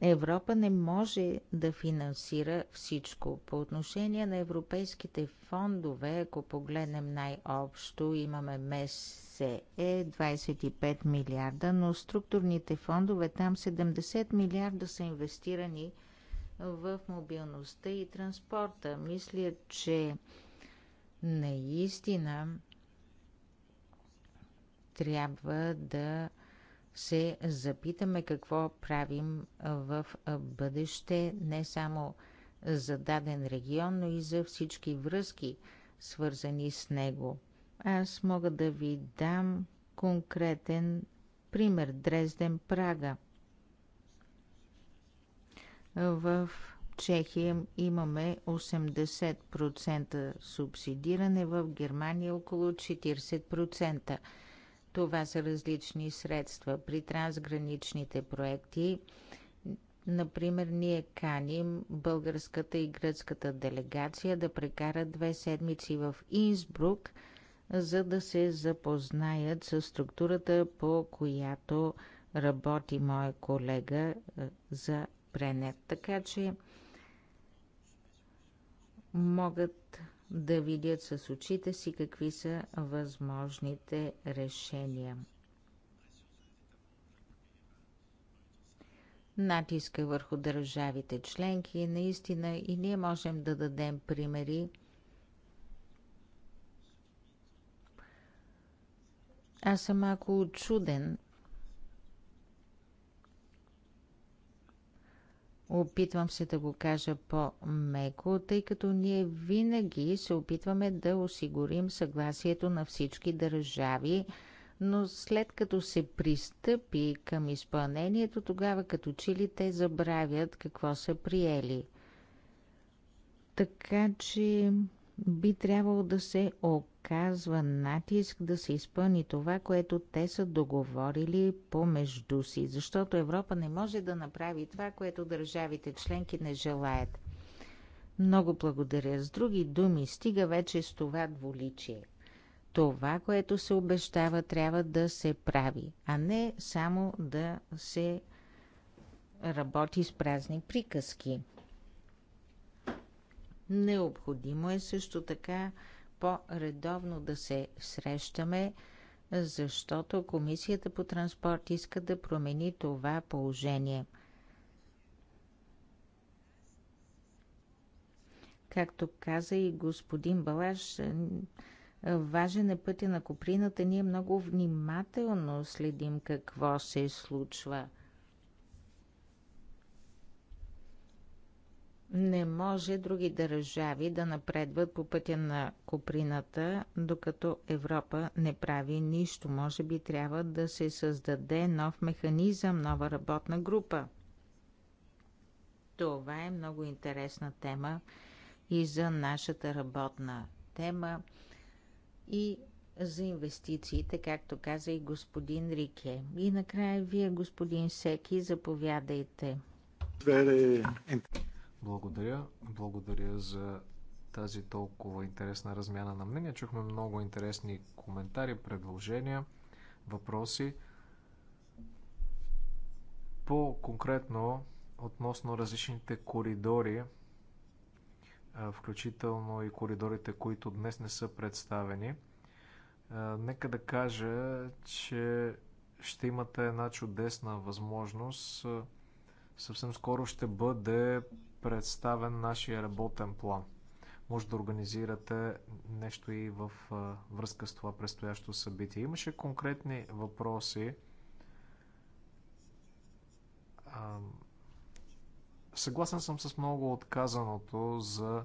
Европа не може да финансира всичко. По отношение на европейските фондове, ако погледнем най-общо, имаме МСЕ 25 милиарда, но структурните фондове там 70 милиарда са инвестирани в мобилността и транспорта. Мисля, че наистина трябва да се запитаме какво правим в бъдеще не само за даден регион, но и за всички връзки, свързани с него. Аз мога да ви дам конкретен пример Дрезден-Прага. В Чехия имаме 80% субсидиране, в Германия около 40%. Това са различни средства. При трансграничните проекти, например, ние каним българската и гръцката делегация да прекарат две седмици в Инсбрук, за да се запознаят с структурата, по която работи моя колега е, за Бренет. Така че могат да видят с очите си какви са възможните решения. Натиска върху държавите членки е наистина и ние можем да дадем примери Аз съм малко чуден Опитвам се да го кажа по-меко, тъй като ние винаги се опитваме да осигурим съгласието на всички държави, но след като се пристъпи към изпълнението, тогава като че ли те забравят какво са приели. Така че би трябвало да се оказва натиск да се изпълни това, което те са договорили помежду си, защото Европа не може да направи това, което държавите членки не желаят. Много благодаря. С други думи, стига вече с това дволичие. Това, което се обещава, трябва да се прави, а не само да се работи с празни приказки. Необходимо е също така по-редовно да се срещаме, защото Комисията по транспорт иска да промени това положение. Както каза и господин Балаш, важен е пътя на Коприната. Ние много внимателно следим какво се случва – Не може други държави да напредват по пътя на куприната, докато Европа не прави нищо. Може би трябва да се създаде нов механизъм, нова работна група. Това е много интересна тема и за нашата работна тема и за инвестициите, както каза и господин Рике. И накрая вие, господин Секи, заповядайте. Very благодаря. Благодаря за тази толкова интересна размяна на мнения. Чухме много интересни коментари, предложения, въпроси. По-конкретно, относно различните коридори, включително и коридорите, които днес не са представени, нека да кажа, че ще имате една чудесна възможност. Съвсем скоро ще бъде представен нашия работен план. Може да организирате нещо и в връзка с това предстоящо събитие. Имаше конкретни въпроси. Съгласен съм с много отказаното за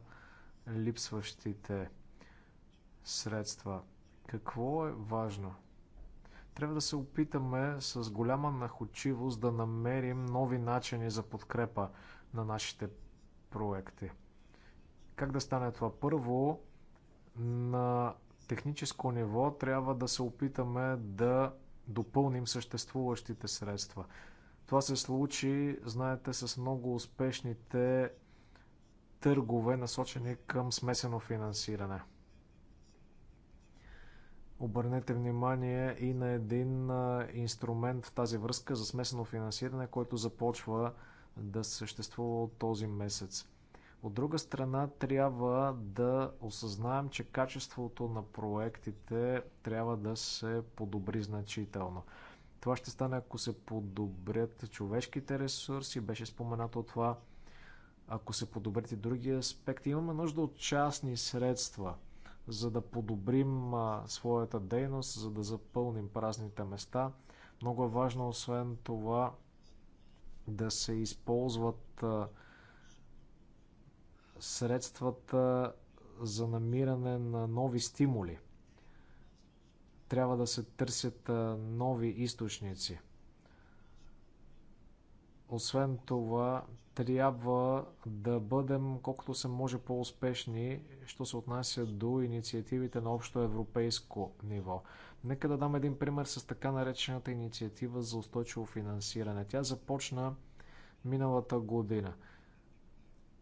липсващите средства. Какво е важно? Трябва да се опитаме с голяма нахочивост да намерим нови начини за подкрепа на нашите проекти. Как да стане това? Първо, на техническо ниво трябва да се опитаме да допълним съществуващите средства. Това се случи, знаете, с много успешните търгове, насочени към смесено финансиране. Обърнете внимание и на един инструмент в тази връзка за смесено финансиране, който започва да съществува от този месец. От друга страна, трябва да осъзнаем, че качеството на проектите трябва да се подобри значително. Това ще стане, ако се подобрят човешките ресурси, беше споменато това, ако се подобрят и други аспекти. Имаме нужда от частни средства, за да подобрим своята дейност, за да запълним празните места. Много е важно, освен това, да се използват средствата за намиране на нови стимули. Трябва да се търсят нови източници. Освен това, трябва да бъдем колкото се може по-успешни, що се отнася до инициативите на общо европейско ниво. Нека да дам един пример с така наречената инициатива за устойчиво финансиране. Тя започна миналата година.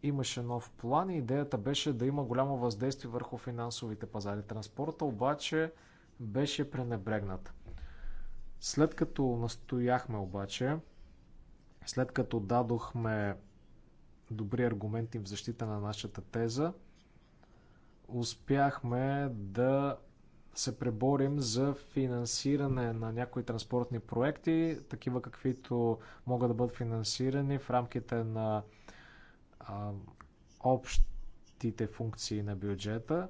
Имаше нов план и идеята беше да има голямо въздействие върху финансовите пазари. Транспорта обаче беше пренебрегнат. След като настояхме обаче, след като дадохме добри аргументи в защита на нашата теза, успяхме да се преборим за финансиране на някои транспортни проекти, такива каквито могат да бъдат финансирани в рамките на а, общите функции на бюджета.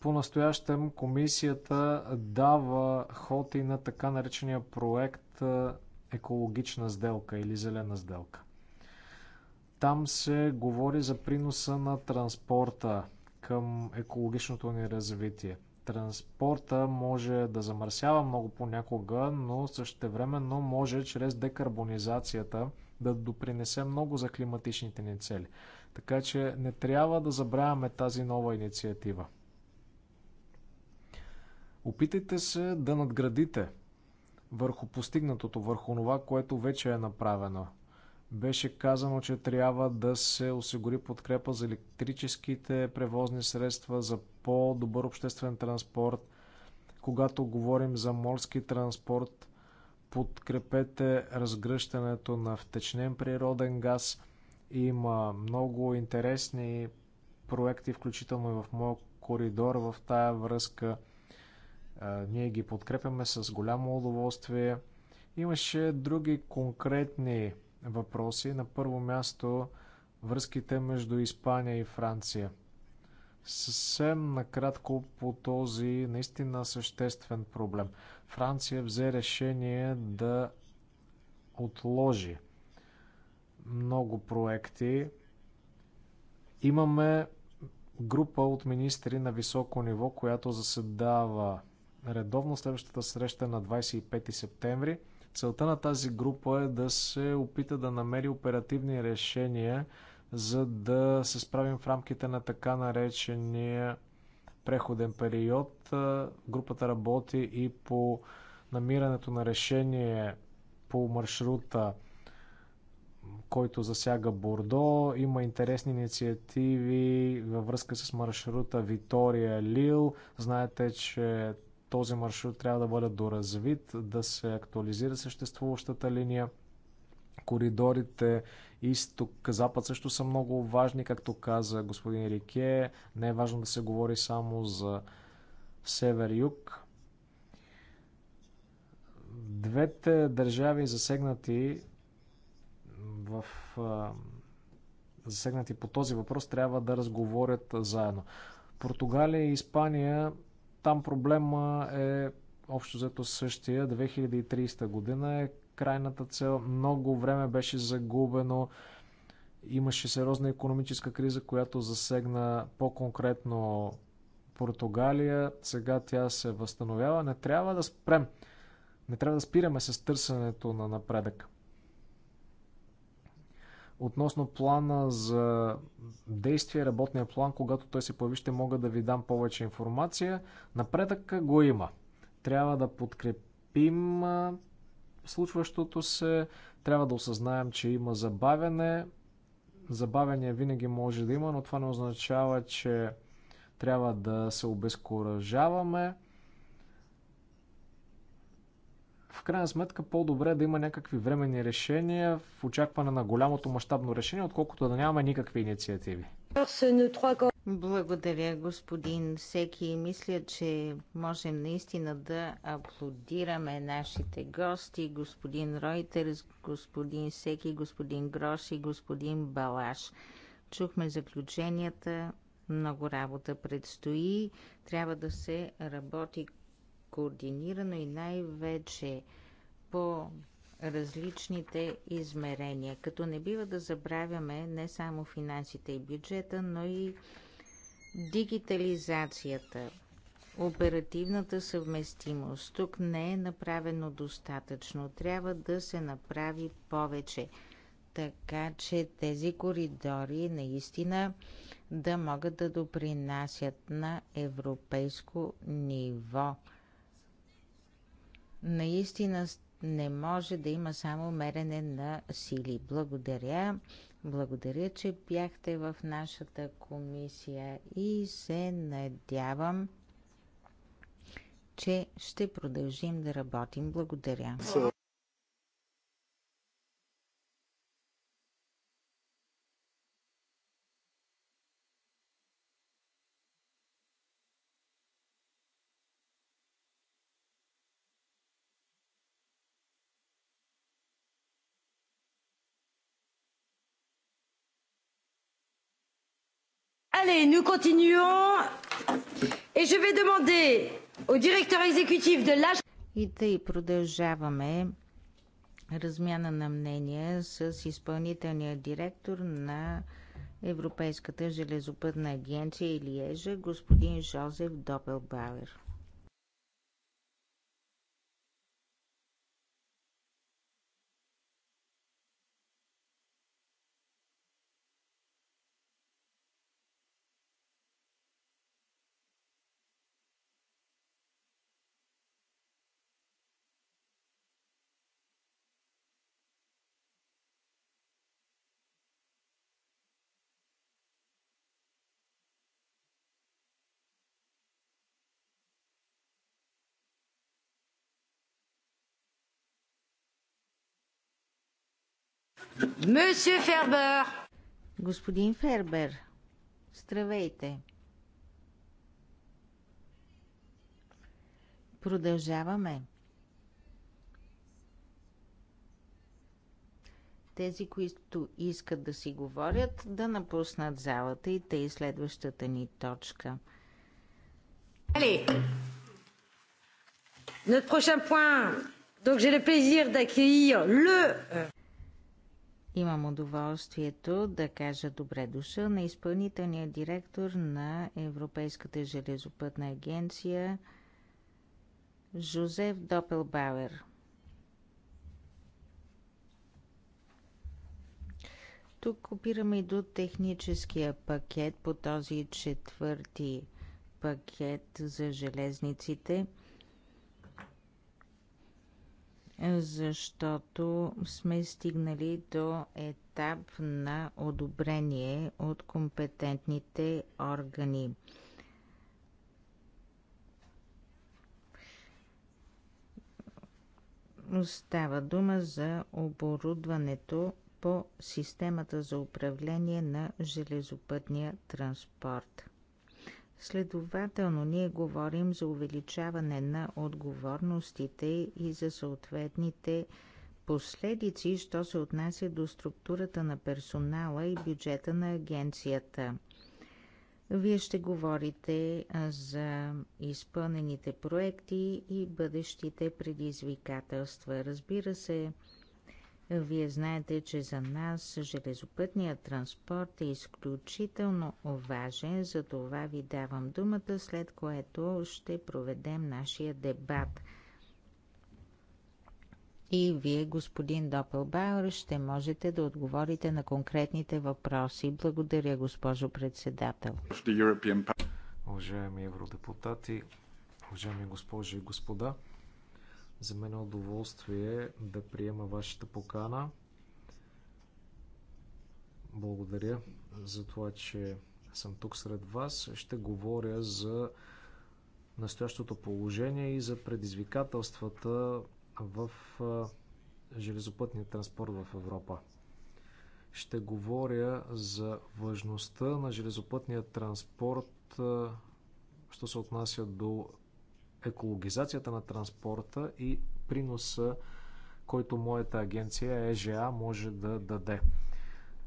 По-настоящем комисията дава ход и на така наречения проект екологична сделка или зелена сделка. Там се говори за приноса на транспорта към екологичното ни развитие. Транспорта може да замърсява много понякога, но същевременно може чрез декарбонизацията да допринесе много за климатичните ни цели. Така че не трябва да забравяме тази нова инициатива. Опитайте се да надградите върху постигнатото, върху това, което вече е направено – беше казано, че трябва да се осигури подкрепа за електрическите превозни средства, за по-добър обществен транспорт. Когато говорим за морски транспорт, подкрепете разгръщането на втечнен природен газ. Има много интересни проекти, включително и в моя коридор в тая връзка. Е, ние ги подкрепяме с голямо удоволствие. Имаше други конкретни въпроси. На първо място връзките между Испания и Франция. Съвсем накратко по този наистина съществен проблем. Франция взе решение да отложи много проекти. Имаме група от министри на високо ниво, която заседава редовно. Следващата среща на 25 септември – Целта на тази група е да се опита да намери оперативни решения, за да се справим в рамките на така наречения преходен период. Групата работи и по намирането на решение по маршрута, който засяга Бордо. Има интересни инициативи във връзка с маршрута Витория Лил. Знаете, че този маршрут трябва да бъде доразвит, да се актуализира съществуващата линия. Коридорите изток-запад също са много важни, както каза господин Рике. Не е важно да се говори само за север-юг. Двете държави засегнати в засегнати по този въпрос трябва да разговорят заедно. Португалия и Испания там проблема е общо взето същия. 2030 година е крайната цел. Много време беше загубено. Имаше сериозна економическа криза, която засегна по-конкретно Португалия. Сега тя се възстановява. Не трябва да спрем. Не трябва да спираме с търсенето на напредък. Относно плана за действие, работния план, когато той се появи, ще мога да ви дам повече информация. Напредък го има. Трябва да подкрепим случващото се, трябва да осъзнаем, че има забавяне. Забавяне винаги може да има, но това не означава, че трябва да се обезкуражаваме. В крайна сметка по-добре е да има някакви временни решения в очакване на голямото мащабно решение, отколкото да нямаме никакви инициативи. Благодаря, господин Секи. Мисля, че можем наистина да аплодираме нашите гости, господин Ройтерс, господин Секи, господин Грош и господин Балаш. Чухме заключенията, много работа предстои. Трябва да се работи координирано и най-вече по различните измерения, като не бива да забравяме не само финансите и бюджета, но и дигитализацията, оперативната съвместимост. Тук не е направено достатъчно. Трябва да се направи повече, така че тези коридори наистина да могат да допринасят на европейско ниво – наистина не може да има само мерене на сили. Благодаря. Благодаря, че бяхте в нашата комисия и се надявам, че ще продължим да работим. Благодаря. continuons et je vais demander au directeur exécutif de l'agence. И тъй продължаваме размяна на мнения с изпълнителния директор на Европейската железопътна агенция или ЕЖА, господин Жозеф Допелбауер. Мъсю Фербер! Господин Фербер, здравейте! Продължаваме. Тези, които искат да си говорят, да напуснат залата и те и следващата ни точка. Али! Notre prochain point. Donc j'ai le plaisir d'accueillir le euh, Имам удоволствието да кажа добре дошъл на изпълнителния директор на Европейската железопътна агенция Жозеф Допелбауер. Тук опираме и до техническия пакет по този четвърти пакет за железниците – защото сме стигнали до етап на одобрение от компетентните органи. Става дума за оборудването по системата за управление на железопътния транспорт. Следователно, ние говорим за увеличаване на отговорностите и за съответните последици, що се отнася до структурата на персонала и бюджета на агенцията. Вие ще говорите за изпълнените проекти и бъдещите предизвикателства. Разбира се, вие знаете, че за нас железопътният транспорт е изключително важен, за това ви давам думата, след което ще проведем нашия дебат. И вие, господин Допелбауер, ще можете да отговорите на конкретните въпроси. Благодаря, госпожо председател. Уважаеми евродепутати, уважаеми госпожи и господа, за мен е удоволствие да приема вашата покана. Благодаря за това, че съм тук сред вас. Ще говоря за настоящото положение и за предизвикателствата в железопътния транспорт в Европа. Ще говоря за важността на железопътния транспорт, що се отнася до екологизацията на транспорта и приноса, който моята агенция ЕЖА може да даде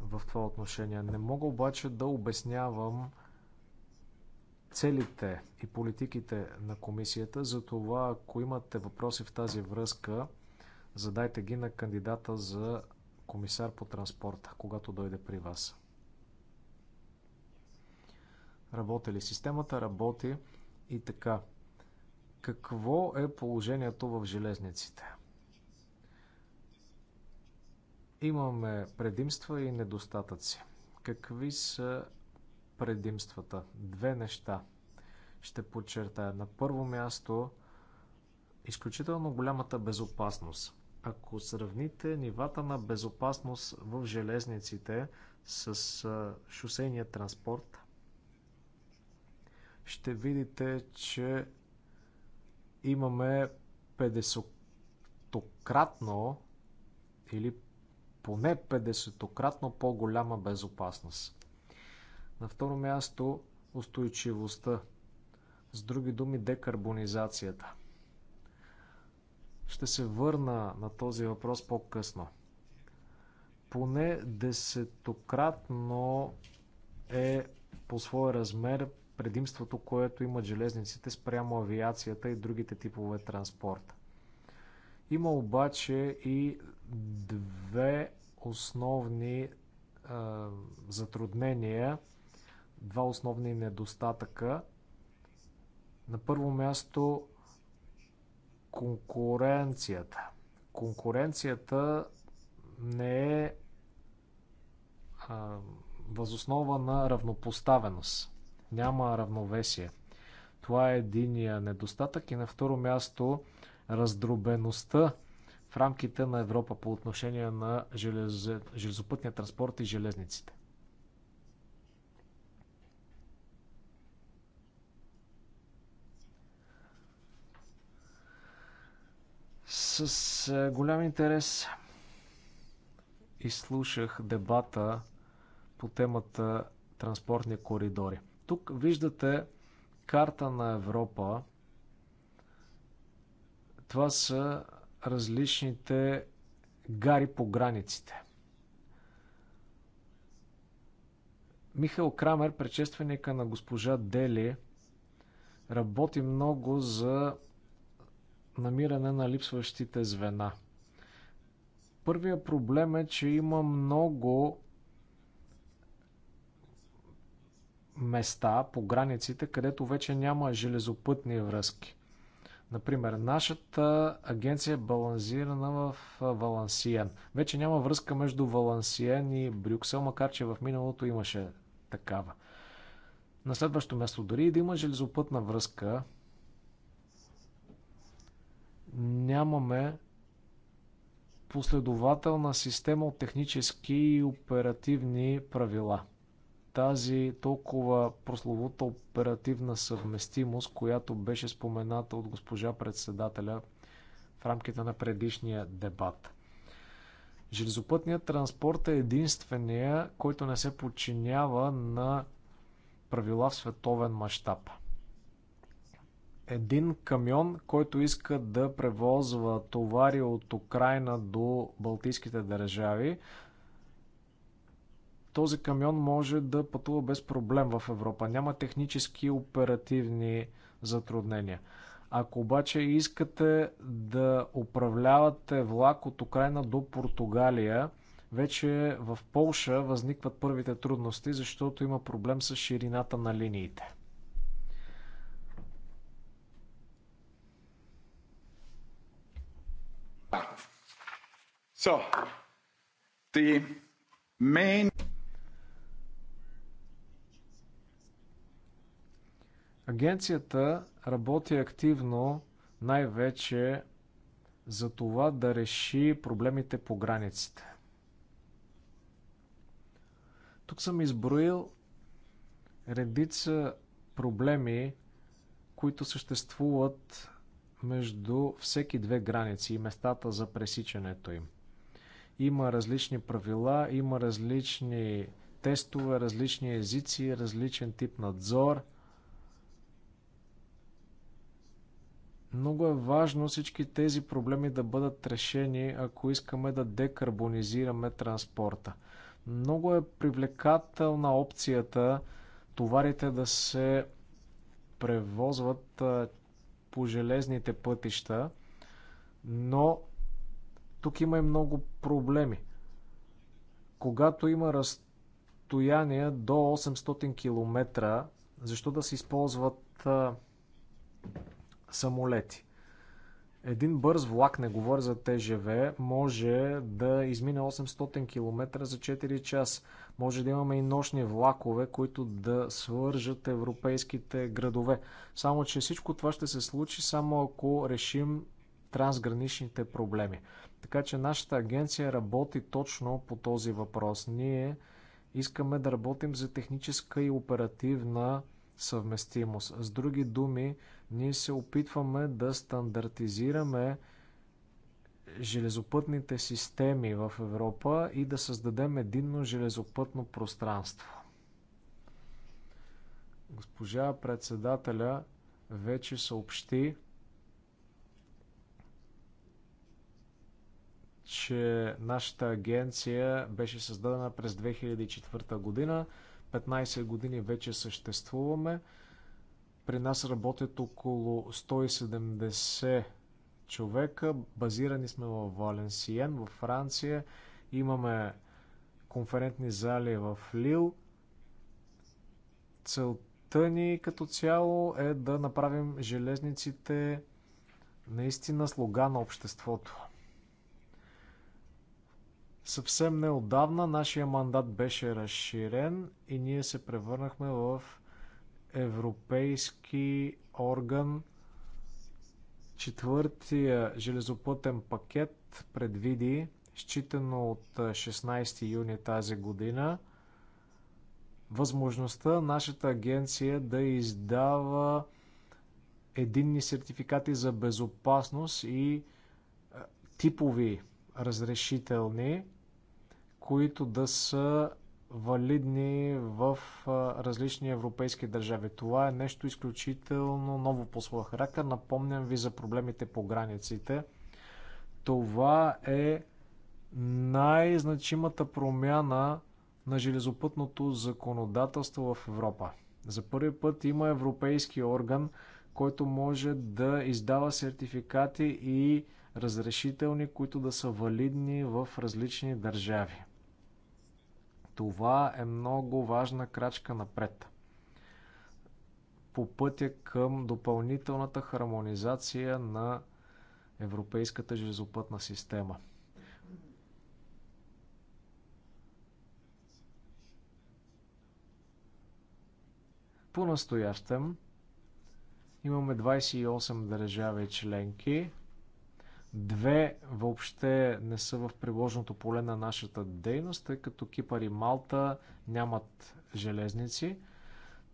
в това отношение. Не мога обаче да обяснявам целите и политиките на комисията. Затова, ако имате въпроси в тази връзка, задайте ги на кандидата за комисар по транспорта, когато дойде при вас. Работи ли системата? Работи и така. Какво е положението в железниците? Имаме предимства и недостатъци. Какви са предимствата? Две неща ще подчертая. На първо място, изключително голямата безопасност. Ако сравните нивата на безопасност в железниците с шосейния транспорт, ще видите, че имаме 50-кратно или поне 50-кратно по-голяма безопасност. На второ място устойчивостта. С други думи, декарбонизацията. Ще се върна на този въпрос по-късно. Поне десетократно е по своя размер предимството, което имат железниците спрямо авиацията и другите типове транспорт. Има обаче и две основни е, затруднения, два основни недостатъка. На първо място конкуренцията. Конкуренцията не е въз възоснова на равнопоставеност. Няма равновесие. Това е единия недостатък и на второ място раздробеността в рамките на Европа по отношение на желез... железопътния транспорт и железниците. С е, голям интерес изслушах дебата по темата транспортни коридори. Тук виждате карта на Европа. Това са различните гари по границите. Михаил Крамер, предшественика на госпожа Дели, работи много за намиране на липсващите звена. Първия проблем е, че има много места по границите, където вече няма железопътни връзки. Например, нашата агенция е балансирана в Валансиен. Вече няма връзка между Валансиен и Брюксел, макар че в миналото имаше такава. На следващо място, дори и да има железопътна връзка, нямаме последователна система от технически и оперативни правила – тази толкова прословута оперативна съвместимост, която беше спомената от госпожа председателя в рамките на предишния дебат. Железопътният транспорт е единствения, който не се подчинява на правила в световен мащаб. Един камион, който иска да превозва товари от Украина до Балтийските държави, този камион може да пътува без проблем в Европа. Няма технически оперативни затруднения. Ако обаче искате да управлявате влак от Украина до Португалия, вече в Полша възникват първите трудности, защото има проблем с ширината на линиите. So, the main Агенцията работи активно най-вече за това да реши проблемите по границите. Тук съм изброил редица проблеми, които съществуват между всеки две граници и местата за пресичането им. Има различни правила, има различни тестове, различни езици, различен тип надзор – Много е важно всички тези проблеми да бъдат решени, ако искаме да декарбонизираме транспорта. Много е привлекателна опцията товарите да се превозват по железните пътища, но тук има и много проблеми. Когато има разстояние до 800 км, защо да се използват самолети. Един бърз влак, не говоря за ТЖВ, може да измине 800 км за 4 часа. Може да имаме и нощни влакове, които да свържат европейските градове. Само, че всичко това ще се случи само ако решим трансграничните проблеми. Така че нашата агенция работи точно по този въпрос. Ние искаме да работим за техническа и оперативна съвместимост. С други думи, ние се опитваме да стандартизираме железопътните системи в Европа и да създадем единно железопътно пространство. Госпожа председателя вече съобщи, че нашата агенция беше създадена през 2004 година. 15 години вече съществуваме. При нас работят около 170 човека. Базирани сме в Валенсиен, в Франция. Имаме конферентни зали в Лил. Целта ни като цяло е да направим железниците наистина слуга на обществото. Съвсем неодавна нашия мандат беше разширен и ние се превърнахме в европейски орган. Четвъртия железопътен пакет предвиди, считано от 16 юни тази година, възможността нашата агенция да издава единни сертификати за безопасност и типови разрешителни, които да са валидни в различни европейски държави. Това е нещо изключително ново по своя характер. Напомням ви за проблемите по границите. Това е най-значимата промяна на железопътното законодателство в Европа. За първи път има европейски орган, който може да издава сертификати и разрешителни, които да са валидни в различни държави. Това е много важна крачка напред по пътя към допълнителната хармонизация на европейската железопътна система. По-настоящем имаме 28 държави членки – Две въобще не са в приложното поле на нашата дейност, тъй като Кипър и Малта нямат железници.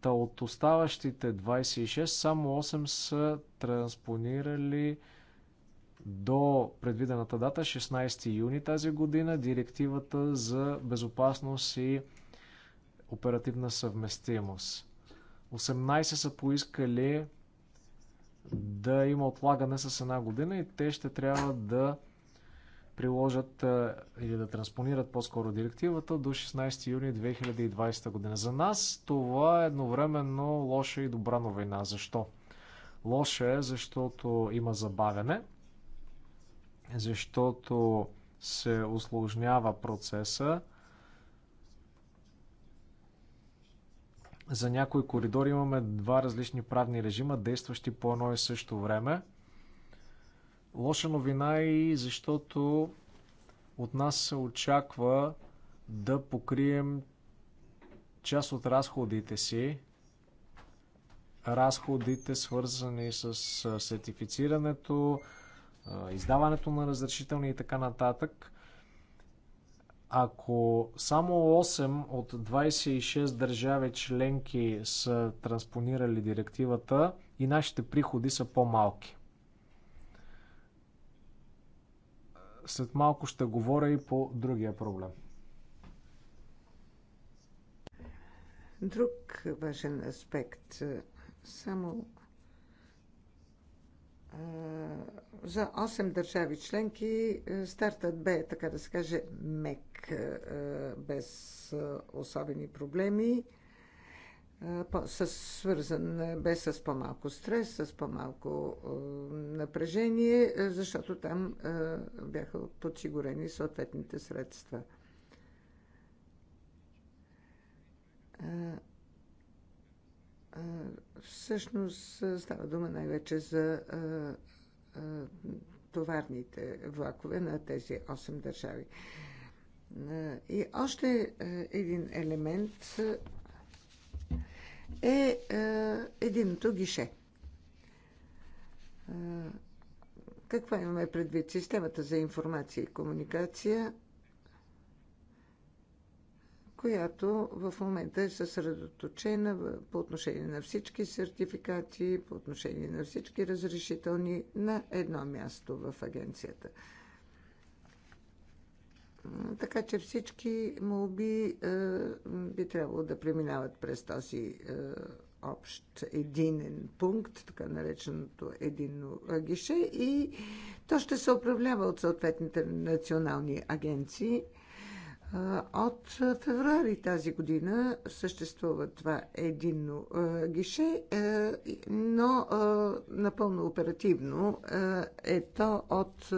Та от оставащите 26, само 8 са транспонирали до предвидената дата 16 юни тази година директивата за безопасност и оперативна съвместимост. 18 са поискали да има отлагане с една година и те ще трябва да приложат е, или да транспонират по-скоро директивата до 16 юни 2020 година. За нас това е едновременно лоша и добра новина. Защо? Лоша е, защото има забавяне, защото се усложнява процеса, За някои коридори имаме два различни правни режима, действащи по едно и също време. Лоша новина е и защото от нас се очаква да покрием част от разходите си, разходите свързани с сертифицирането, издаването на разрешителни и така нататък. Ако само 8 от 26 държави членки са транспонирали директивата и нашите приходи са по-малки. След малко ще говоря и по другия проблем. Друг важен аспект. Само за 8 държави членки е, стартът бе, така да се каже, мек, е, е, без особени проблеми, с, свързан бе с по-малко стрес, с по-малко напрежение, защото там бяха подсигурени съответните средства. Всъщност става дума най-вече за товарните влакове на тези 8 държави. И още един елемент е единното гише. Какво имаме предвид? Системата за информация и комуникация която в момента е съсредоточена по отношение на всички сертификати, по отношение на всички разрешителни на едно място в агенцията. Така че всички молби е, би трябвало да преминават през този е, общ единен пункт, така нареченото единно гише и то ще се управлява от съответните национални агенции – от феврари тази година съществува това единно гише, но напълно оперативно е то от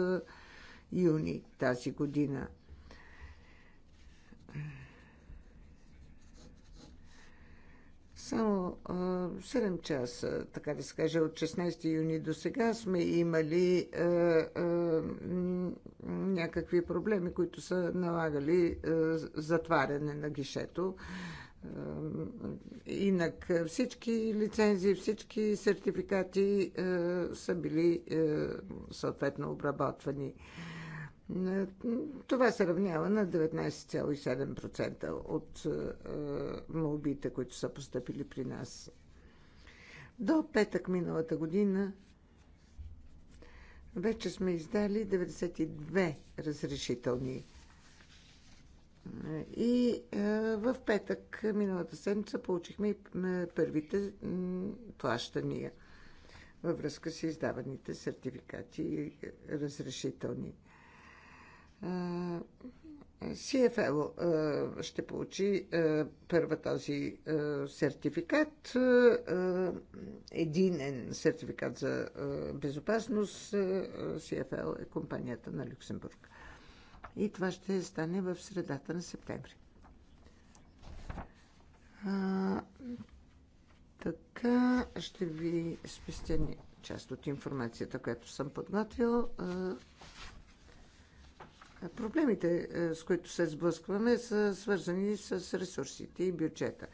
юни тази година. Само 7 часа, така да се каже, от 16 юни до сега сме имали а, а, някакви проблеми, които са налагали а, затваряне на гишето. Инак всички лицензии, всички сертификати са били съответно обработвани. Това се равнява на 19,7% от е, молбите, които са поступили при нас. До петък миналата година вече сме издали 92 разрешителни. И е, в петък миналата седмица получихме е, първите плащания във връзка с издаваните сертификати и разрешителни. CFL ще получи първа този сертификат, единен сертификат за безопасност. CFL е компанията на Люксембург. И това ще стане в средата на септември. А, така, ще ви спестя част от информацията, която съм подготвил. Проблемите, е, с които се сблъскваме, са свързани с ресурсите и бюджета.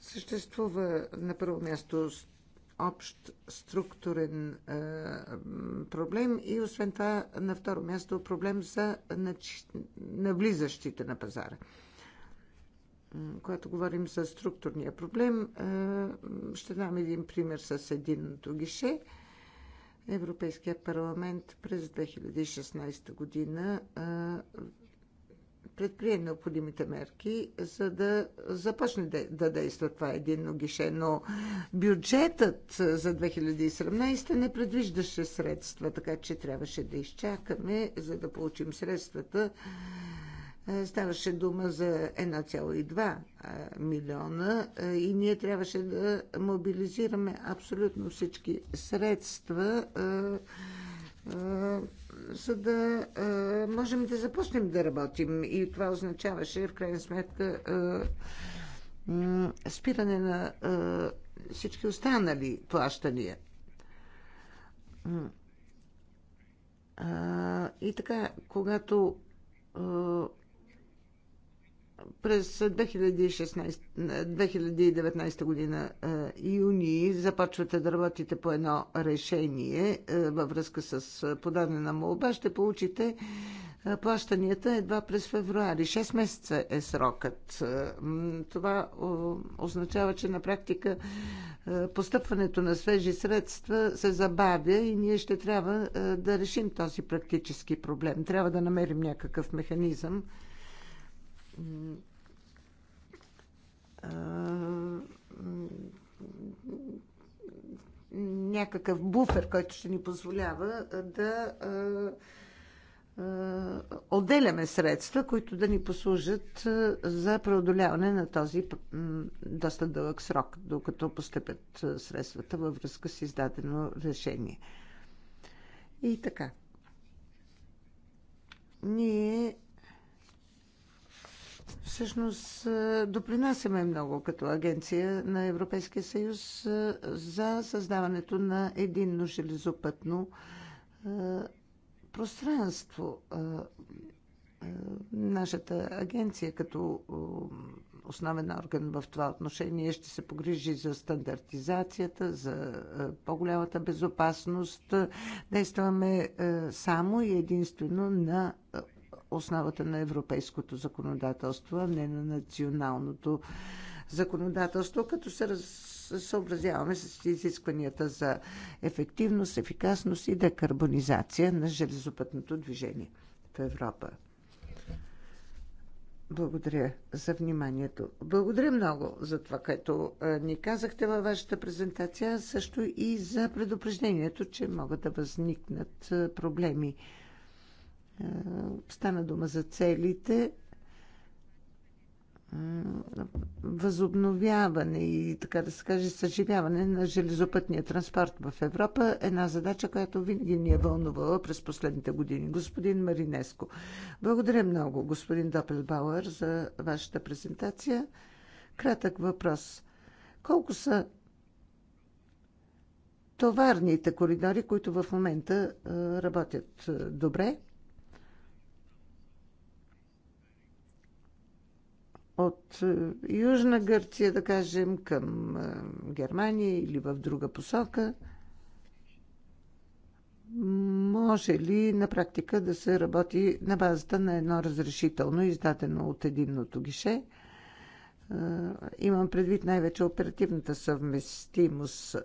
Съществува на първо място общ структурен е, проблем и освен това на второ място проблем за навлизащите на пазара. Когато говорим за структурния проблем, е, ще дам един пример с единното гише – Европейския парламент през 2016 година предприе необходимите мерки, за да започне да действа това единно гише. Но бюджетът за 2017 не предвиждаше средства, така че трябваше да изчакаме, за да получим средствата е, ставаше дума за 1,2 милиона е, и ние трябваше да мобилизираме абсолютно всички средства, е, за да можем да започнем да работим. И това означаваше, в крайна сметка, спиране на всички останали плащания. И така, когато през 2016, 2019 година е, юни започвате да работите по едно решение е, във връзка с е, подадена молба. Ще получите плащанията едва през февруари. 6 месеца е срокът. Това означава, че на практика постъпването на свежи средства се забавя и ние ще трябва да решим този практически проблем. Трябва да намерим някакъв механизъм някакъв буфер, който ще ни позволява да отделяме средства, които да ни послужат за преодоляване на този доста дълъг срок, докато постъпят средствата във връзка с издадено решение. И така. Ние Всъщност е, допринасяме много като агенция на Европейския съюз е, за създаването на единно железопътно е, пространство. Нашата агенция като основен орган в това отношение ще се погрижи за стандартизацията, за по-голямата безопасност. Действаме само и единствено на основата на европейското законодателство, а не на националното законодателство, като се раз съобразяваме с изискванията за ефективност, ефикасност и декарбонизация на железопътното движение в Европа. Благодаря за вниманието. Благодаря много за това, което ни казахте във вашата презентация, също и за предупреждението, че могат да възникнат проблеми е, стана дума за целите, е, възобновяване и така да се каже съживяване на железопътния транспорт в Европа. Една задача, която винаги ни е вълнувала през последните години. Господин Маринеско, благодаря много, господин Допелбауер, за вашата презентация. Кратък въпрос. Колко са товарните коридори, които в момента е, работят добре? от е, Южна Гърция, да кажем, към е, Германия или в друга посока, може ли на практика да се работи на базата на едно разрешително, издадено от единното гише? Е, имам предвид най-вече оперативната съвместимост.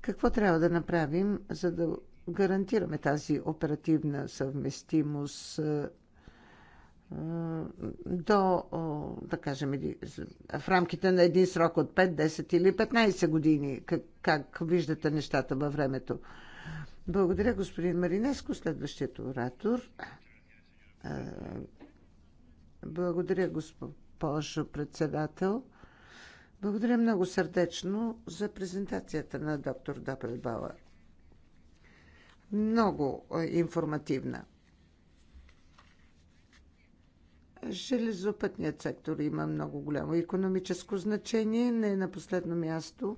Какво трябва да направим, за да гарантираме тази оперативна съвместимост до, да кажем, в рамките на един срок от 5, 10 или 15 години, как, как виждате нещата във времето. Благодаря, господин Маринеско. Следващият оратор. Благодаря, госпожо председател. Благодаря много сърдечно за презентацията на доктор Дапелбауър. Много информативна. Железопътният сектор има много голямо економическо значение, не е на последно място,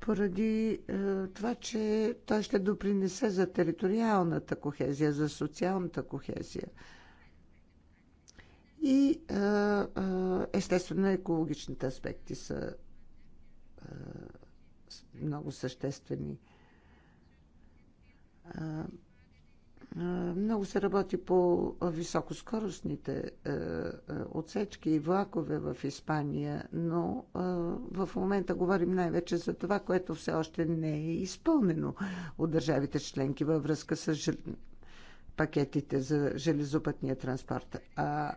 поради е, това, че той ще допринесе за териториалната кохезия, за социалната кохезия и е, е, естествено екологичните аспекти са много съществени. Много се работи по високоскоростните е, е, отсечки и влакове в Испания, но е, в момента говорим най-вече за това, което все още не е изпълнено от държавите членки във връзка с жел... пакетите за железопътния транспорт. А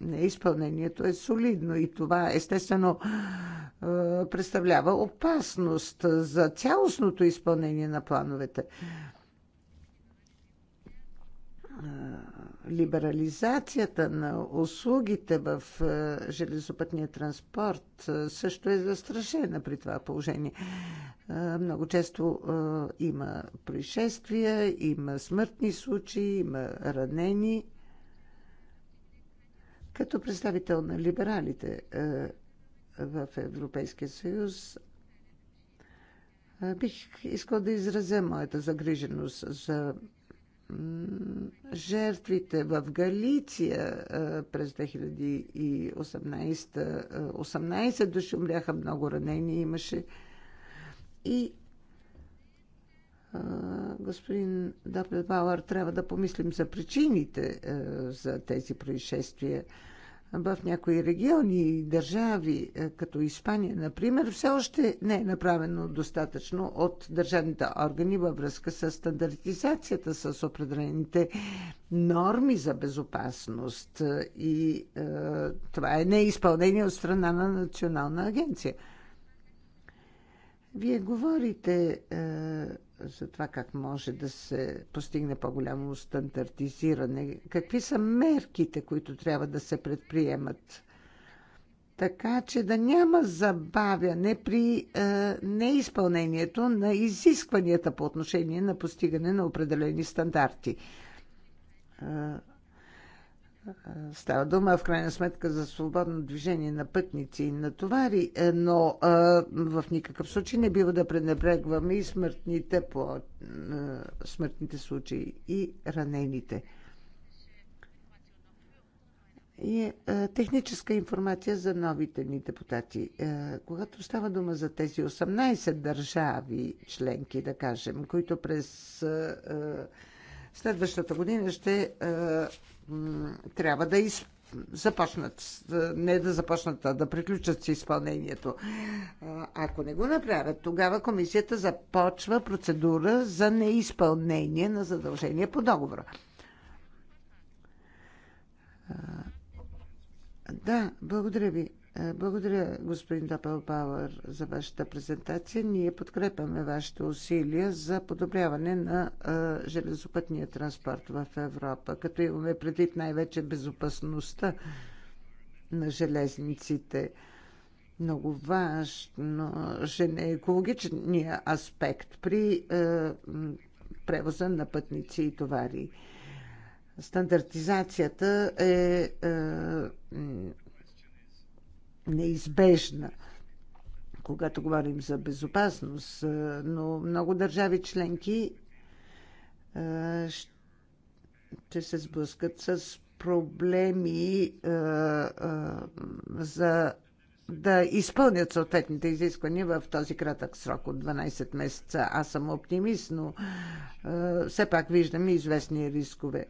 неизпълнението е солидно и това естествено представлява опасност за цялостното изпълнение на плановете либерализацията на услугите в железопътния транспорт също е застрашена при това положение. Много често има происшествия, има смъртни случаи, има ранени. Като представител на либералите в Европейския съюз, бих искал да изразя моята загриженост за жертвите в Галиция през 2018 18 души умряха много ранени имаше и господин Бауър, трябва да помислим за причините за тези происшествия в някои региони и държави, е, като Испания, например, все още не е направено достатъчно от държавните органи във връзка с стандартизацията с определените норми за безопасност. Е, и е, това е неизпълнение от страна на Национална агенция. Вие говорите е, за това как може да се постигне по-голямо стандартизиране. Какви са мерките, които трябва да се предприемат? Така че да няма забавяне при е, неизпълнението на изискванията по отношение на постигане на определени стандарти. Е, Става дума в крайна сметка за свободно движение на пътници и на товари, е, но а, в никакъв случай не бива да пренебрегваме и смъртните, по, а, е, смъртните случаи и ранените. И а, е, техническа информация за новите ни депутати. А, когато става дума за тези 18 държави членки, да кажем, които през а, а, следващата година ще. А, трябва да из... започнат, не да започнат, а да приключат с изпълнението. Ако не го направят, тогава комисията започва процедура за неизпълнение на задължение по договора. Да, благодаря ви. Е, благодаря, господин Допелбауър, за вашата презентация. Ние подкрепяме вашите усилия за подобряване на е, железопътния транспорт в Европа, като имаме предвид най-вече безопасността на железниците. Много важно не е екологичния аспект при превоза на пътници и товари. Стандартизацията е, е неизбежна, когато говорим за безопасност, но много държави членки ще се сблъскат с проблеми за да изпълнят съответните изисквания в този кратък срок от 12 месеца. Аз съм оптимист, но все пак виждаме известни рискове.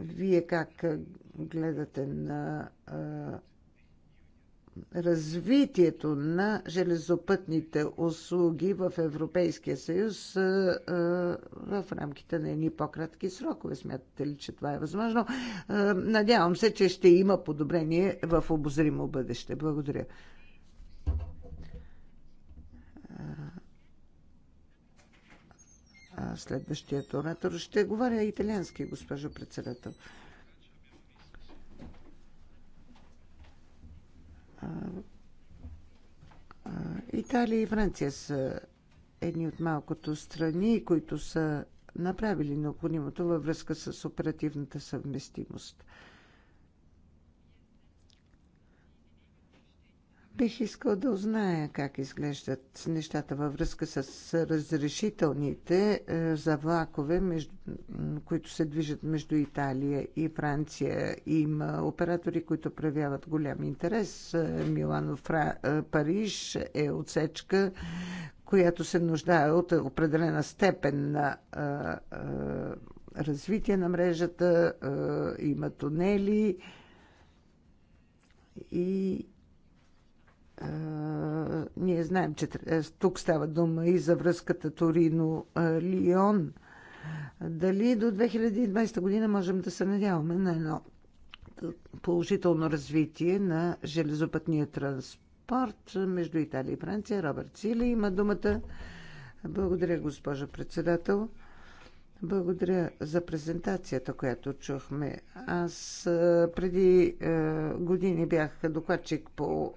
Вие как гледате на развитието на железопътните услуги в Европейския съюз в рамките на едни по-кратки срокове. Смятате ли, че това е възможно? Надявам се, че ще има подобрение в обозримо бъдеще. Благодаря. следващият оратор. Ще говоря италиански, госпожо председател. Италия и Франция са едни от малкото страни, които са направили необходимото във връзка с оперативната съвместимост. Бих искал да узная как изглеждат нещата във връзка с разрешителните е, за влакове, между, които се движат между Италия и Франция. Има оператори, които проявяват голям интерес. Е, Милано Фра, е, Париж е отсечка, която се нуждае от определена степен на развитие на мрежата. Има тунели и ние знаем, че тук става дума и за връзката Торино-Лион. Дали до 2020 година можем да се надяваме на едно положително развитие на железопътния транспорт между Италия и Франция? Робърт Сили има думата. Благодаря, госпожа председател. Благодаря за презентацията, която чухме. Аз преди години бях докладчик по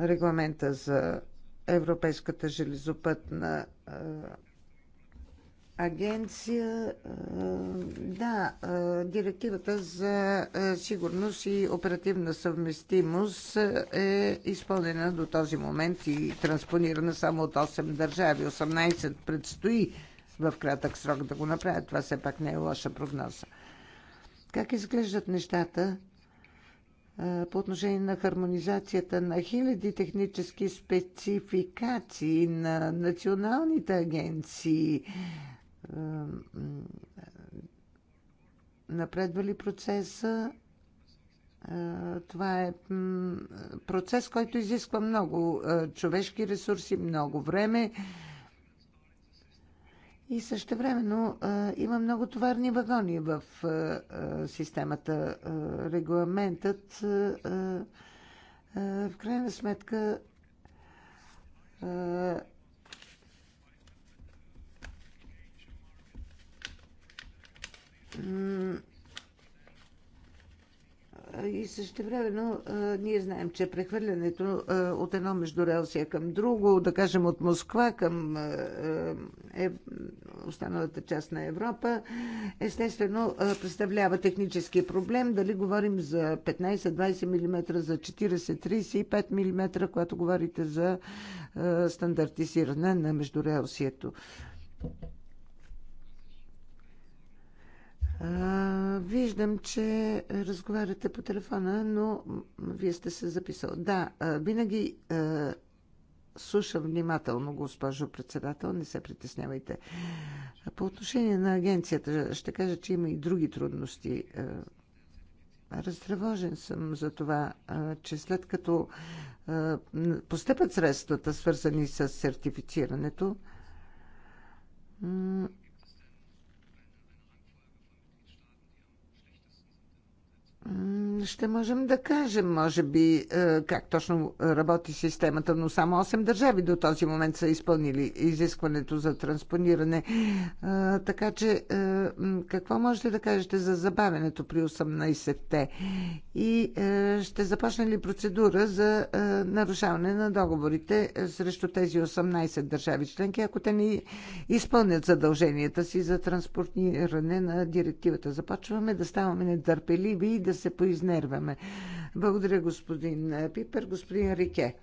регламента за Европейската железопътна агенция. Да, директивата за сигурност и оперативна съвместимост е изпълнена до този момент и транспонирана само от 8 държави. 18 предстои в кратък срок да го направят. Това все пак не е лоша прогноза. Как изглеждат нещата по отношение на хармонизацията на хиляди технически спецификации на националните агенции? напредва ли процеса. Това е процес, който изисква много човешки ресурси, много време. И също времено има много товарни вагони в системата. Регламентът в крайна сметка И също времено ние знаем, че прехвърлянето от едно междурелсия към друго, да кажем от Москва към е, останалата част на Европа, естествено представлява технически проблем. Дали говорим за 15-20 мм, за 40-35 мм, когато говорите за стандартизиране на междурелсието. А, виждам, че разговаряте по телефона, но вие сте се записал. Да, а, винаги а, слушам внимателно, госпожо председател, не се притеснявайте. По отношение на агенцията, ще кажа, че има и други трудности. Разтревожен съм за това, че след като постъпят средствата, свързани с сертифицирането, Ще можем да кажем, може би, е, как точно работи системата, но само 8 държави до този момент са изпълнили изискването за транспониране. Е, така че, е, какво можете да кажете за забавянето при 18-те? И ще започне ли процедура за нарушаване на договорите срещу тези 18 държави членки, ако те ни изпълнят задълженията си за транспортиране на директивата? Започваме да ставаме нетърпеливи и да се поизнерваме. Благодаря, господин Пипер. Господин Рике.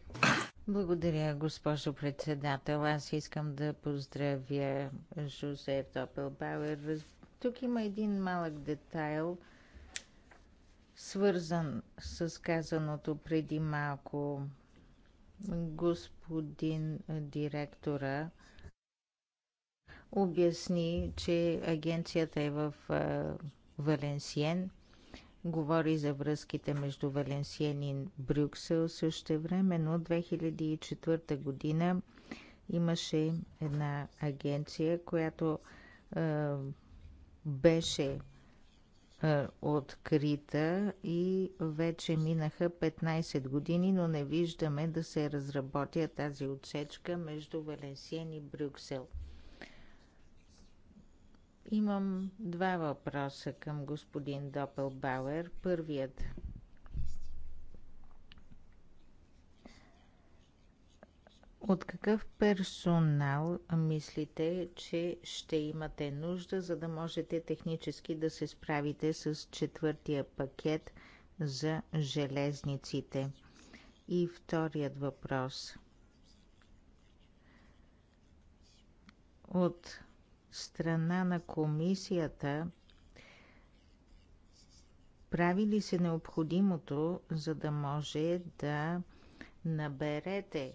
Благодаря, госпожо председател. Аз искам да поздравя Жозеф Топелбауер. Тук има един малък детайл, свързан с казаното преди малко. Господин директора обясни, че агенцията е в Валенсиен – говори за връзките между Валенсиен и Брюксел. Също време, но 2004 година имаше една агенция, която е, беше е, открита и вече минаха 15 години, но не виждаме да се разработя тази отсечка между Валенсиен и Брюксел. Имам два въпроса към господин Допълбауер. Първият От какъв персонал мислите, че ще имате нужда, за да можете технически да се справите с четвъртия пакет за железниците? И вторият въпрос. От страна на комисията прави ли се необходимото, за да може да наберете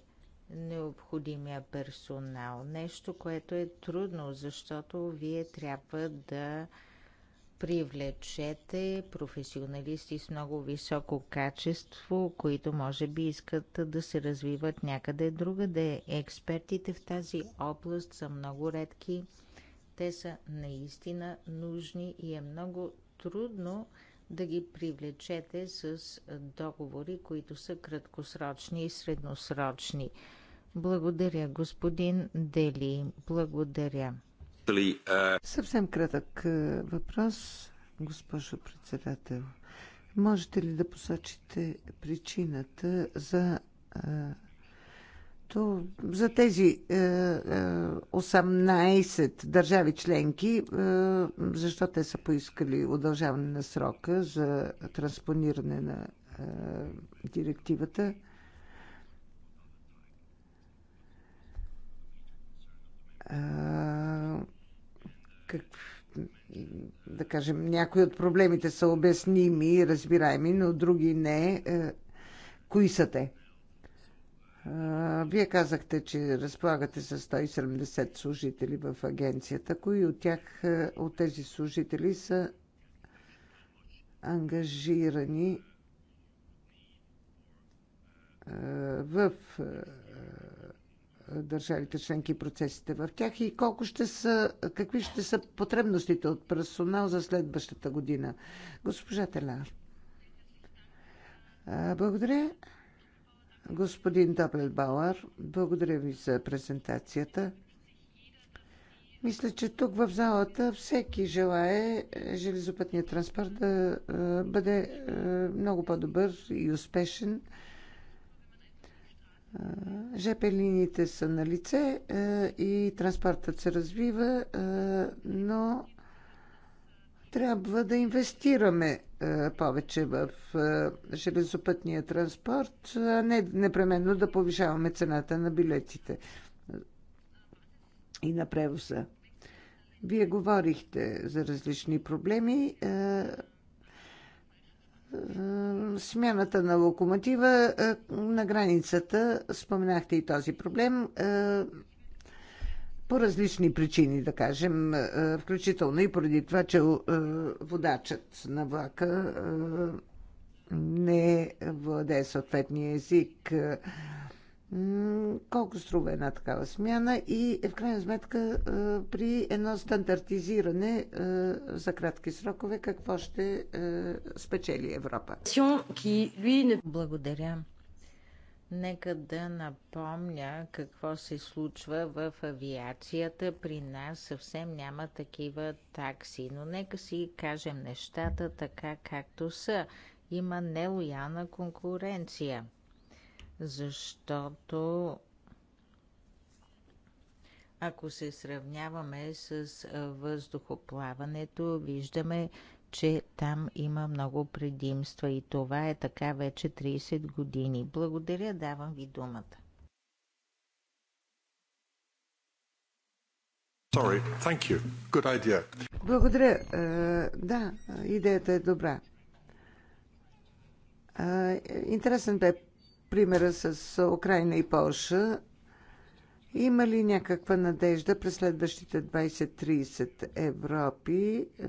необходимия персонал? Нещо, което е трудно, защото вие трябва да привлечете професионалисти с много високо качество, които може би искат да се развиват някъде другаде. Експертите в тази област са много редки. Те са наистина нужни и е много трудно да ги привлечете с договори, които са краткосрочни и средносрочни. Благодаря, господин Дели. Благодаря. Съвсем кратък е, въпрос, госпожо председател. Можете ли да посочите причината за е, като за тези 18 е, е, държави членки, е, защо те са поискали удължаване на срока за транспониране на директивата? Как, да кажем, някои от проблемите са обясними и разбираеми, но други не. Кои са те? Вие казахте, че разполагате с 170 служители в агенцията. Кои от тях, е, от тези служители са ангажирани е, в е, държавите членки и процесите в тях и колко ще са, какви ще са потребностите от персонал за следващата година. Госпожа Телар. Благодаря. Господин Добелбауър, благодаря ви за презентацията. Мисля, че тук в залата всеки желае железопътния транспорт да е, бъде е, много по-добър и успешен. Е, ЖП линиите са на лице и транспортът се развива, но трябва да инвестираме е, повече в е, железопътния транспорт, а не непременно да повишаваме цената на билетите е, и на превоза. Вие говорихте за различни проблеми. Смяната на локомотива на границата, споменахте и този проблем по различни причини, да кажем, е, включително и поради това, че е, водачът на влака е, не владее съответния език. Колко струва една такава смяна и в крайна сметка при едно стандартизиране за кратки срокове какво ще спечели Европа? Благодаря. Нека да напомня какво се случва в авиацията. При нас съвсем няма такива такси, но нека си кажем нещата така както са. Има нелоялна конкуренция, защото ако се сравняваме с въздухоплаването, виждаме, че там има много предимства и това е така вече 30 години. Благодаря, давам ви думата. Sorry, thank you. Good idea. Благодаря. Е, да, идеята е добра. Е, интересен бе примера с Украина и Полша. Има ли някаква надежда през следващите 20-30 Европи е,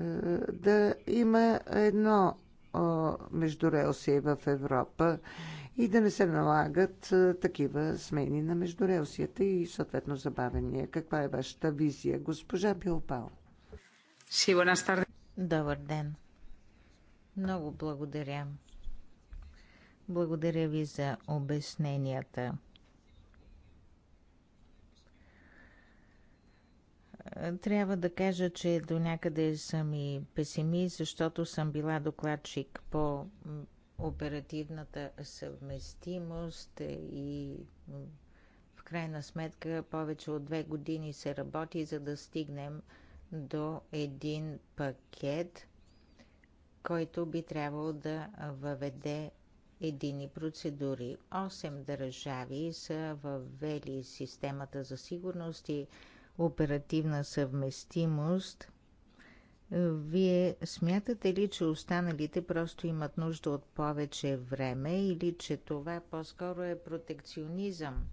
да има едно междурелсие в Европа и да не се налагат е, такива смени на междурелсията и съответно забавения? Каква е вашата визия, госпожа Билбао? Добър ден. Много благодаря. Благодаря ви за обясненията. Трябва да кажа, че до някъде съм и песимист, защото съм била докладчик по оперативната съвместимост и в крайна сметка повече от две години се работи, за да стигнем до един пакет, който би трябвало да въведе едини процедури. Осем държави са въвели системата за сигурност и оперативна съвместимост, вие смятате ли, че останалите просто имат нужда от повече време или че това по-скоро е протекционизъм?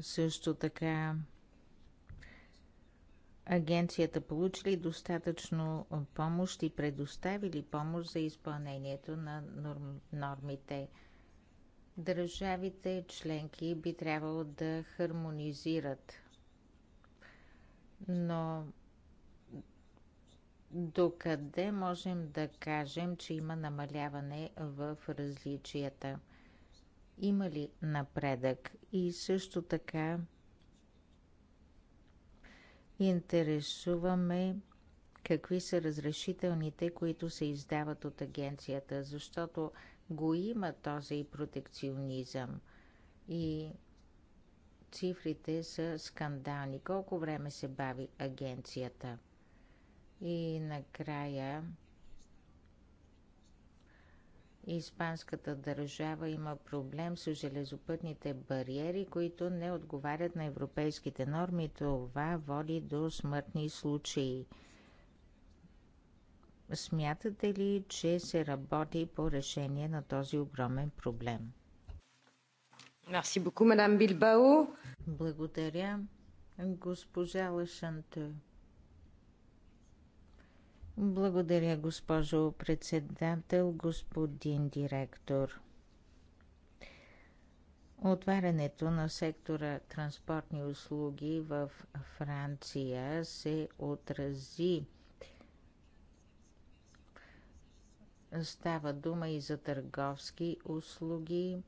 Също така, агенцията получи ли достатъчно помощ и предоставили помощ за изпълнението на нормите? Държавите членки би трябвало да хармонизират, но докъде можем да кажем, че има намаляване в различията? Има ли напредък? И също така интересуваме какви са разрешителните, които се издават от агенцията, защото го има този протекционизъм. И цифрите са скандални. Колко време се бави агенцията? И накрая Испанската държава има проблем с железопътните бариери, които не отговарят на европейските норми. Това води до смъртни случаи. Смятате ли, че се работи по решение на този огромен проблем? Merci beaucoup, Благодаря, госпожа Лашанте. Благодаря, госпожо председател, господин директор. Отварянето на сектора транспортни услуги в Франция се отрази Става дума и за търговски услуги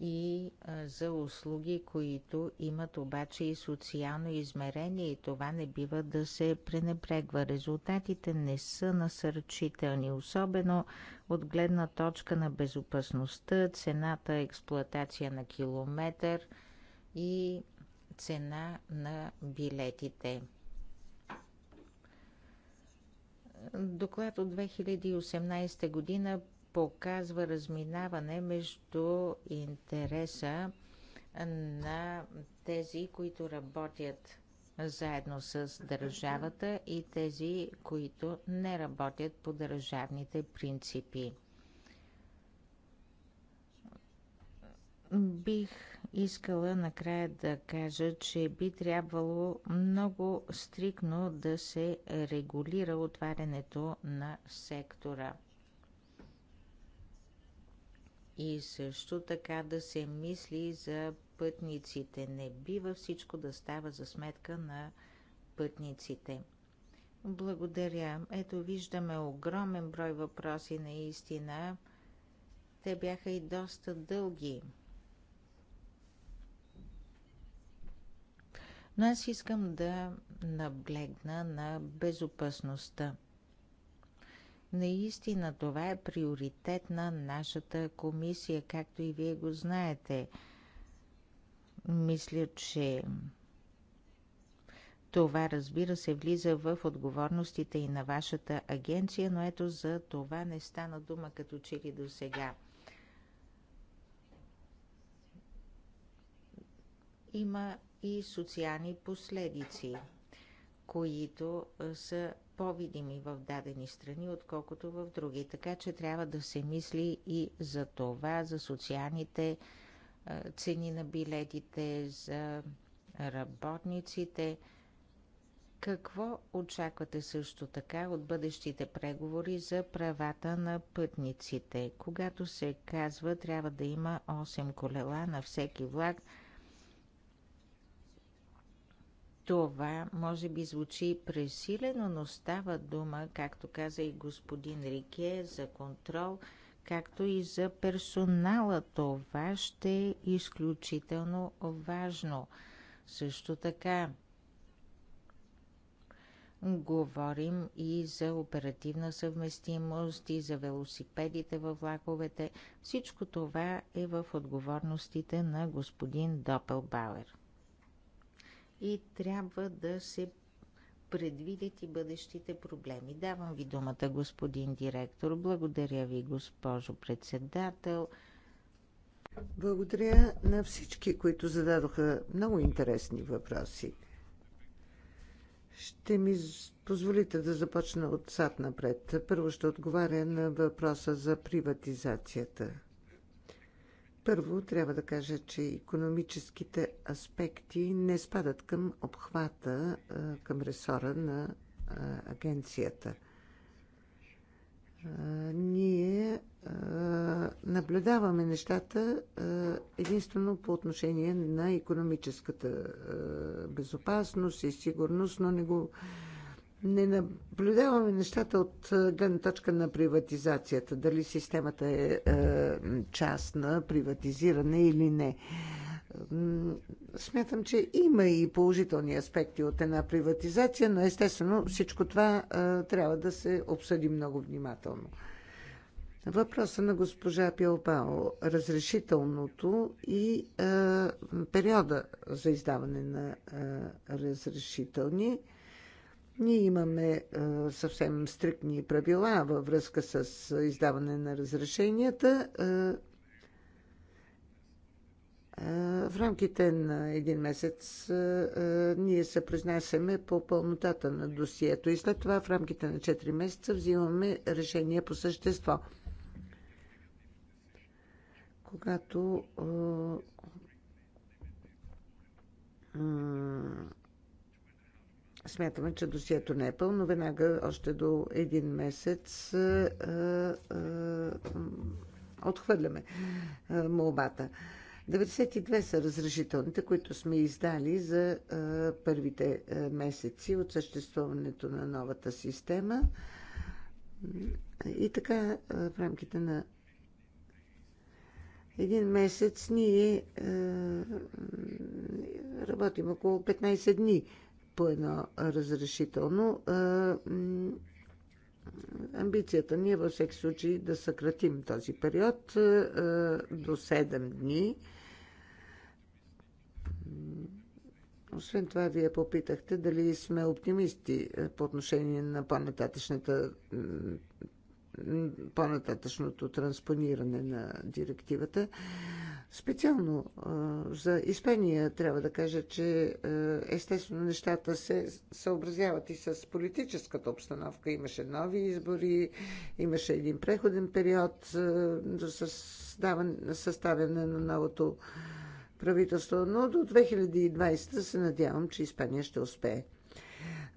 и за услуги, които имат обаче и социално измерение и това не бива да се пренебрегва. Резултатите не са насърчителни, особено от гледна точка на безопасността, цената експлоатация на километър и цена на билетите. Доклад от 2018 година показва разминаване между интереса на тези, които работят заедно с държавата и тези, които не работят по държавните принципи. Бих искала накрая да кажа, че би трябвало много стрикно да се регулира отварянето на сектора. И също така да се мисли за пътниците. Не бива всичко да става за сметка на пътниците. Благодаря. Ето виждаме огромен брой въпроси наистина. Те бяха и доста дълги. Но аз искам да наблегна на безопасността. Наистина това е приоритет на нашата комисия, както и вие го знаете. Мисля, че това, разбира се, влиза в отговорностите и на вашата агенция, но ето за това не стана дума като че ли до сега. Има и социални последици, които са по-видими в дадени страни, отколкото в други. Така че трябва да се мисли и за това, за социалните цени на билетите, за работниците. Какво очаквате също така от бъдещите преговори за правата на пътниците? Когато се казва, трябва да има 8 колела на всеки влак – това може би звучи пресилено, но става дума, както каза и господин Рике, за контрол, както и за персонала. Това ще е изключително важно. Също така, говорим и за оперативна съвместимост, и за велосипедите във влаковете. Всичко това е в отговорностите на господин Допелбауер и трябва да се предвидят и бъдещите проблеми. Давам ви думата, господин директор. Благодаря ви, госпожо председател. Благодаря на всички, които зададоха много интересни въпроси. Ще ми позволите да започна отзад напред. Първо ще отговаря на въпроса за приватизацията. Първо трябва да кажа, че економическите аспекти не спадат към обхвата, към ресора на агенцията. Ние наблюдаваме нещата единствено по отношение на економическата безопасност и сигурност, но не го не наблюдаваме нещата от гледна точка на приватизацията, дали системата е, частна, приватизирана или не. Смятам, че има и положителни аспекти от една приватизация, но естествено всичко това трябва да се обсъди много внимателно. Въпроса на госпожа Пилбао. Разрешителното и е, периода за издаване на е, разрешителни. Ние имаме е, съвсем стриктни правила във връзка с издаване на разрешенията. Е, е, в рамките на един месец ние се произнасяме по пълнотата на досието и след това в рамките на 4 месеца взимаме решение по същество. Когато Смятаме, че досието не е пълно. Веднага, още до един месец, а, а, отхвърляме молбата. 92 са разрешителните, които сме издали за първите месеци от съществуването на новата система. И така, в рамките на един месец ние работим около 15 дни по едно разрешително. Амбицията ни е във всеки случай да съкратим този период до 7 дни. Освен това, вие попитахте дали сме оптимисти по отношение на по по-нататъчното транспониране на директивата. Специално за Испания трябва да кажа, че естествено нещата се съобразяват и с политическата обстановка. Имаше нови избори, имаше един преходен период до съставяне на новото правителство, но до 2020 се надявам, че Испания ще успее.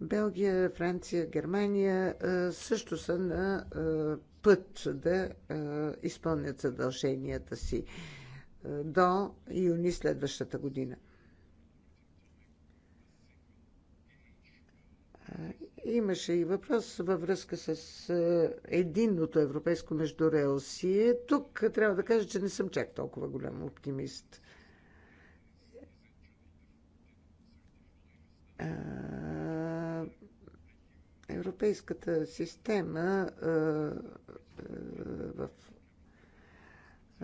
Белгия, Франция, Германия също са на път да изпълнят задълженията си до юни следващата година. Имаше и въпрос във връзка с единното европейско междурелсие. Тук трябва да кажа, че не съм чак толкова голям оптимист. Европейската система в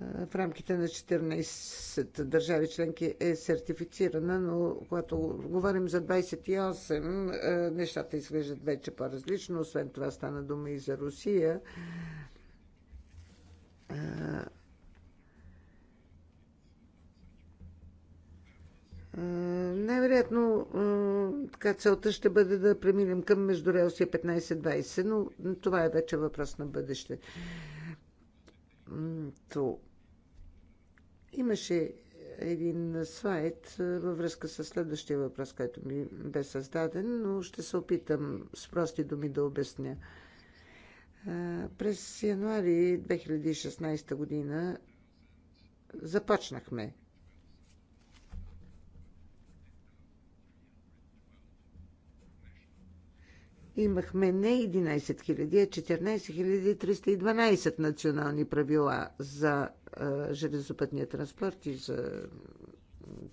в рамките на 14 държави членки е сертифицирана, но когато говорим за 28, е, нещата изглеждат вече по-различно. Освен това стана дума и за Русия. Е, е, най-вероятно така целта ще бъде да преминем към междурелсия 15-20, но това е вече въпрос на бъдеще. Mm то имаше един слайд във връзка с следващия въпрос, който ми бе създаден, но ще се опитам с прости думи да обясня. През януари 2016 година започнахме имахме не 11 000, а 14 312 национални правила за а, железопътния транспорт и за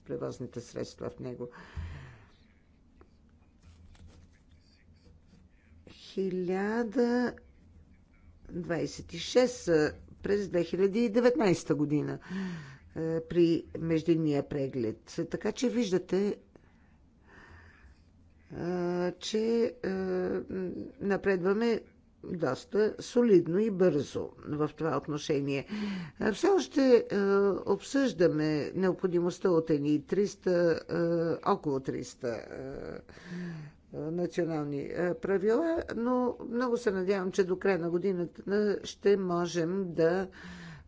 превозните средства в него. 1026 през 2019 година при междинния преглед. Така че виждате че напредваме доста солидно и бързо в това отношение. Все още обсъждаме необходимостта от едни 300, около 300 национални правила, но много се надявам, че до края на годината ще можем да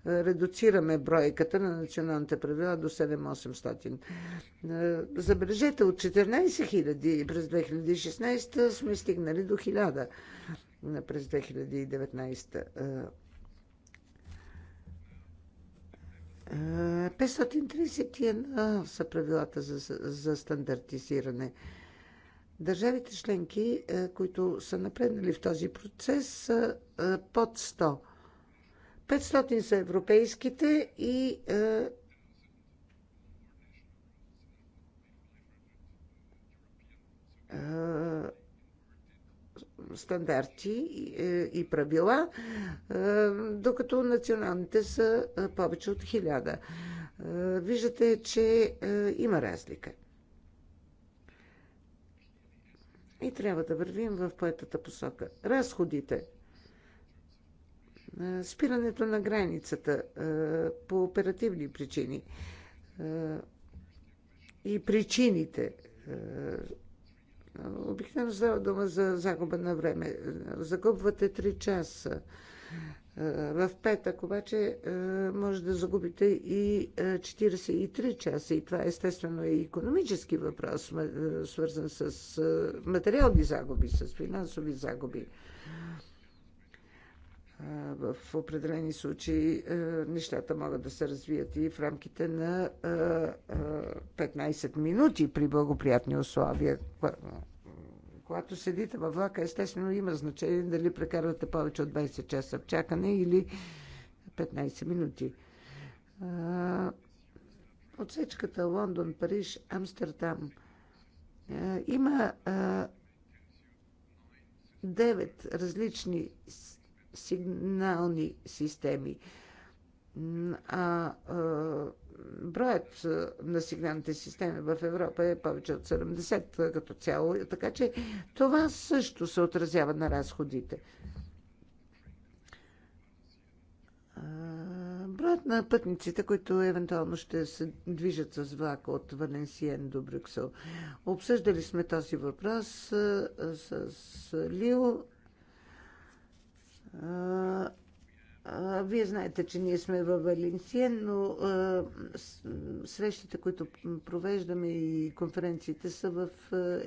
редуцираме бройката на националните правила до 7-800. Е, забележете, от 14 000 през 2016 сме стигнали до 1000 е, през 2019. 531 е, са правилата за, за стандартизиране. Държавите членки, които са напреднали в този процес, са под 100. 500 са европейските и е, е стандарти и е, правила, е, докато националните са повече от Е, Виждате, че има разлика. И трябва да вървим в поетата посока. Разходите спирането на границата по оперативни причини и причините. Обикновено става дума за загуба на време. Загубвате 3 часа. В петък обаче може да загубите и 43 часа. И това естествено е економически въпрос, свързан с материални загуби, с финансови загуби в определени случаи нещата могат да се развият и в рамките на 15 минути при благоприятни условия. Когато седите във влака, естествено има значение дали прекарвате повече от 20 часа в чакане или 15 минути. Отсечката Лондон, Париж, Амстердам има 9 различни сигнални системи. А, а броят на сигналните системи в Европа е повече от 70 като цяло, така че това също се отразява на разходите. Броят на пътниците, които евентуално ще се движат с влака от Валенсиен до Брюксел. Обсъждали сме този въпрос с Лил вие знаете, че ние сме във Валенсия, но срещите, които провеждаме и конференциите са в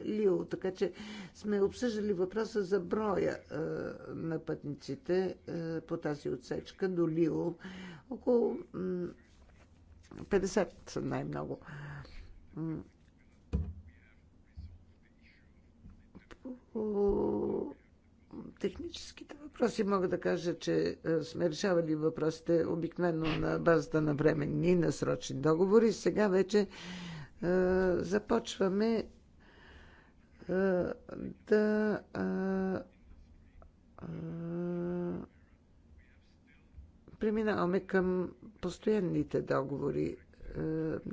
Лио, така че сме обсъждали въпроса за броя на пътниците по тази отсечка до Лио. Около 50 са най-много. По техническите въпроси мога да кажа, че е, сме решавали въпросите обикновено на базата на временни и насрочни договори. Сега вече е, започваме е, да е, е преминаваме към постоянните договори. Е,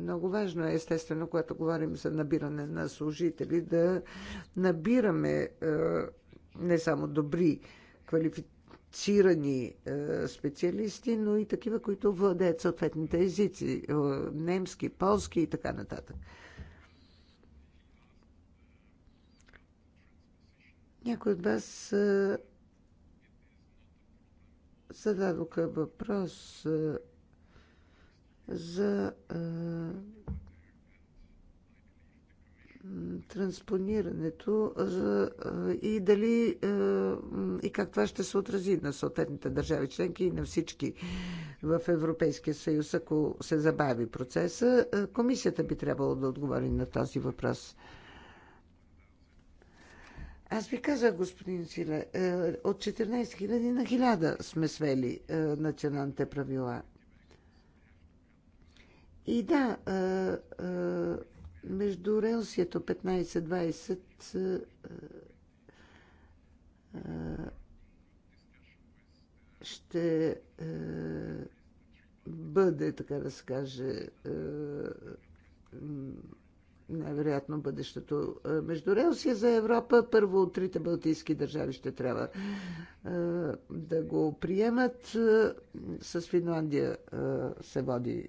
много важно е, естествено, когато говорим за набиране на служители, да набираме не само добри, квалифицирани е, специалисти, но и такива, които владеят съответните езици е, немски, полски и така нататък. Някой от вас е, зададоха въпрос за транспонирането и дали и как това ще се отрази на съответните държави членки и на всички в Европейския съюз, ако се забави процеса. Комисията би трябвало да отговори на този въпрос. Аз ви казах, господин Силе, от 14 000 на 1000 сме свели националните правила. И да, между релсието 15-20 е, е, ще е, бъде, така да се каже, най-вероятно бъдещето. Между Релсия за Европа, първо от трите балтийски държави ще трябва да го приемат. С Финландия се води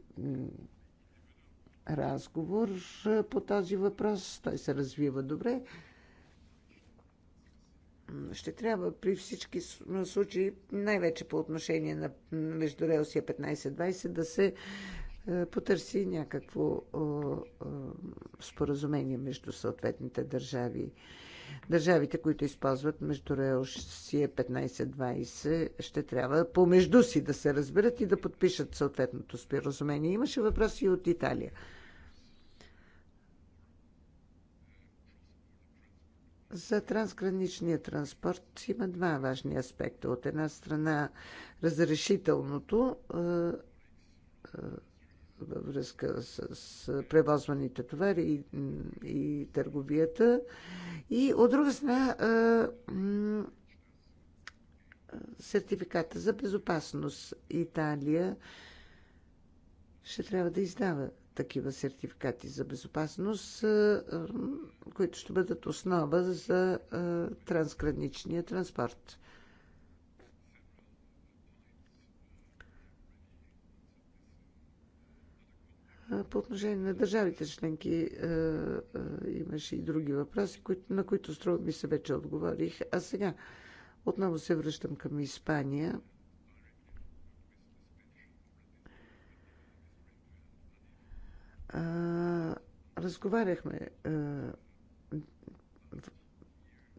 разговор по този въпрос. Той се развива добре. Ще трябва при всички случаи, най-вече по отношение на междурелсия 15-20, да се потърси някакво споразумение между съответните държави. Държавите, които използват междурелсия 15-20, ще трябва помежду си да се разберат и да подпишат съответното споразумение. Имаше въпроси и от Италия. За трансграничния транспорт има два важни аспекта. От една страна разрешителното във връзка с превозваните товари и, и търговията. И от друга страна сертификата за безопасност. Италия ще трябва да издава такива сертификати за безопасност, които ще бъдат основа за трансграничния транспорт. По отношение на държавите членки имаше и други въпроси, на които струва ми се вече отговорих. А сега отново се връщам към Испания – а, разговаряхме а,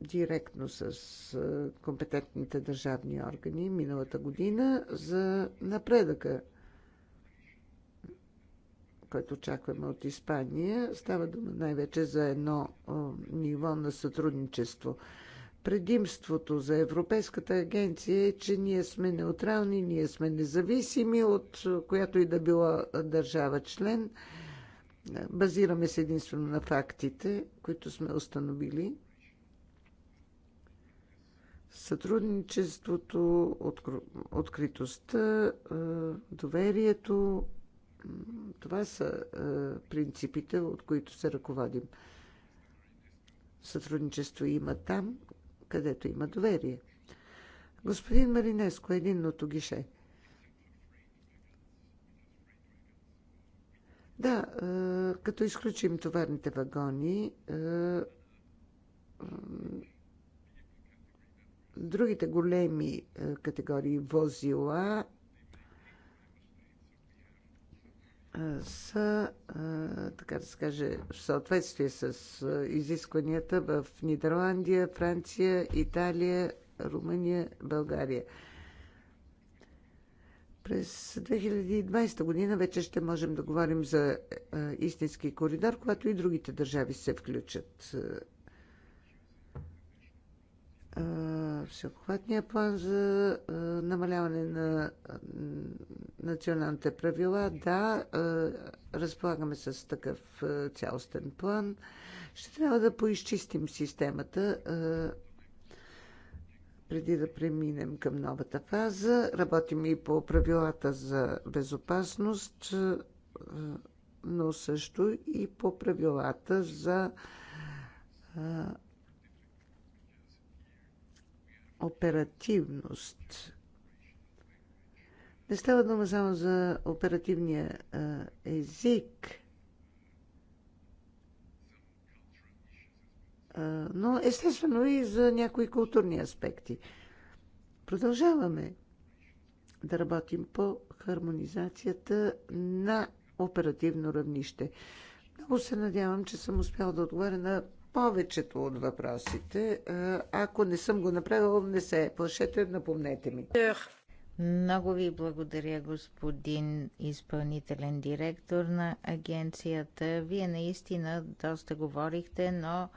директно с а, компетентните държавни органи миналата година за напредъка, който очакваме от Испания. Става дума най-вече за едно а, ниво на сътрудничество. Предимството за Европейската агенция е, че ние сме неутрални, ние сме независими от която и да била държава член. А, Базираме се единствено на фактите, които сме установили. Сътрудничеството, откритостта, доверието, това са принципите, от които се ръководим. Сътрудничество има там, където има доверие. Господин Маринеско, единното гише – Да, е, като изключим товарните вагони, е, другите големи е, категории возила са, така да се каже, в съответствие с изискванията в Нидерландия, Франция, Италия, Румъния, България – през 2020 година вече ще можем да говорим за е, истински коридор, когато и другите държави се включат. Е, е, Всеобхватният план за намаляване на националните правила. Да, разполагаме с такъв цялостен план. Ще трябва да поизчистим системата преди да преминем към новата фаза. Работим и по правилата за безопасност, е, но също и по правилата за е, оперативност. Не става дума само за оперативния е, език – но естествено и за някои културни аспекти. Продължаваме да работим по хармонизацията на оперативно равнище. Много се надявам, че съм успял да отговоря на повечето от въпросите. Ако не съм го направил, не се е плашете, напомнете ми. Много ви благодаря, господин изпълнителен директор на агенцията. Вие наистина доста говорихте, но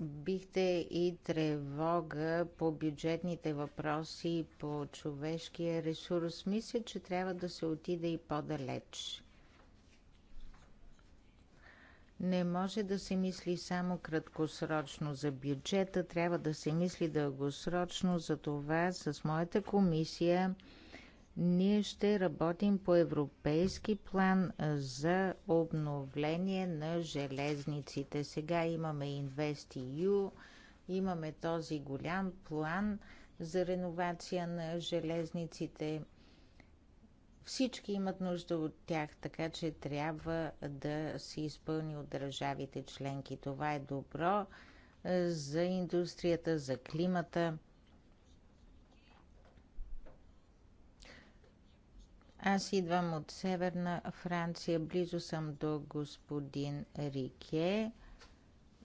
бихте и тревога по бюджетните въпроси, по човешкия ресурс. Мисля, че трябва да се отиде и по-далеч. Не може да се мисли само краткосрочно за бюджета, трябва да се мисли дългосрочно за това с моята комисия – ние ще работим по европейски план за обновление на железниците. Сега имаме InvestEU, имаме този голям план за реновация на железниците. Всички имат нужда от тях, така че трябва да се изпълни от държавите членки. Това е добро за индустрията, за климата – Аз идвам от северна Франция, близо съм до господин Рике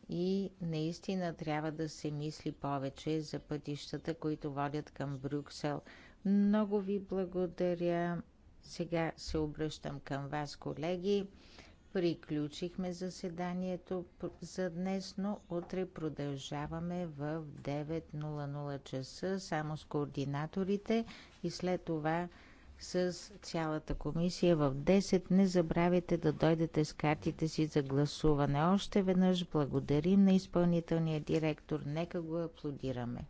и наистина трябва да се мисли повече за пътищата, които водят към Брюксел. Много ви благодаря. Сега се обръщам към вас, колеги. Приключихме заседанието за днес, но утре продължаваме в 9.00 часа само с координаторите и след това с цялата комисия в 10. Не забравяйте да дойдете с картите си за гласуване. Още веднъж благодарим на изпълнителния директор. Нека го аплодираме.